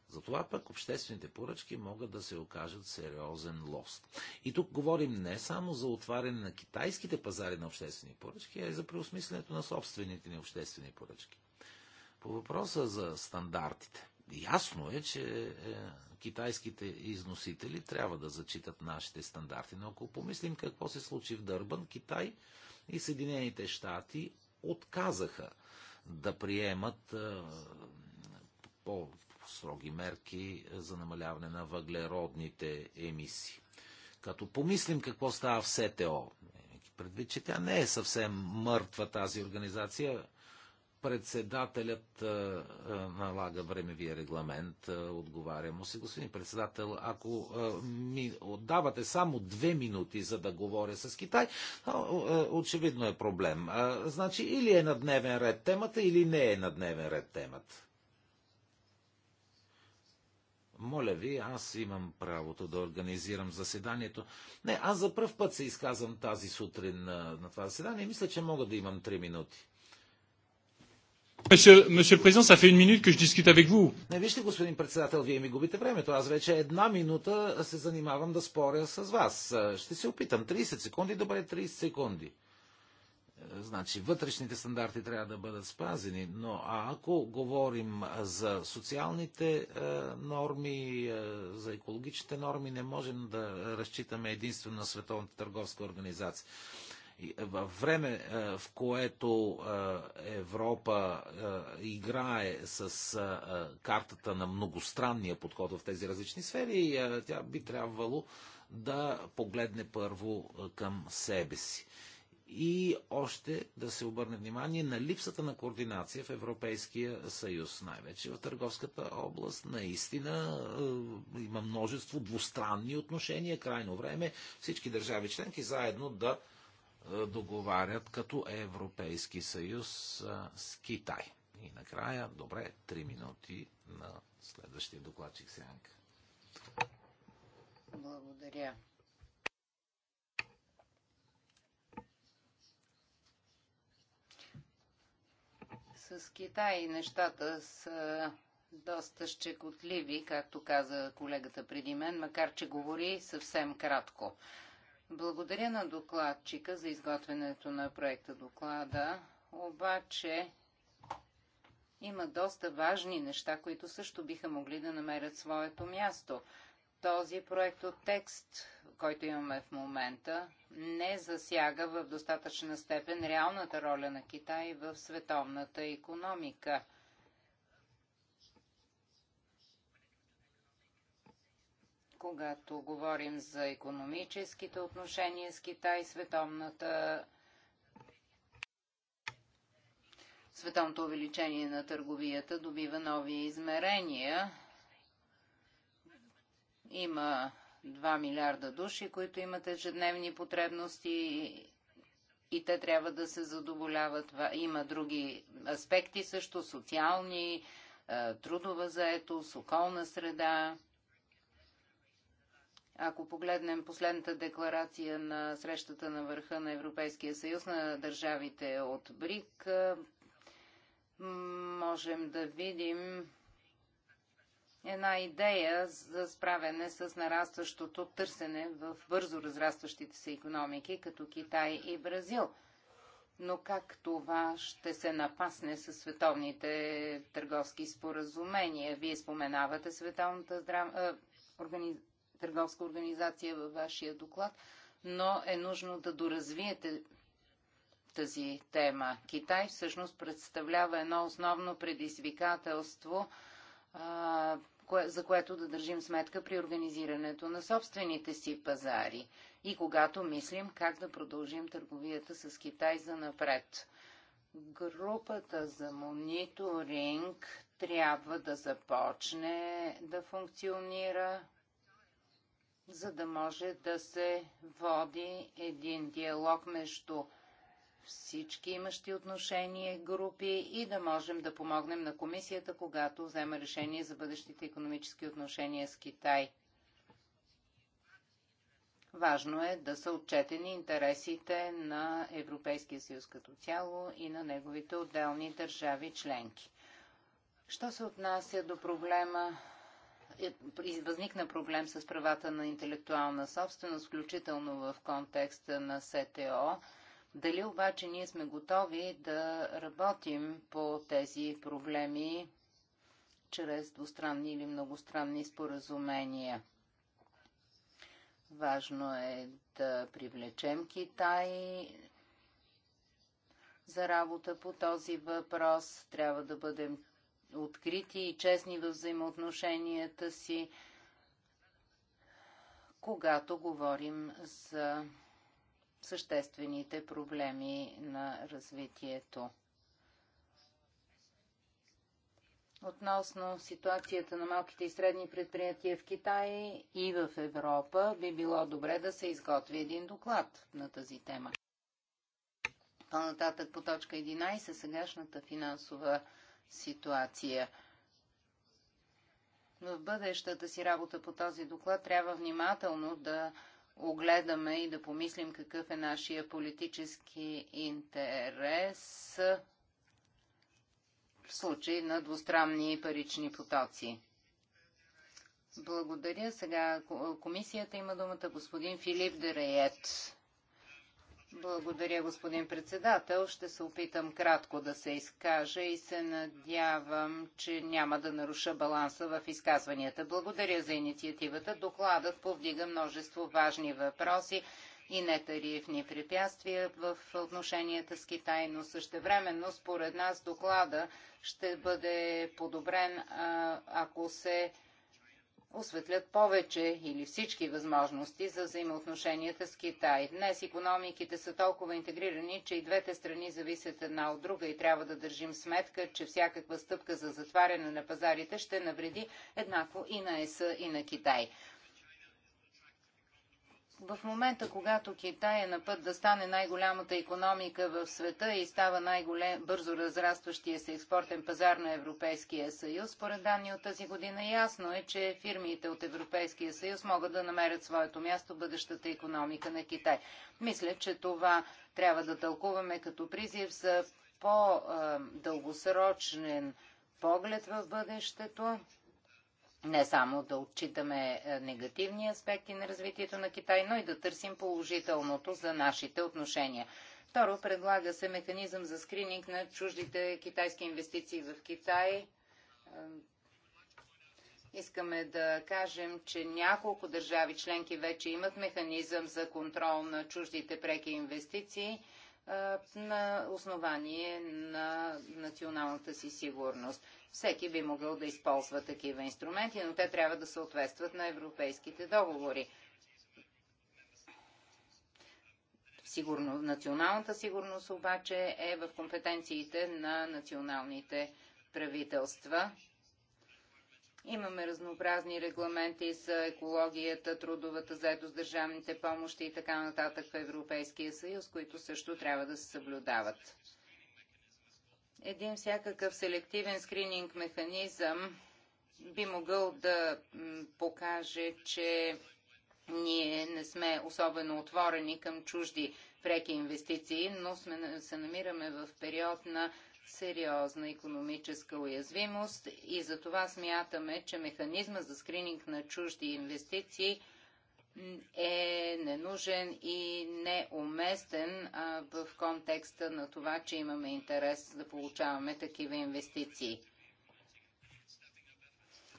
Затова пък обществените поръчки могат да се окажат сериозен лост. И тук говорим не само за отваряне на китайските пазари на обществени поръчки, а и за преосмисленето на собствените ни обществени поръчки. По въпроса за стандартите. Ясно е, че китайските износители трябва да зачитат нашите стандарти. Но ако помислим какво се случи в Дърбан, Китай и Съединените щати отказаха да приемат по-строги мерки за намаляване на въглеродните емисии. Като помислим какво става в СТО, предвид, че тя не е съвсем мъртва тази организация, председателят налага времевия регламент, отговаря му се. Господин председател, ако ми отдавате само две минути за да говоря с Китай, очевидно е проблем. Значи или е на дневен ред темата, или не е на дневен ред темата. Моля ви, аз имам правото да организирам заседанието. Не, аз за първ път се изказвам тази сутрин на, това заседание и мисля, че мога да имам три минути. Monsieur, monsieur le Président, ça fait une minute que je discute avec vous. господин председател, вие ми губите времето. Аз вече една минута се занимавам да споря с вас. Ще се опитам. 30 секунди, добре, 30 секунди. Значи, вътрешните стандарти трябва да бъдат спазени, но а ако говорим за социалните е, норми, е, за екологичните норми, не можем да разчитаме единствено на Световната търговска организация. Във време, в което Европа играе с картата на многостранния подход в тези различни сфери, тя би трябвало да погледне първо към себе си. И още да се обърне внимание на липсата на координация в Европейския съюз, най-вече в търговската област. Наистина има множество двустранни отношения. Крайно време всички държави членки заедно да договарят като Европейски съюз с Китай. И накрая, добре, три минути на следващия докладчик Сянка. Благодаря. С Китай нещата са доста щекотливи, както каза колегата преди мен, макар че говори съвсем кратко. Благодаря на докладчика за изготвянето на проекта доклада, обаче има доста важни неща, които също биха могли да намерят своето място. Този проект от текст, който имаме в момента, не засяга в достатъчна степен реалната роля на Китай в световната економика. когато говорим за економическите отношения с Китай, световната световното увеличение на търговията добива нови измерения. Има 2 милиарда души, които имат ежедневни потребности и те трябва да се задоволяват. Има други аспекти също, социални, трудова заетост, околна среда. Ако погледнем последната декларация на срещата на върха на Европейския съюз на държавите от БРИК, можем да видим една идея за справяне с нарастващото търсене в бързо разрастващите се економики, като Китай и Бразил. Но как това ще се напасне с световните търговски споразумения? Вие споменавате Световната здрав... Органи търговска организация във вашия доклад, но е нужно да доразвиете тази тема. Китай всъщност представлява едно основно предизвикателство, за което да държим сметка при организирането на собствените си пазари и когато мислим как да продължим търговията с Китай за напред. Групата за мониторинг трябва да започне да функционира за да може да се води един диалог между всички имащи отношение групи и да можем да помогнем на комисията, когато взема решение за бъдещите економически отношения с Китай. Важно е да са отчетени интересите на Европейския съюз като цяло и на неговите отделни държави членки. Що се отнася до проблема възникна проблем с правата на интелектуална собственост, включително в контекста на СТО. Дали обаче ние сме готови да работим по тези проблеми чрез двустранни или многостранни споразумения? Важно е да привлечем Китай за работа по този въпрос. Трябва да бъдем открити и честни във взаимоотношенията си, когато говорим за съществените проблеми на развитието. Относно ситуацията на малките и средни предприятия в Китай и в Европа, би било добре да се изготви един доклад на тази тема. По-нататък по точка 11, сегашната финансова ситуация. В бъдещата си работа по този доклад трябва внимателно да огледаме и да помислим какъв е нашия политически интерес в случай на двустранни парични потоци. Благодаря. Сега комисията има думата господин Филип Дереет. Благодаря, господин председател. Ще се опитам кратко да се изкажа и се надявам, че няма да наруша баланса в изказванията. Благодаря за инициативата. Докладът повдига множество важни въпроси и нетарифни препятствия в отношенията с Китай, но същевременно според нас доклада ще бъде подобрен, ако се осветлят повече или всички възможности за взаимоотношенията с Китай. Днес економиките са толкова интегрирани, че и двете страни зависят една от друга и трябва да държим сметка, че всякаква стъпка за затваряне на пазарите ще навреди еднакво и на ЕС и на Китай в момента, когато Китай е на път да стане най-голямата економика в света и става най-бързо разрастващия се експортен пазар на Европейския съюз, според данни от тази година ясно е, че фирмите от Европейския съюз могат да намерят своето място в бъдещата економика на Китай. Мисля, че това трябва да тълкуваме като призив за по-дългосрочен поглед в бъдещето не само да отчитаме негативни аспекти на развитието на Китай, но и да търсим положителното за нашите отношения. Второ, предлага се механизъм за скрининг на чуждите китайски инвестиции в Китай. Искаме да кажем, че няколко държави членки вече имат механизъм за контрол на чуждите преки инвестиции – на основание на националната си сигурност. Всеки би могъл да използва такива инструменти, но те трябва да съответстват на европейските договори. Сигурно, националната сигурност обаче е в компетенциите на националните правителства Имаме разнообразни регламенти за екологията, трудовата заедост, държавните помощи и така нататък в Европейския съюз, които също трябва да се съблюдават. Един всякакъв селективен скрининг механизъм би могъл да покаже, че ние не сме особено отворени към чужди преки инвестиции, но сме, се намираме в период на сериозна економическа уязвимост и за това смятаме, че механизма за скрининг на чужди инвестиции е ненужен и неуместен в контекста на това, че имаме интерес да получаваме такива инвестиции.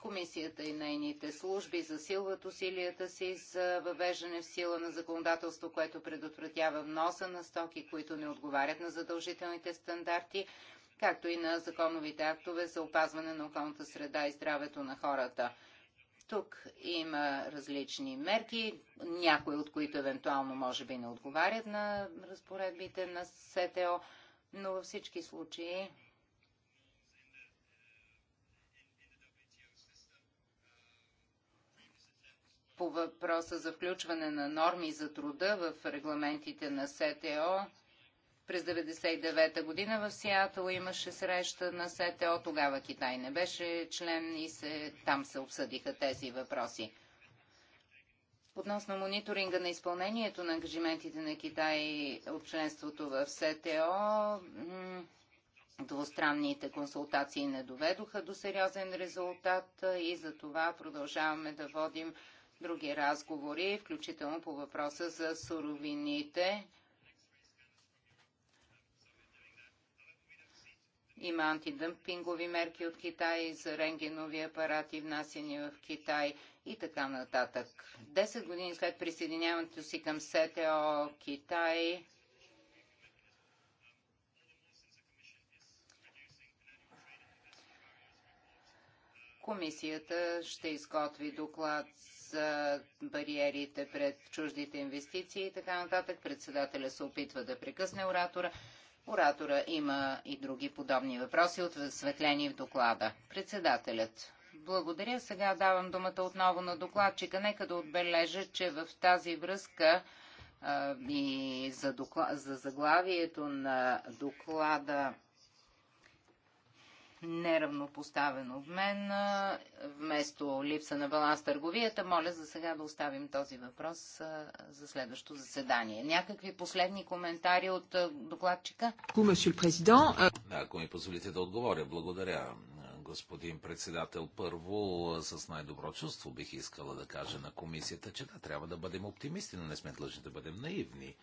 Комисията и нейните служби засилват усилията си за въвеждане в сила на законодателство, което предотвратява вноса на стоки, които не отговарят на задължителните стандарти, както и на законовите актове за опазване на околната среда и здравето на хората. Тук има различни мерки, някои от които евентуално може би не отговарят на разпоредбите на СТО, но във всички случаи по въпроса за включване на норми за труда в регламентите на СТО През 99-та година в Сиатъл имаше среща на СТО. Тогава Китай не беше член и се, там се обсъдиха тези въпроси. Относно мониторинга на изпълнението на ангажиментите на Китай от членството в СТО, двустранните консултации не доведоха до сериозен резултат и за това продължаваме да водим други разговори, включително по въпроса за суровините. Има антидъмпингови мерки от Китай за рентгенови апарати, внасяни в Китай и така нататък. Десет години след присъединяването си към СТО Китай Комисията ще изготви доклад за бариерите пред чуждите инвестиции и така нататък. Председателя се опитва да прекъсне оратора. Оратора има и други подобни въпроси, от светлени в доклада. Председателят. Благодаря. Сега давам думата отново на докладчика. Нека да отбележа, че в тази връзка а, и за, докла... за заглавието на доклада неравнопоставено в мен, вместо липса на баланс търговията, моля за сега да оставим този въпрос за следващото заседание. Някакви последни коментари от докладчика? Ако ми позволите да отговоря, благодаря. Господин председател, първо с най-добро чувство бих искала да кажа на комисията, че да, трябва да бъдем оптимисти, но не сме длъжни да бъдем наивни.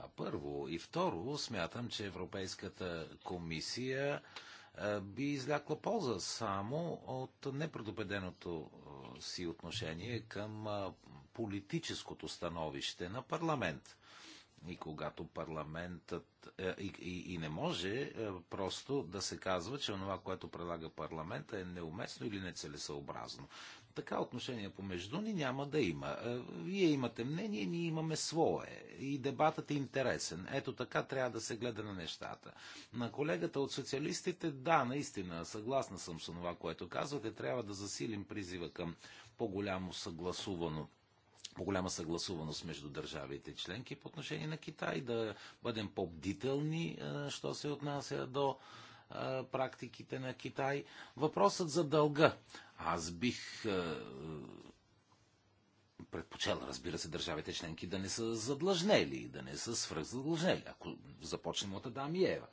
А първо и второ, смятам, че Европейската комисия би излякло полза само от непредопеденото си отношение към политическото становище на парламент. И когато парламентът и, и, и не може просто да се казва, че това, което предлага парламента е неуместно или нецелесъобразно така отношение помежду ни няма да има. Вие имате мнение, ние имаме свое. И дебатът е интересен. Ето така трябва да се гледа на нещата. На колегата от социалистите, да, наистина, съгласна съм с това, което казвате. Трябва да засилим призива към по-голямо съгласувано по-голяма съгласуваност между държавите членки по отношение на Китай, да бъдем по-бдителни, що се отнася до практиките на Китай. Въпросът за дълга. Аз бих предпочел, разбира се, държавите членки да не са задлъжнели, да не са свръхзадлъжнели, ако започнем от Адам и Ева.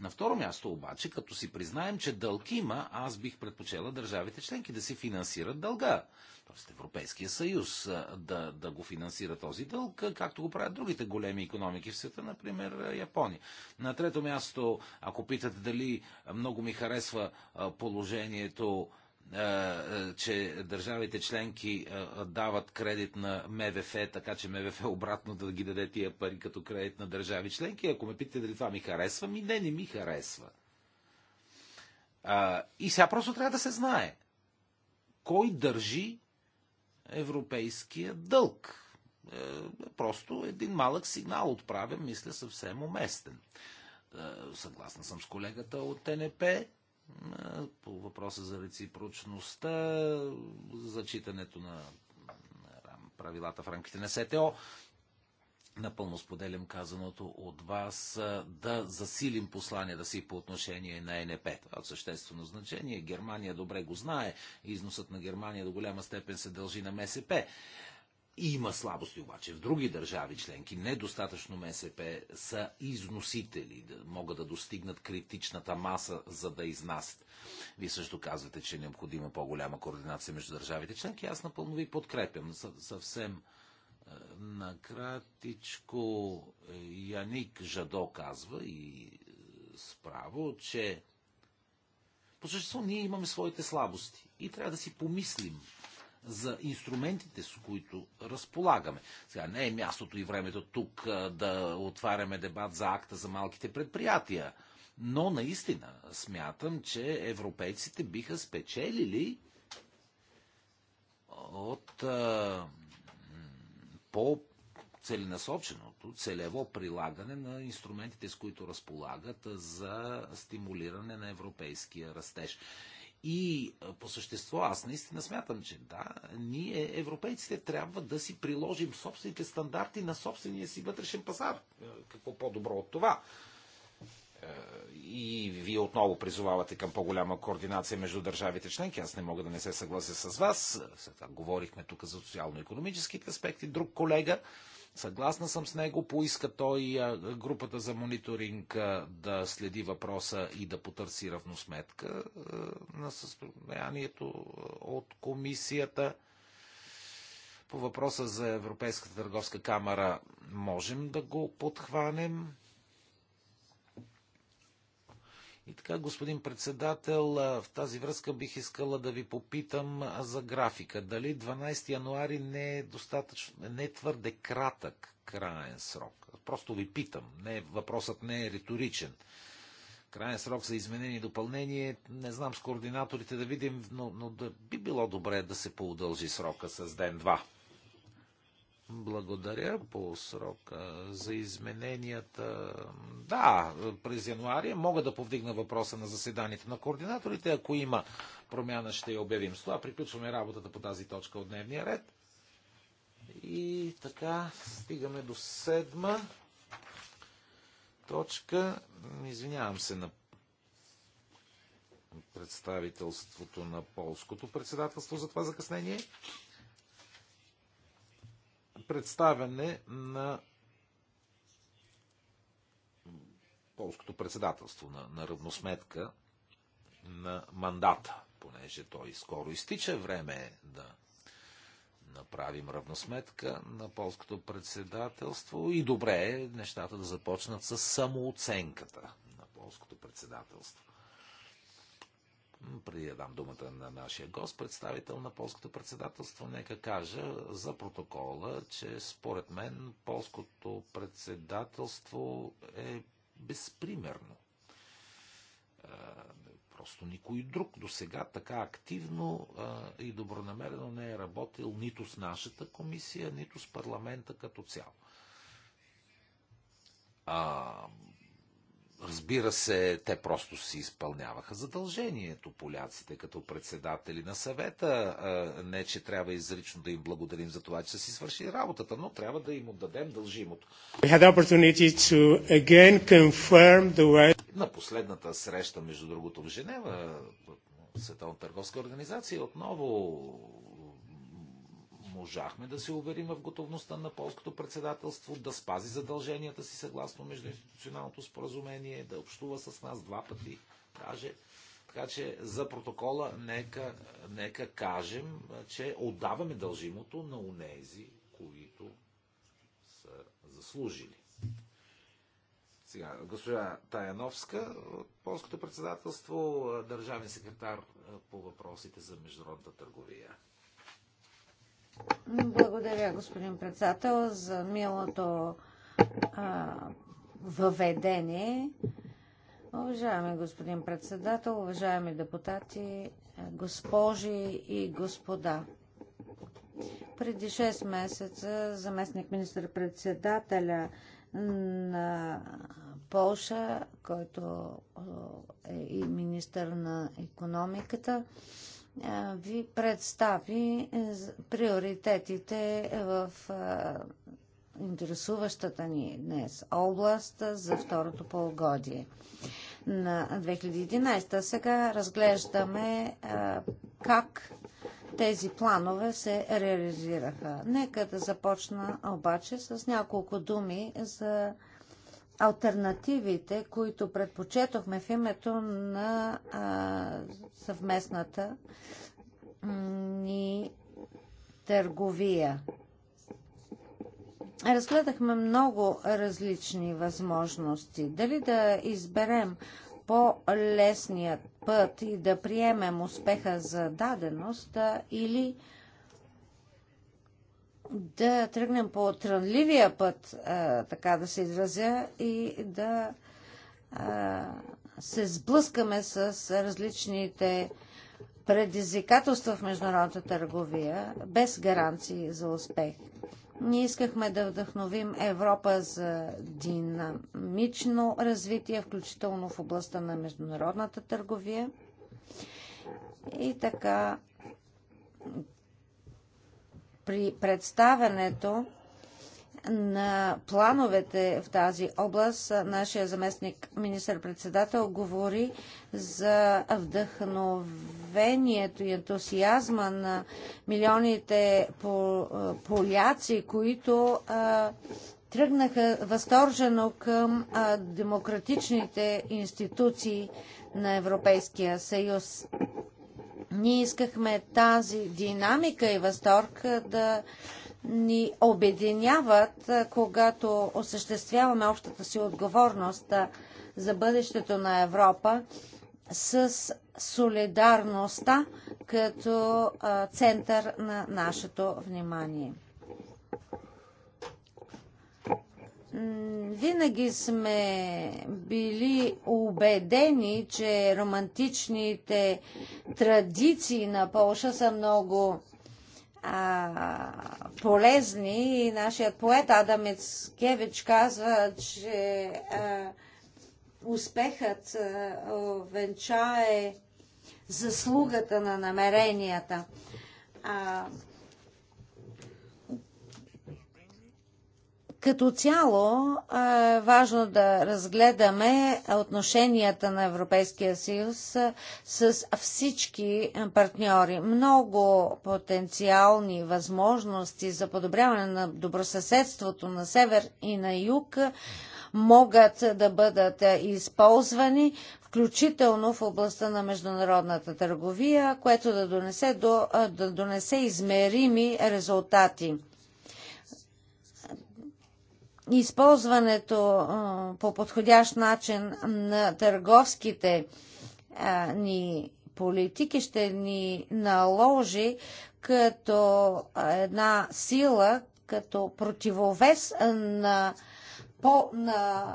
На второ място обаче, като си признаем, че дълг има, аз бих предпочела държавите членки да си финансират дълга т.е. Европейския съюз, да, да го финансира този дълг, както го правят другите големи економики в света, например Япония. На трето място, ако питате дали много ми харесва положението, че държавите членки дават кредит на МВФ, така че МВФ обратно да ги даде тия пари като кредит на държави членки. Ако ме питате дали това ми харесва, ми не, не ми харесва. И сега просто трябва да се знае кой държи европейския дълг. Просто един малък сигнал отправя, мисля, съвсем уместен. Съгласна съм с колегата от ТНП по въпроса за реципрочността, зачитането на правилата в рамките на СТО. Напълно споделям казаното от вас да засилим посланията си по отношение на ЕНП. Това е съществено значение. Германия добре го знае. Износът на Германия до голяма степен се дължи на МСП. Има слабости обаче в други държави членки. Недостатъчно МСП са износители, да могат да достигнат критичната маса, за да изнасят. Вие също казвате, че е необходима по-голяма координация между държавите членки. Аз напълно ви подкрепям. Съвсем на кратичко Яник Жадо казва и справо, че по същество ние имаме своите слабости и трябва да си помислим за инструментите, с които разполагаме. Сега не е мястото и времето тук да отваряме дебат за акта за малките предприятия, но наистина смятам, че европейците биха спечелили от а, по целенасоченото, целево прилагане на инструментите, с които разполагат за стимулиране на европейския растеж. И по същество аз наистина смятам, че да, ние европейците трябва да си приложим собствените стандарти на собствения си вътрешен пазар. Какво по-добро от това? и вие отново призовавате към по-голяма координация между държавите членки. Аз не мога да не се съглася с вас. Сега говорихме тук за социално-економическите аспекти. Друг колега, съгласна съм с него, поиска той групата за мониторинг да следи въпроса и да потърси равносметка на състоянието от комисията. По въпроса за Европейската търговска камера можем да го подхванем. И така, господин председател, в тази връзка бих искала да ви попитам за графика. Дали 12 януари не е достатъчно, не е твърде кратък краен срок? Просто ви питам. Не, въпросът не е риторичен. Краен срок за изменение и допълнение, не знам с координаторите да видим, но, но да би било добре да се поудължи срока с ден-два. Благодаря по срока за измененията. Да, през януари мога да повдигна въпроса на заседанието на координаторите. Ако има промяна, ще я обявим. С това приключваме работата по тази точка от дневния ред. И така, стигаме до седма точка. Извинявам се на представителството на полското председателство за това закъснение представяне на полското председателство на, на равносметка на мандата, понеже той скоро изтича. Време е да направим равносметка на полското председателство и добре е нещата да започнат с самооценката на полското председателство преди да дам думата на нашия гост, представител на полското председателство, нека кажа за протокола, че според мен полското председателство е безпримерно. Просто никой друг до сега така активно и добронамерено не е работил нито с нашата комисия, нито с парламента като цяло Разбира се, те просто си изпълняваха задължението, поляците, като председатели на съвета. Не, че трябва изрично да им благодарим за това, че са си свършили работата, но трябва да им отдадем дължимото. На последната среща, между другото, в Женева, Световна търговска организация, отново можахме да се уверим в готовността на полското председателство да спази задълженията си съгласно междуинституционалното споразумение, да общува с нас два пъти. каже. така че за протокола нека, нека кажем, че отдаваме дължимото на унези, които са заслужили. Сега, госпожа Таяновска, полското председателство, държавен секретар по въпросите за международната търговия. Благодаря, господин председател, за милото а, въведение. Уважаеми господин председател, уважаеми депутати, госпожи и господа. Преди 6 месеца заместник министър-председателя на Полша, който е и министър на економиката, ви представи приоритетите в интересуващата ни днес област за второто полугодие на 2011. Сега разглеждаме как тези планове се реализираха. Нека да започна обаче с няколко думи за альтернативите, които предпочетохме в името на а, съвместната ни търговия. Разгледахме много различни възможности. Дали да изберем по-лесният път и да приемем успеха за даденост или а, да тръгнем по трънливия път, а, така да се изразя, и да а, се сблъскаме с различните предизвикателства в международната търговия, без гаранции за успех. Ние искахме да вдъхновим Европа за динамично развитие, включително в областта на международната търговия. И така при представянето на плановете в тази област, нашия заместник министър-председател говори за вдъхновението и ентусиазма на милионите поляци, които тръгнаха възторжено към демократичните институции на Европейския съюз. Ние искахме тази динамика и възторг да ни обединяват, когато осъществяваме общата си отговорност за бъдещето на Европа с солидарността като център на нашето внимание винаги сме били убедени, че романтичните традиции на Полша са много а, полезни и нашият поет Адам Ецкевич казва, че а, успехът а, венча е заслугата на намеренията. А, Като цяло е важно да разгледаме отношенията на Европейския съюз с всички партньори. Много потенциални възможности за подобряване на добросъседството на север и на юг могат да бъдат използвани, включително в областта на международната търговия, което да донесе, до, да донесе измерими резултати използването по подходящ начин на търговските ни политики ще ни наложи като една сила, като противовес на, по, на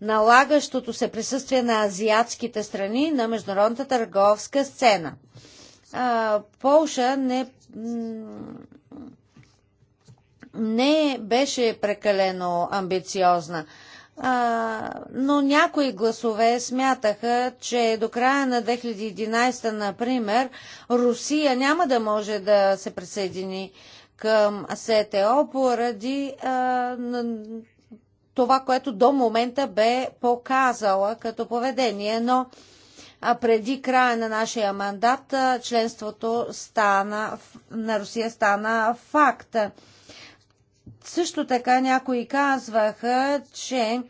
налагащото се присъствие на азиатските страни на международната търговска сцена. Полша не не беше прекалено амбициозна. А, но някои гласове смятаха, че до края на 2011, например, Русия няма да може да се присъедини към СТО поради а, това, което до момента бе показала като поведение, но а преди края на нашия мандат членството стана, на Русия стана факта. Също така някои казваха, че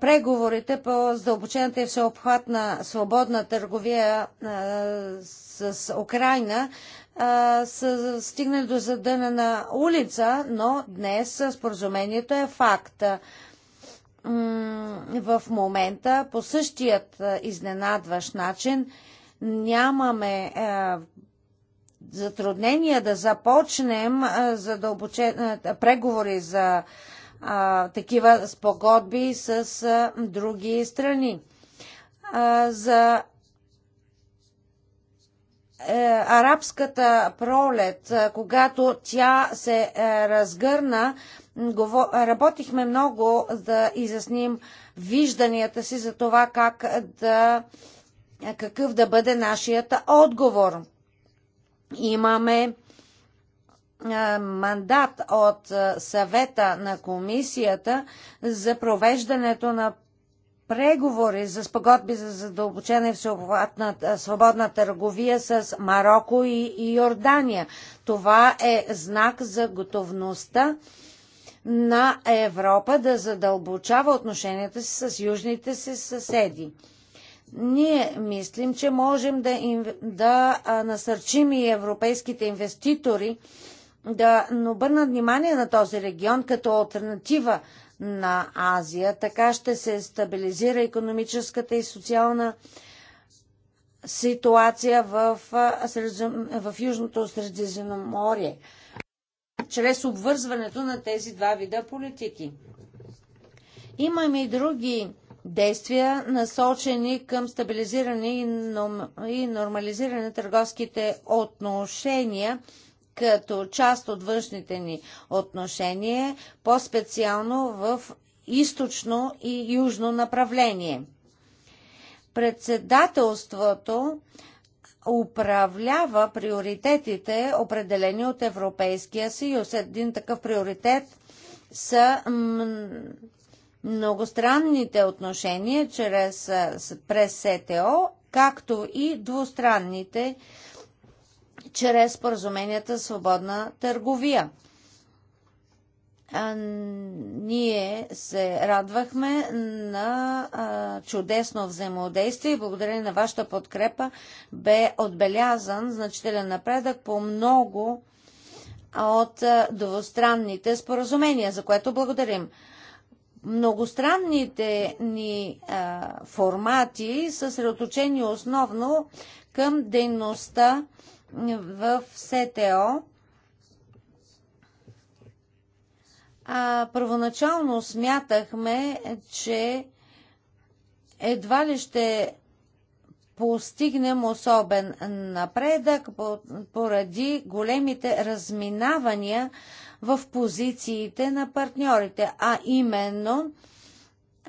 преговорите по задълбочената и всеобхватна свободна търговия с Украина са стигнали до задъна на улица, но днес споразумението е факт. В момента по същият изненадващ начин нямаме затруднения да започнем задълбочен, преговори за а, такива спогодби с а, други страни. А, за арабската пролет, когато тя се разгърна, работихме много да изясним вижданията си за това как да, какъв да бъде нашият отговор имаме мандат от съвета на комисията за провеждането на преговори за спогодби за задълбочена и всеобхватна свободна търговия с Марокко и Йордания. Това е знак за готовността на Европа да задълбочава отношенията си с южните си съседи. Ние мислим, че можем да, им, да насърчим и европейските инвеститори да обърнат внимание на този регион като альтернатива на Азия. Така ще се стабилизира економическата и социална ситуация в, в Южното Средиземноморие чрез обвързването на тези два вида политики. Имаме и други действия, насочени към стабилизиране и нормализиране на търговските отношения като част от външните ни отношения, по-специално в източно и южно направление. Председателството управлява приоритетите, определени от Европейския съюз. Един такъв приоритет са многостранните отношения чрез, през СТО, както и двустранните чрез споразуменията свободна търговия. А, ние се радвахме на а, чудесно взаимодействие и благодарение на вашата подкрепа бе отбелязан значителен напредък по много от двустранните споразумения, за което благодарим многостранните ни а, формати са средоточени основно към дейността в СТО. А, първоначално смятахме, че едва ли ще постигнем особен напредък поради големите разминавания в позициите на партньорите, а именно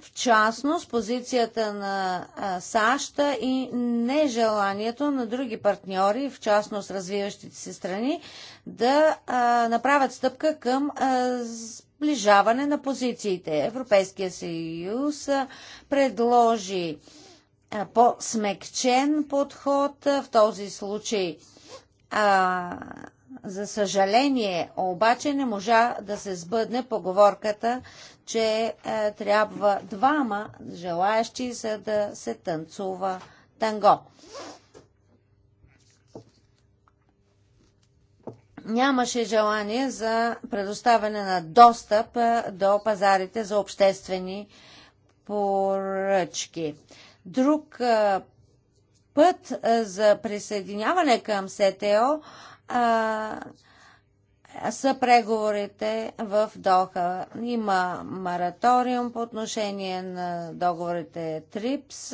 в частност позицията на САЩ и нежеланието на други партньори, в частност развиващите се страни, да направят стъпка към сближаване на позициите. Европейския съюз предложи по-смекчен подход, в този случай За съжаление, обаче не можа да се сбъдне поговорката, че е, трябва двама желаящи, за да се танцува танго. Нямаше желание за предоставяне на достъп до пазарите за обществени поръчки. Друг път за присъединяване към СТО а, са преговорите в Доха. Има мораториум по отношение на договорите ТРИПС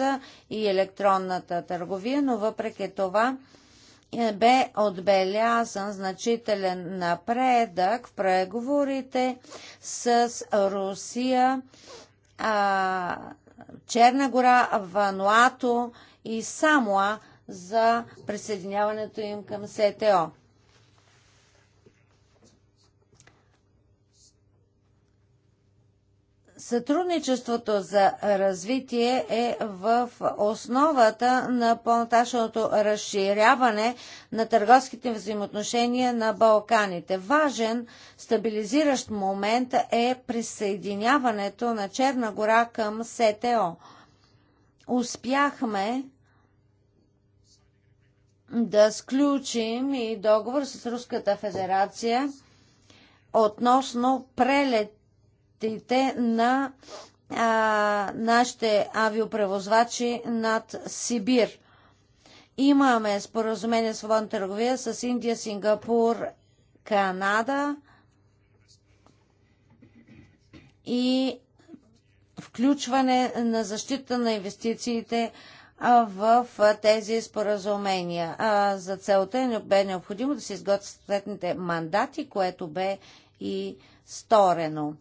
и електронната търговия, но въпреки това бе отбелязан значителен напредък в преговорите с Русия, а, Черна гора, Вануато и Самоа за присъединяването им към СТО. Сътрудничеството за развитие е в основата на по разширяване на търговските взаимоотношения на Балканите. Важен стабилизиращ момент е присъединяването на Черна гора към СТО. Успяхме да сключим и договор с Руската федерация относно прелет щетите на а, нашите авиопревозвачи над Сибир. Имаме споразумение свободна търговия с Индия, Сингапур, Канада и включване на защита на инвестициите в тези споразумения. За целта бе необходимо да се изготвят съответните мандати, което бе и сторено.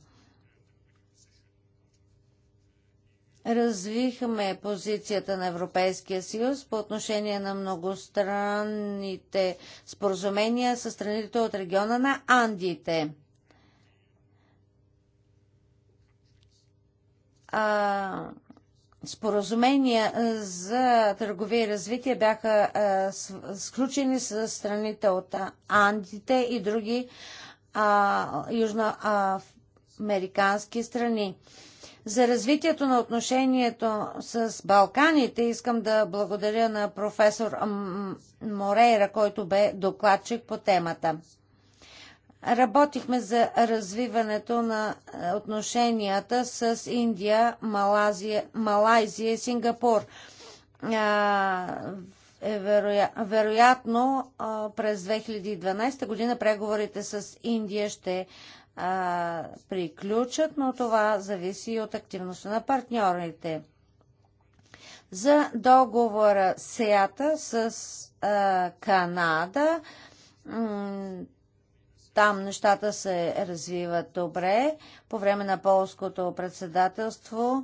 развихме позицията на Европейския съюз по отношение на многостранните споразумения с страните от региона на Андиите. А, споразумения за търговия и развитие бяха а, сключени с страните от Андите и други а, южноамерикански страни за развитието на отношението с Балканите. Искам да благодаря на професор Морейра, който бе докладчик по темата. Работихме за развиването на отношенията с Индия, Малазия, Малайзия и Сингапур. Е вероя... вероятно през 2012 година преговорите с Индия ще а, приключат, но това зависи и от активността на партньорите. За договора СЕАТА с а, Канада, там нещата се развиват добре. По време на полското председателство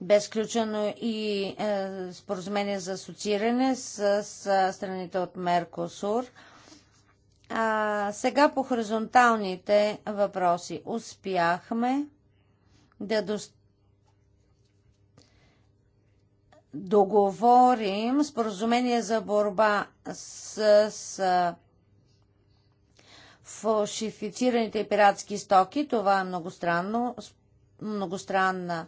бе сключено и е, споразумение за асоцииране с, с страните от Меркосур. Е, А, сега по хоризонталните въпроси. Успяхме да достигнем договорим споразумение за борба с, с фалшифицираните пиратски стоки. Това е многостранно, многостранна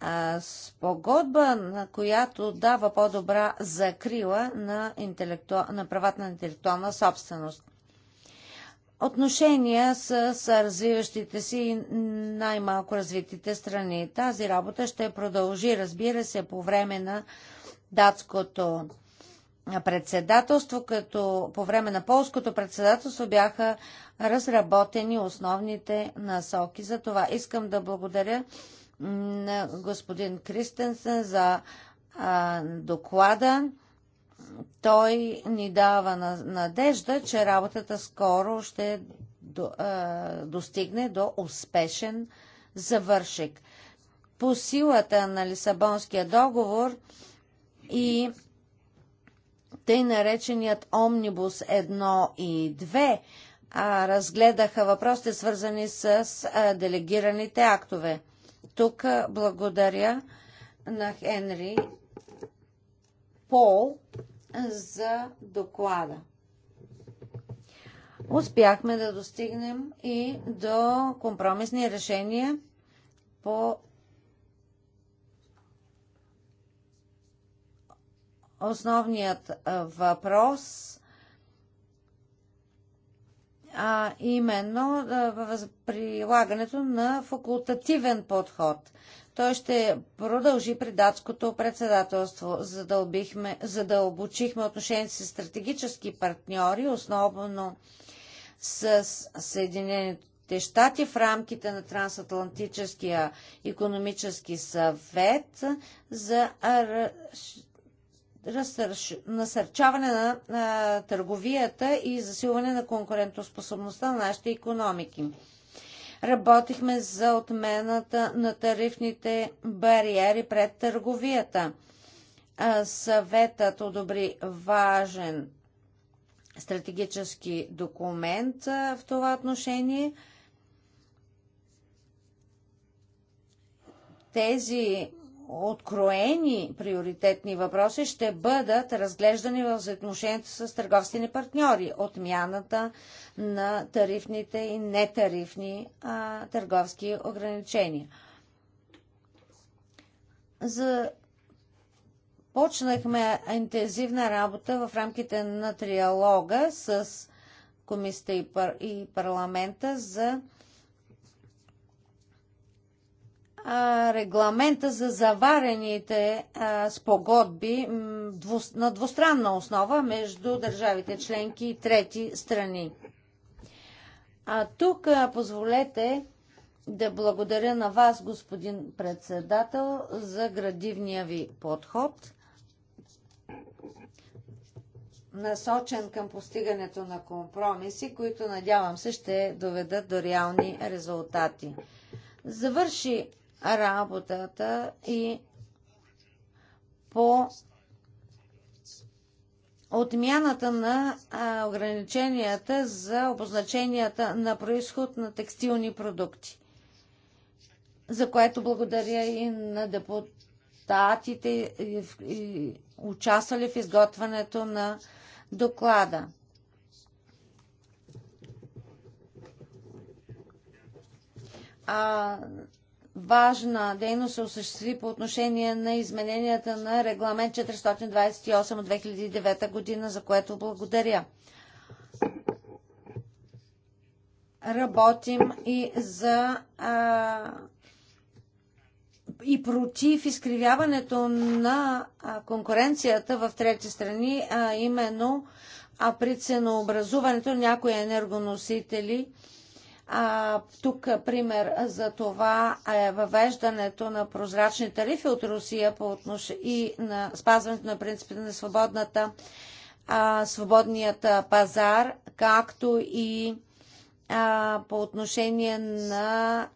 а, спогодба, на която дава по-добра закрила на, интелекту... на правата на интелектуална собственост отношения с, с развиващите си и най-малко развитите страни. Тази работа ще продължи, разбира се, по време на датското председателство, като по време на полското председателство бяха разработени основните насоки. За това искам да благодаря на господин Кристенсен за а, доклада той ни дава надежда, че работата скоро ще достигне до успешен завършек. По силата на Лисабонския договор и тъй нареченият Омнибус 1 и 2 а, разгледаха въпросите свързани с делегираните актове. Тук благодаря на Хенри Пол за доклада. Успяхме да достигнем и до компромисни решения по основният въпрос, а именно прилагането на факултативен подход Той ще продължи при датското председателство. Задълбихме, задълбочихме отношенията си с стратегически партньори, основно с Съединените щати в рамките на Трансатлантическия економически съвет за насърчаване на търговията и засилване на конкурентоспособността на нашите економики. Работихме за отмената на тарифните бариери пред търговията. Съветът одобри важен стратегически документ в това отношение. Тези откроени приоритетни въпроси ще бъдат разглеждани в взаимоотношението с търговските партньори. Отмяната на тарифните и нетарифни а, търговски ограничения. За Почнахме интензивна работа в рамките на триалога с комисията и, и парламента за регламента за заварените спогодби на двустранна основа между държавите членки и трети страни. А тук позволете да благодаря на вас, господин председател, за градивния ви подход, насочен към постигането на компромиси, които надявам се ще доведат до реални резултати. Завърши работата и по отмяната на ограниченията за обозначенията на происход на текстилни продукти. За което благодаря и на депутатите, и, участвали в изготвянето на доклада. А, важна дейност се осъществи по отношение на измененията на регламент 428 от 2009 година, за което благодаря. Работим и за а, и против изкривяването на конкуренцията в трети страни, а именно а при ценообразуването някои енергоносители а, А, тук пример за това е въвеждането на прозрачни тарифи от Русия по отнош... и на спазването на принципите на свободната, а, свободният пазар, както и а, по отношение на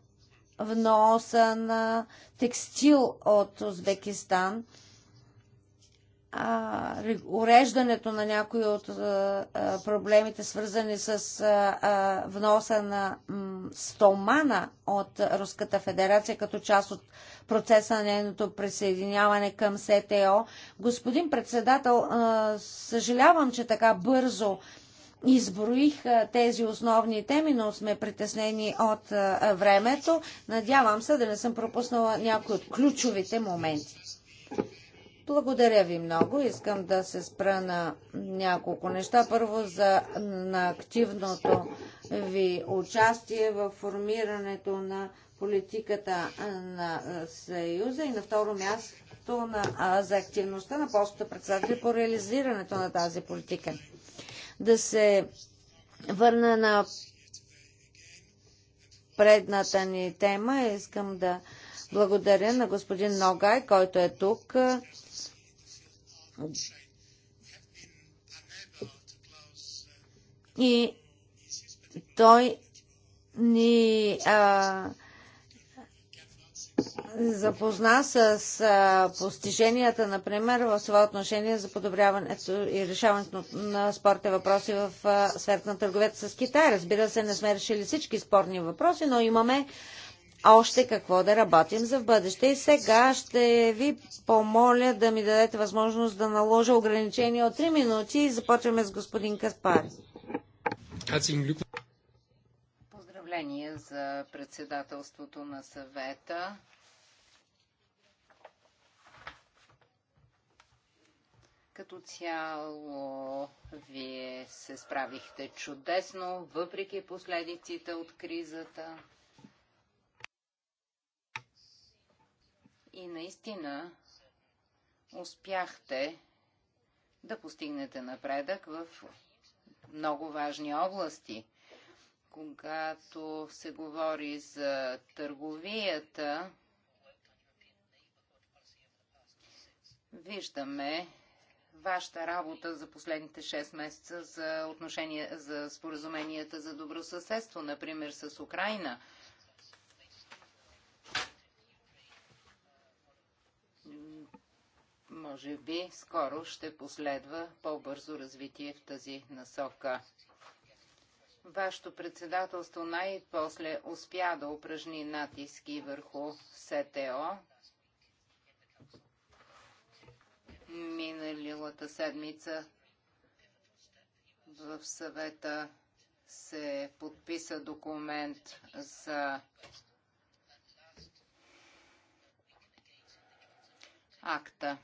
вноса на текстил от Узбекистан уреждането на някои от проблемите, свързани с вноса на стомана от Руската федерация като част от процеса на нейното присъединяване към СТО. Господин председател, съжалявам, че така бързо изброих тези основни теми, но сме притеснени от времето. Надявам се да не съм пропуснала някои от ключовите моменти. Благодаря ви много. Искам да се спра на няколко неща. Първо за на активното ви участие в формирането на политиката на Съюза и на второ място на, а, за активността на полската председател по реализирането на тази политика. Да се върна на предната ни тема. Искам да благодаря на господин Ногай, който е тук. И той ни а, запозна с а, постиженията, например, в това отношение за подобряването и решаването на спорните въпроси в а, сферата на търговията с Китай. Разбира се, не сме решили всички спорни въпроси, но имаме още какво да работим за в бъдеще. И сега ще ви помоля да ми дадете възможност да наложа ограничение от 3 минути и започваме с господин Каспари. Поздравление за председателството на съвета. Като цяло, вие се справихте чудесно, въпреки последиците от кризата. и наистина успяхте да постигнете напредък в много важни области. Когато се говори за търговията, виждаме вашата работа за последните 6 месеца за отношения за споразуменията за добросъседство, например с Украина – може би скоро ще последва по-бързо развитие в тази насока. Вашето председателство най-после успя да упражни натиски върху СТО. Миналилата седмица в съвета се подписа документ за акта.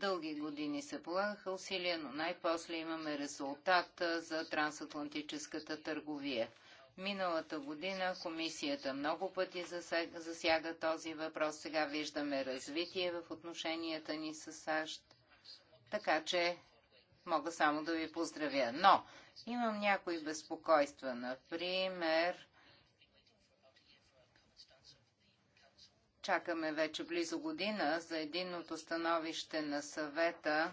Дълги години се полагаха усилия, но най-после имаме резултат за трансатлантическата търговия. Миналата година комисията много пъти засяга, този въпрос. Сега виждаме развитие в отношенията ни с САЩ. Така че мога само да ви поздравя. Но имам някои безпокойства. Например, Чакаме вече близо година за единното становище на съвета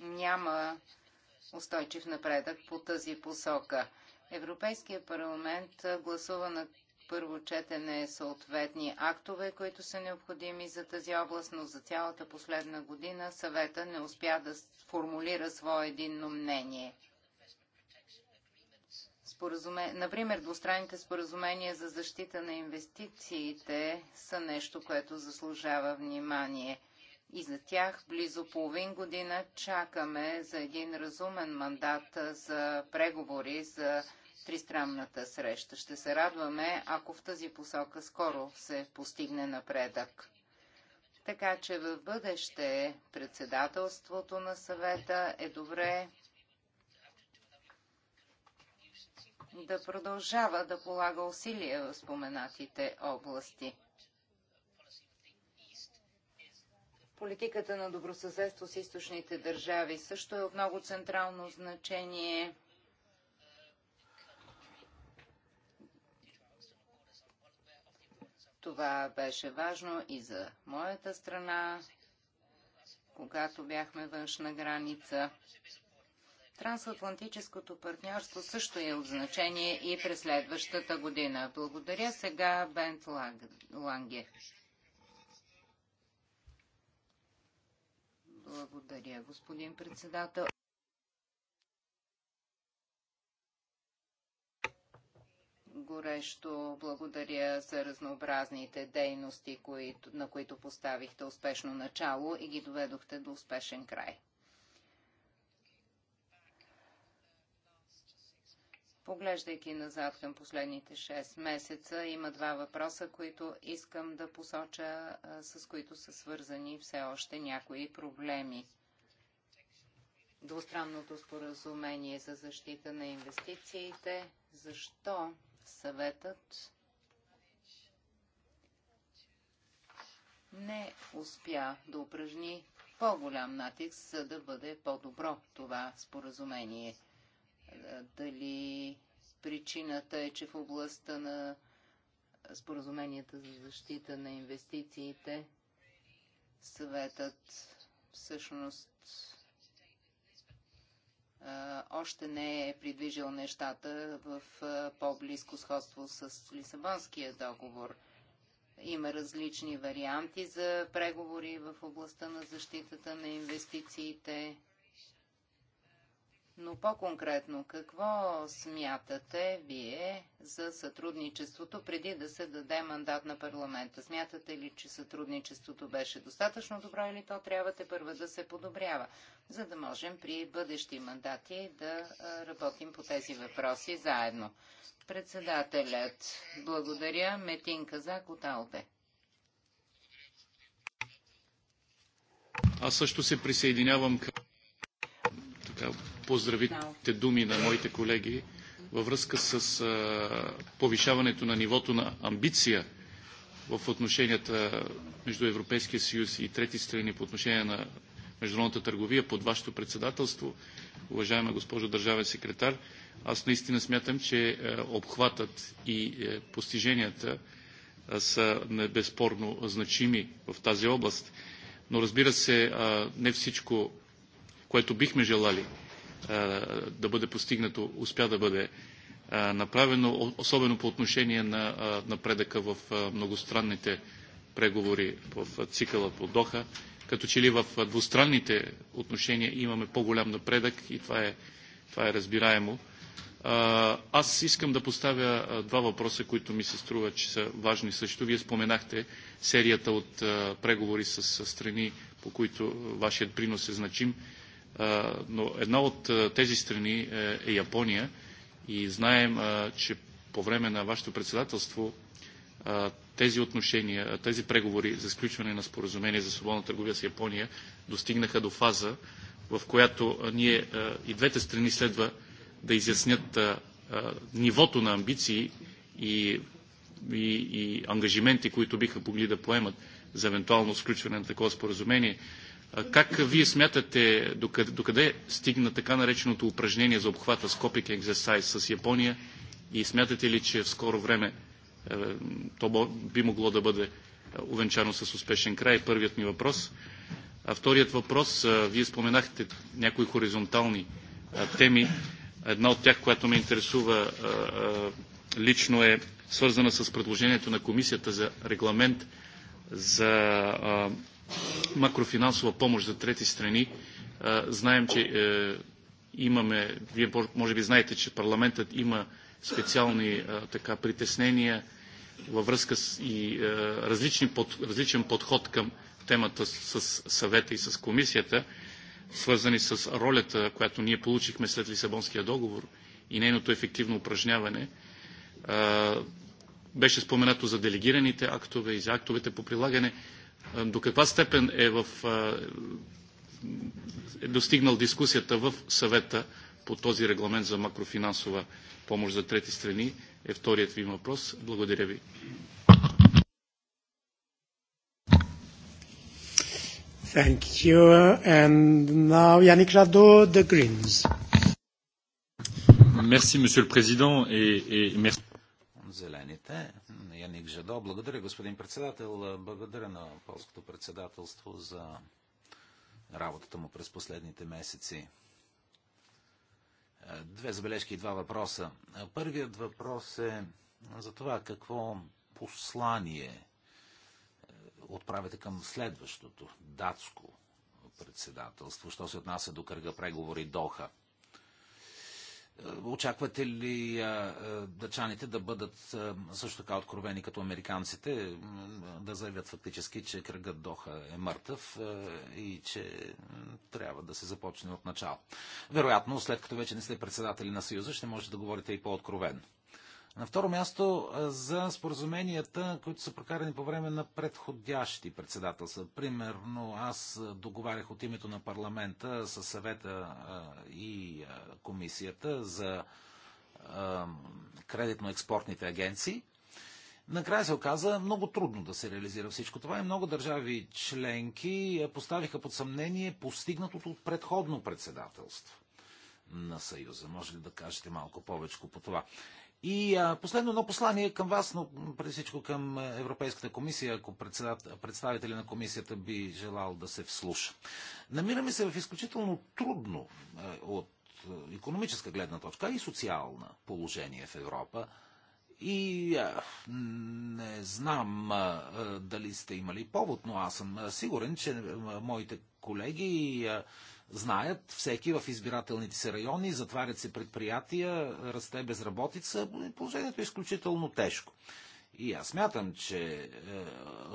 няма устойчив напредък по тази посока. Европейския парламент гласува на първо четене съответни актове, които са необходими за тази област, но за цялата последна година съвета не успя да формулира свое единно мнение споразуме... Например, двустранните споразумения за защита на инвестициите са нещо, което заслужава внимание. И за тях близо половин година чакаме за един разумен мандат за преговори за тристранната среща. Ще се радваме, ако в тази посока скоро се постигне напредък. Така че в бъдеще председателството на съвета е добре да продължава да полага усилия в споменатите области. Политиката на добросъседство с източните държави също е от много централно значение. Това беше важно и за моята страна, когато бяхме външна граница. Трансатлантическото партньорство също е от значение и през следващата година. Благодаря сега Бент Ланге. Благодаря, господин председател. Горещо благодаря за разнообразните дейности, които, на които поставихте успешно начало и ги доведохте до успешен край. Поглеждайки назад към последните 6 месеца, има два въпроса, които искам да посоча, с които са свързани все още някои проблеми. Двустранното споразумение за защита на инвестициите. Защо съветът не успя да упражни по-голям натиск, за да бъде по-добро това споразумение – дали причината е, че в областта на споразуменията за защита на инвестициите съветът всъщност още не е придвижил нещата в по-близко сходство с Лисабонския договор. Има различни варианти за преговори в областта на защитата на инвестициите. Но по-конкретно, какво смятате вие за сътрудничеството преди да се даде мандат на парламента? Смятате ли, че сътрудничеството беше достатъчно добро или то трябва те първа да се подобрява, за да можем при бъдещи мандати да работим по тези въпроси заедно? Председателят, благодаря, Метин Казак от Алде. Аз също се присъединявам към поздравителните думи на моите колеги във връзка с повишаването на нивото на амбиция в отношенията между Европейския съюз и трети страни по отношение на международната търговия под вашето председателство, уважаема госпожо държавен секретар. Аз наистина смятам, че обхватът и постиженията са безспорно значими в тази област. Но разбира се, не всичко, което бихме желали, да бъде постигнато, успя да бъде направено, особено по отношение на напредъка в многостранните преговори в цикъла по Доха. Като че ли в двустранните отношения имаме по-голям напредък и това е, това е разбираемо. Аз искам да поставя два въпроса, които ми се струва, че са важни също. Вие споменахте серията от преговори с страни, по които вашият принос е значим но една от тези страни е Япония и знаем, че по време на вашето председателство тези отношения, тези преговори за сключване на споразумение за свободна търговия с Япония достигнаха до фаза, в която ние и двете страни следва да изяснят нивото на амбиции и, и, и ангажименти, които биха могли да поемат за евентуално сключване на такова споразумение. Как вие смятате, докъде, докъде стигна така нареченото упражнение за обхвата Scoping Exercise с Япония и смятате ли, че в скоро време то би могло да бъде увенчано с успешен край? Първият ми въпрос. А вторият въпрос, вие споменахте някои хоризонтални теми. Една от тях, която ме интересува лично е свързана с предложението на комисията за регламент за макрофинансова помощ за трети страни. Знаем, че имаме, вие може би знаете, че парламентът има специални така притеснения във връзка с и различни под, различен подход към темата с съвета и с комисията, свързани с ролята, която ние получихме след Лисабонския договор и нейното ефективно упражняване. Беше споменато за делегираните актове и за актовете по прилагане до каква степен е в, е достигнал дискусията в съвета по този регламент за макрофинансова помощ за трети страни е вторият ви въпрос. Благодаря ви. Thank you. And now Yannick Jadot, The Greens. Merci, Monsieur le Président, et, et merci зелените. Яник Жадо. Благодаря, господин председател. Благодаря на полското председателство за работата му през последните месеци. Две забележки и два въпроса. Първият въпрос е за това какво послание отправяте към следващото датско председателство, що се отнася до кръга преговори Доха. Очаквате ли дъчаните да бъдат също така откровени като американците, да заявят фактически, че кръгът Доха е мъртъв и че трябва да се започне от начало? Вероятно, след като вече не сте председатели на Съюза, ще можете да говорите и по-откровенно. На второ място за споразуменията, които са прокарани по време на предходящи председателства. Примерно аз договарях от името на парламента с съвета и комисията за кредитно-експортните агенции. Накрая се оказа много трудно да се реализира всичко това и много държави членки поставиха под съмнение постигнатото от предходно председателство на Съюза. Може ли да кажете малко повече по това? И а, последно едно послание към вас, но преди всичко към Европейската комисия, ако представители на комисията би желал да се вслуша. Намираме се в изключително трудно от економическа гледна точка и социална положение в Европа. И а, не знам а, дали сте имали повод, но аз съм сигурен, че а, моите колеги. А, знаят всеки в избирателните си райони, затварят се предприятия, расте безработица, положението е изключително тежко. И аз мятам, че е,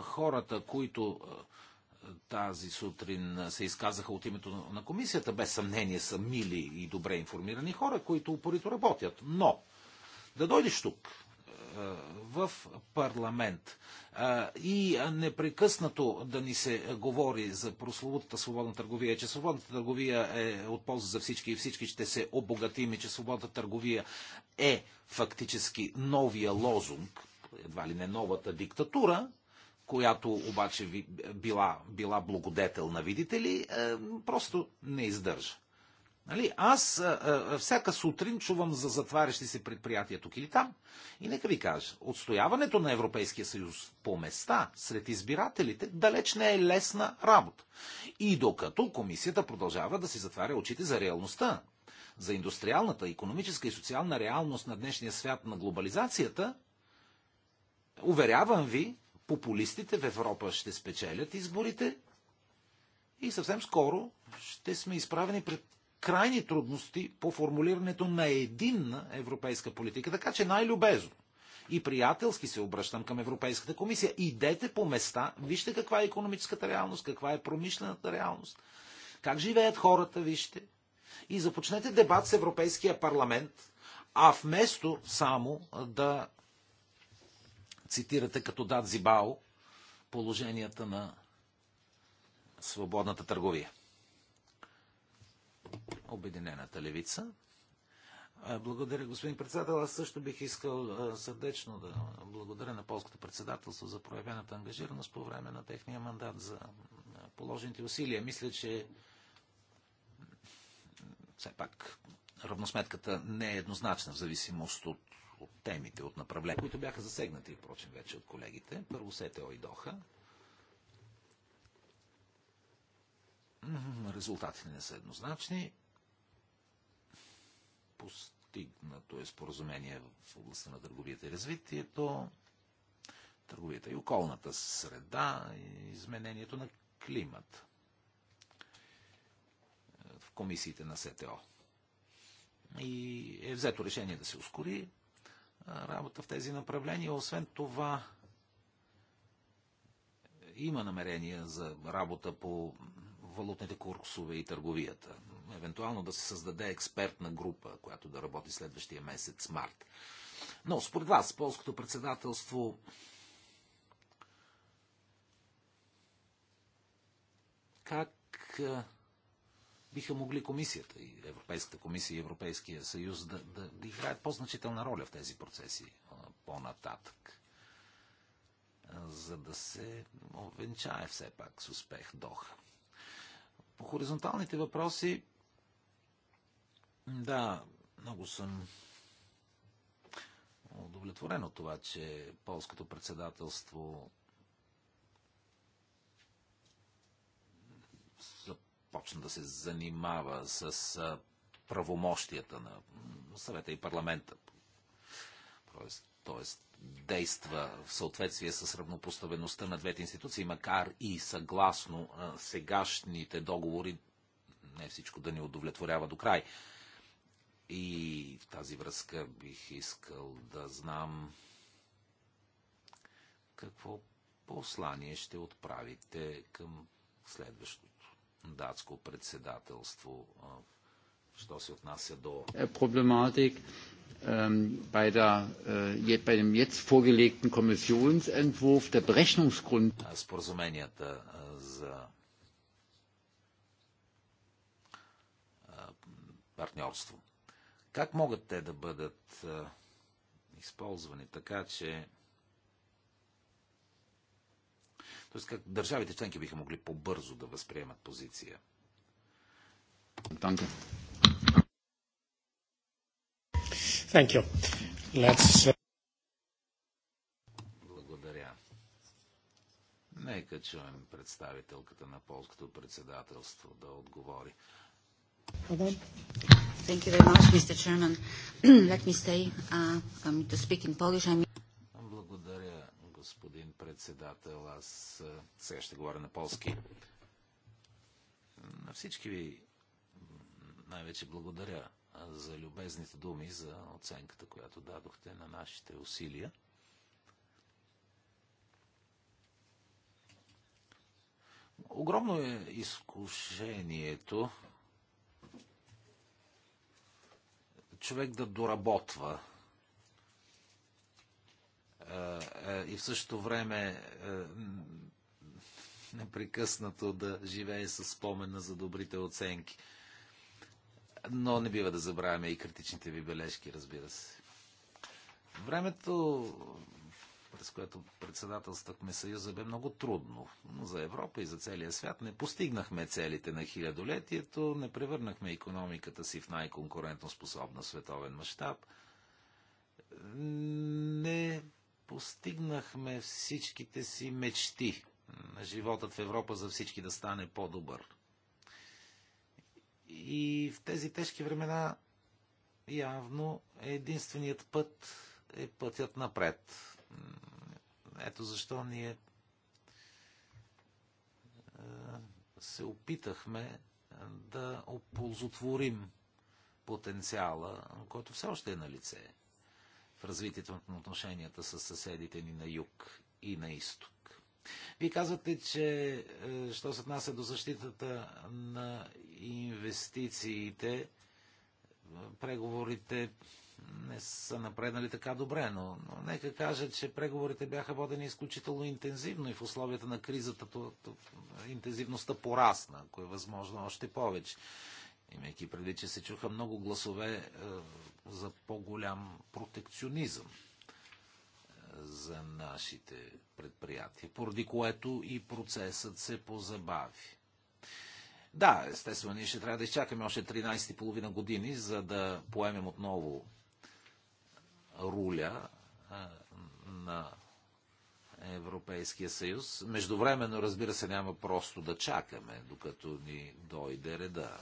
хората, които е, тази сутрин се изказаха от името на комисията, без съмнение са мили и добре информирани хора, които упорито работят. Но, да дойдеш тук в парламент и непрекъснато да ни се говори за прословутата свободна търговия, че свободната търговия е от полза за всички и всички ще се обогатим и че свободната търговия е фактически новия лозунг, едва ли не новата диктатура, която обаче била, била благодетелна, видите ли, просто не издържа. Нали? Аз а, а, всяка сутрин чувам за затварящи се предприятия тук или там. И нека ви кажа, отстояването на Европейския съюз по места сред избирателите далеч не е лесна работа. И докато комисията продължава да си затваря очите за реалността, за индустриалната, економическа и социална реалност на днешния свят на глобализацията, уверявам ви, популистите в Европа ще спечелят изборите и съвсем скоро ще сме изправени пред крайни трудности по формулирането на единна европейска политика. Така че най-любезно и приятелски се обръщам към Европейската комисия. Идете по места, вижте каква е економическата реалност, каква е промишлената реалност, как живеят хората, вижте. И започнете дебат с Европейския парламент, а вместо само да цитирате като Дадзибао положенията на свободната търговия. Обединената левица. Благодаря, господин председател. Аз също бих искал сърдечно да благодаря на полското председателство за проявената ангажираност по време на техния мандат за положените усилия. Мисля, че все пак равносметката не е еднозначна в зависимост от, от темите, от направления, които бяха засегнати, впрочем, вече от колегите. Първо СТО и Доха. Резултатите не са еднозначни. Постигнато е споразумение в областта на търговията и развитието, търговията и околната среда, и изменението на климат в комисиите на СТО. И е взето решение да се ускори работа в тези направления. Освен това, има намерения за работа по валутните курсове и търговията. Евентуално да се създаде експертна група, която да работи следващия месец март. Но според вас, полското председателство как биха могли комисията и Европейската комисия и Европейския съюз да, да, да играят по-значителна роля в тези процеси по-нататък, за да се овенчае все пак с успех Доха. По хоризонталните въпроси, да, много съм удовлетворен от това, че полското председателство започна да се занимава с правомощията на съвета и парламента. Тоест, т.е. действа в съответствие с равнопоставеността на двете институции, макар и съгласно сегашните договори, не всичко да ни удовлетворява до край. И в тази връзка бих искал да знам какво послание ще отправите към следващото датско председателство, що се отнася до проблематик bei, der, bei dem jetzt vorgelegten Kommissionsentwurf der Berechnungsgrund споразуменията за партньорство. Как могат те да бъдат използвани така, че Тоест как държавите членки биха могли по-бързо да възприемат позиция? Danke. Thank you. Let's... Благодаря. Нека чуем представителката на полското председателство да отговори. Thank you very much, Mr. Chairman. Let me say, uh, um, to speak in Polish. I'm... Благодаря, господин председател. Аз сега ще говоря на полски. На всички ви най-вече благодаря за любезните думи, за оценката, която дадохте на нашите усилия. Огромно е изкушението човек да доработва и в същото време непрекъснато да живее с спомена за добрите оценки – но не бива да забравяме и критичните ви бележки, разбира се. Времето, през което председателствахме Съюза, бе много трудно. Но За Европа и за целия свят не постигнахме целите на хилядолетието, не превърнахме економиката си в най-конкурентоспособна световен мащаб, не постигнахме всичките си мечти. на Животът в Европа за всички да стане по-добър И в тези тежки времена явно единственият път е пътят напред. Ето защо ние се опитахме да оползотворим потенциала, който все още е на лице в развитието на отношенията с съседите ни на юг и на изток. Вие казвате, че що се отнася до защитата на инвестициите, преговорите не са напреднали така добре, но, но нека кажа, че преговорите бяха водени изключително интензивно и в условията на кризата то, то, интензивността порасна, ако е възможно още повече. Имайки преди, че се чуха много гласове е, за по-голям протекционизъм за нашите предприятия, поради което и процесът се позабави. Да, естествено, ние ще трябва да изчакаме още 13,5 години, за да поемем отново руля на Европейския съюз. Междувременно, разбира се, няма просто да чакаме, докато ни дойде реда.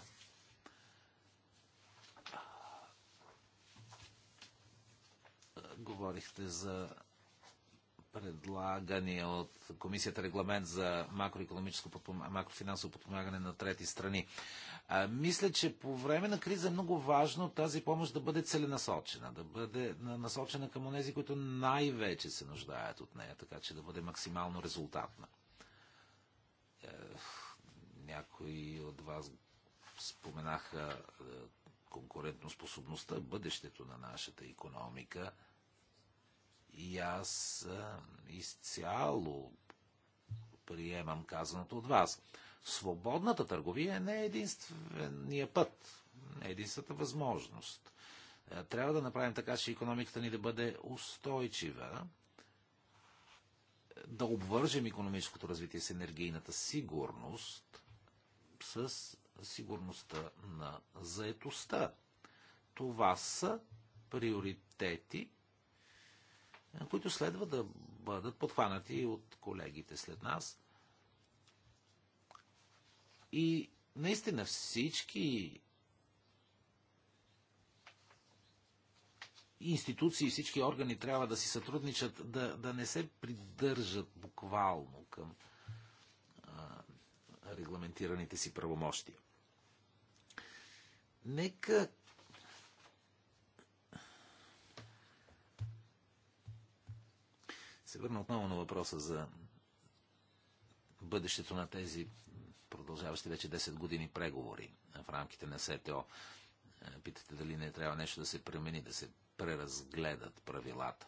Говорихте за предлагани от комисията регламент за макроекономическо подпомагане, макрофинансово подпомагане на трети страни. А, мисля, че по време на криза е много важно тази помощ да бъде целенасочена, да бъде насочена към онези, които най-вече се нуждаят от нея, така че да бъде максимално резултатна. Е, някои от вас споменаха конкурентоспособността, бъдещето на нашата економика – И аз изцяло приемам казаното от вас. Свободната търговия не е единствения път, не е единствената възможност. Трябва да направим така, че економиката ни да бъде устойчива, да обвържем економическото развитие с енергийната сигурност, с сигурността на заетостта. Това са приоритети, които следва да бъдат подхванати от колегите след нас. И наистина всички институции, всички органи трябва да си сътрудничат, да, да не се придържат буквално към а, регламентираните си правомощия. Нека се върна отново на въпроса за бъдещето на тези продължаващи вече 10 години преговори в рамките на СТО. Питате дали не трябва нещо да се промени, да се преразгледат правилата.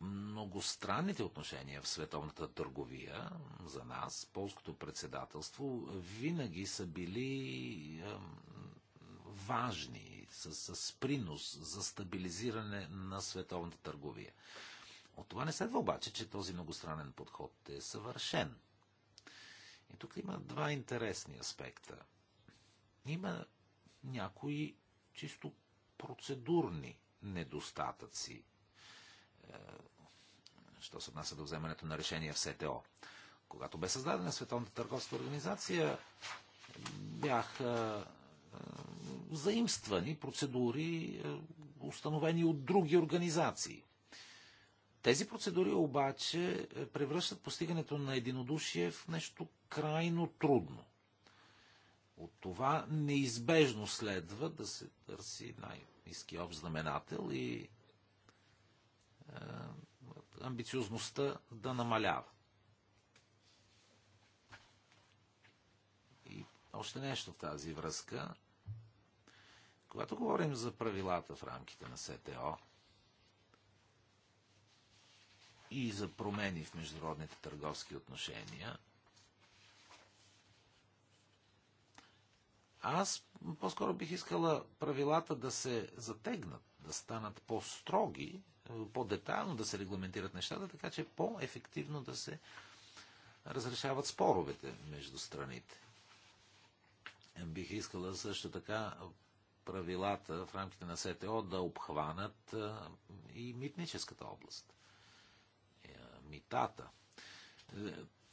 Многостранните отношения в световната търговия за нас, полското председателство, винаги са били важни, с, с принос за стабилизиране на световната търговия. От това не следва обаче, че този многостранен подход е съвършен. И тук има два интересни аспекта. Има някои чисто процедурни недостатъци, що се отнася до вземането на решение в СТО. Когато бе създадена Световната търговска организация, бяха заимствани процедури, установени от други организации. Тези процедури обаче превръщат постигането на единодушие в нещо крайно трудно. От това неизбежно следва да се търси най-низки общ знаменател и е, амбициозността да намалява. И още нещо в тази връзка. Когато говорим за правилата в рамките на СТО, и за промени в международните търговски отношения. Аз по-скоро бих искала правилата да се затегнат, да станат по-строги, по-детайлно да се регламентират нещата, така че по-ефективно да се разрешават споровете между страните. Бих искала също така правилата в рамките на СТО да обхванат и митническата област митата.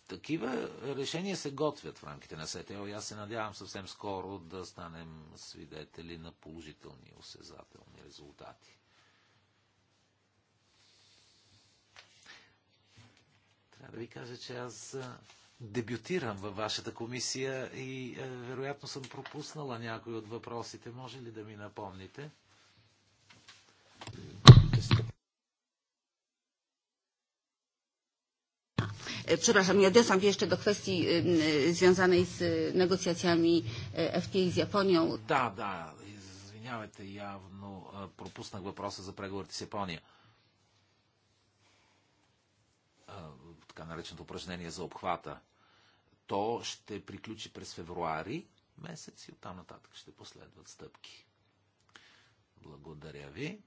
Такива решения се готвят в рамките на СТО аз се надявам съвсем скоро да станем свидетели на положителни осезателни резултати. Трябва да ви кажа, че аз дебютирам във вашата комисия и е, вероятно съм пропуснала някои от въпросите. Може ли да ми напомните? E, przepraszam, i odniosłam się jeszcze do kwestii e, e, związanej z negocjacjami FTA z Japonią. Da, da, zmieniałem te jawno propustne wyprosy za pregovory z Japonią. Така нареченото упражнение за обхвата. То ще приключи през февруари месец и оттам нататък ще последват стъпки. Благодаря ви.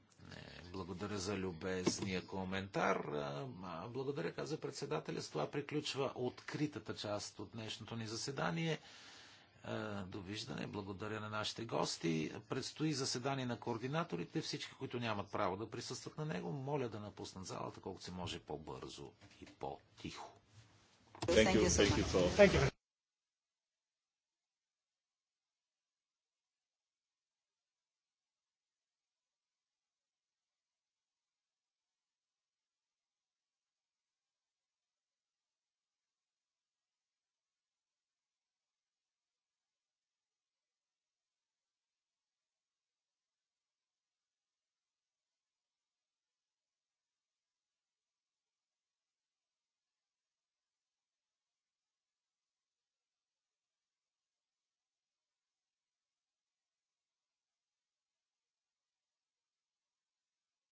Благодаря за любезния коментар. Благодаря, каза председателя. С това приключва откритата част от днешното ни заседание. Довиждане. Благодаря на нашите гости. Предстои заседание на координаторите. Всички, които нямат право да присъстват на него, моля да напуснат залата колкото се може по-бързо и по-тихо. Thank you. Thank you for... Thank you.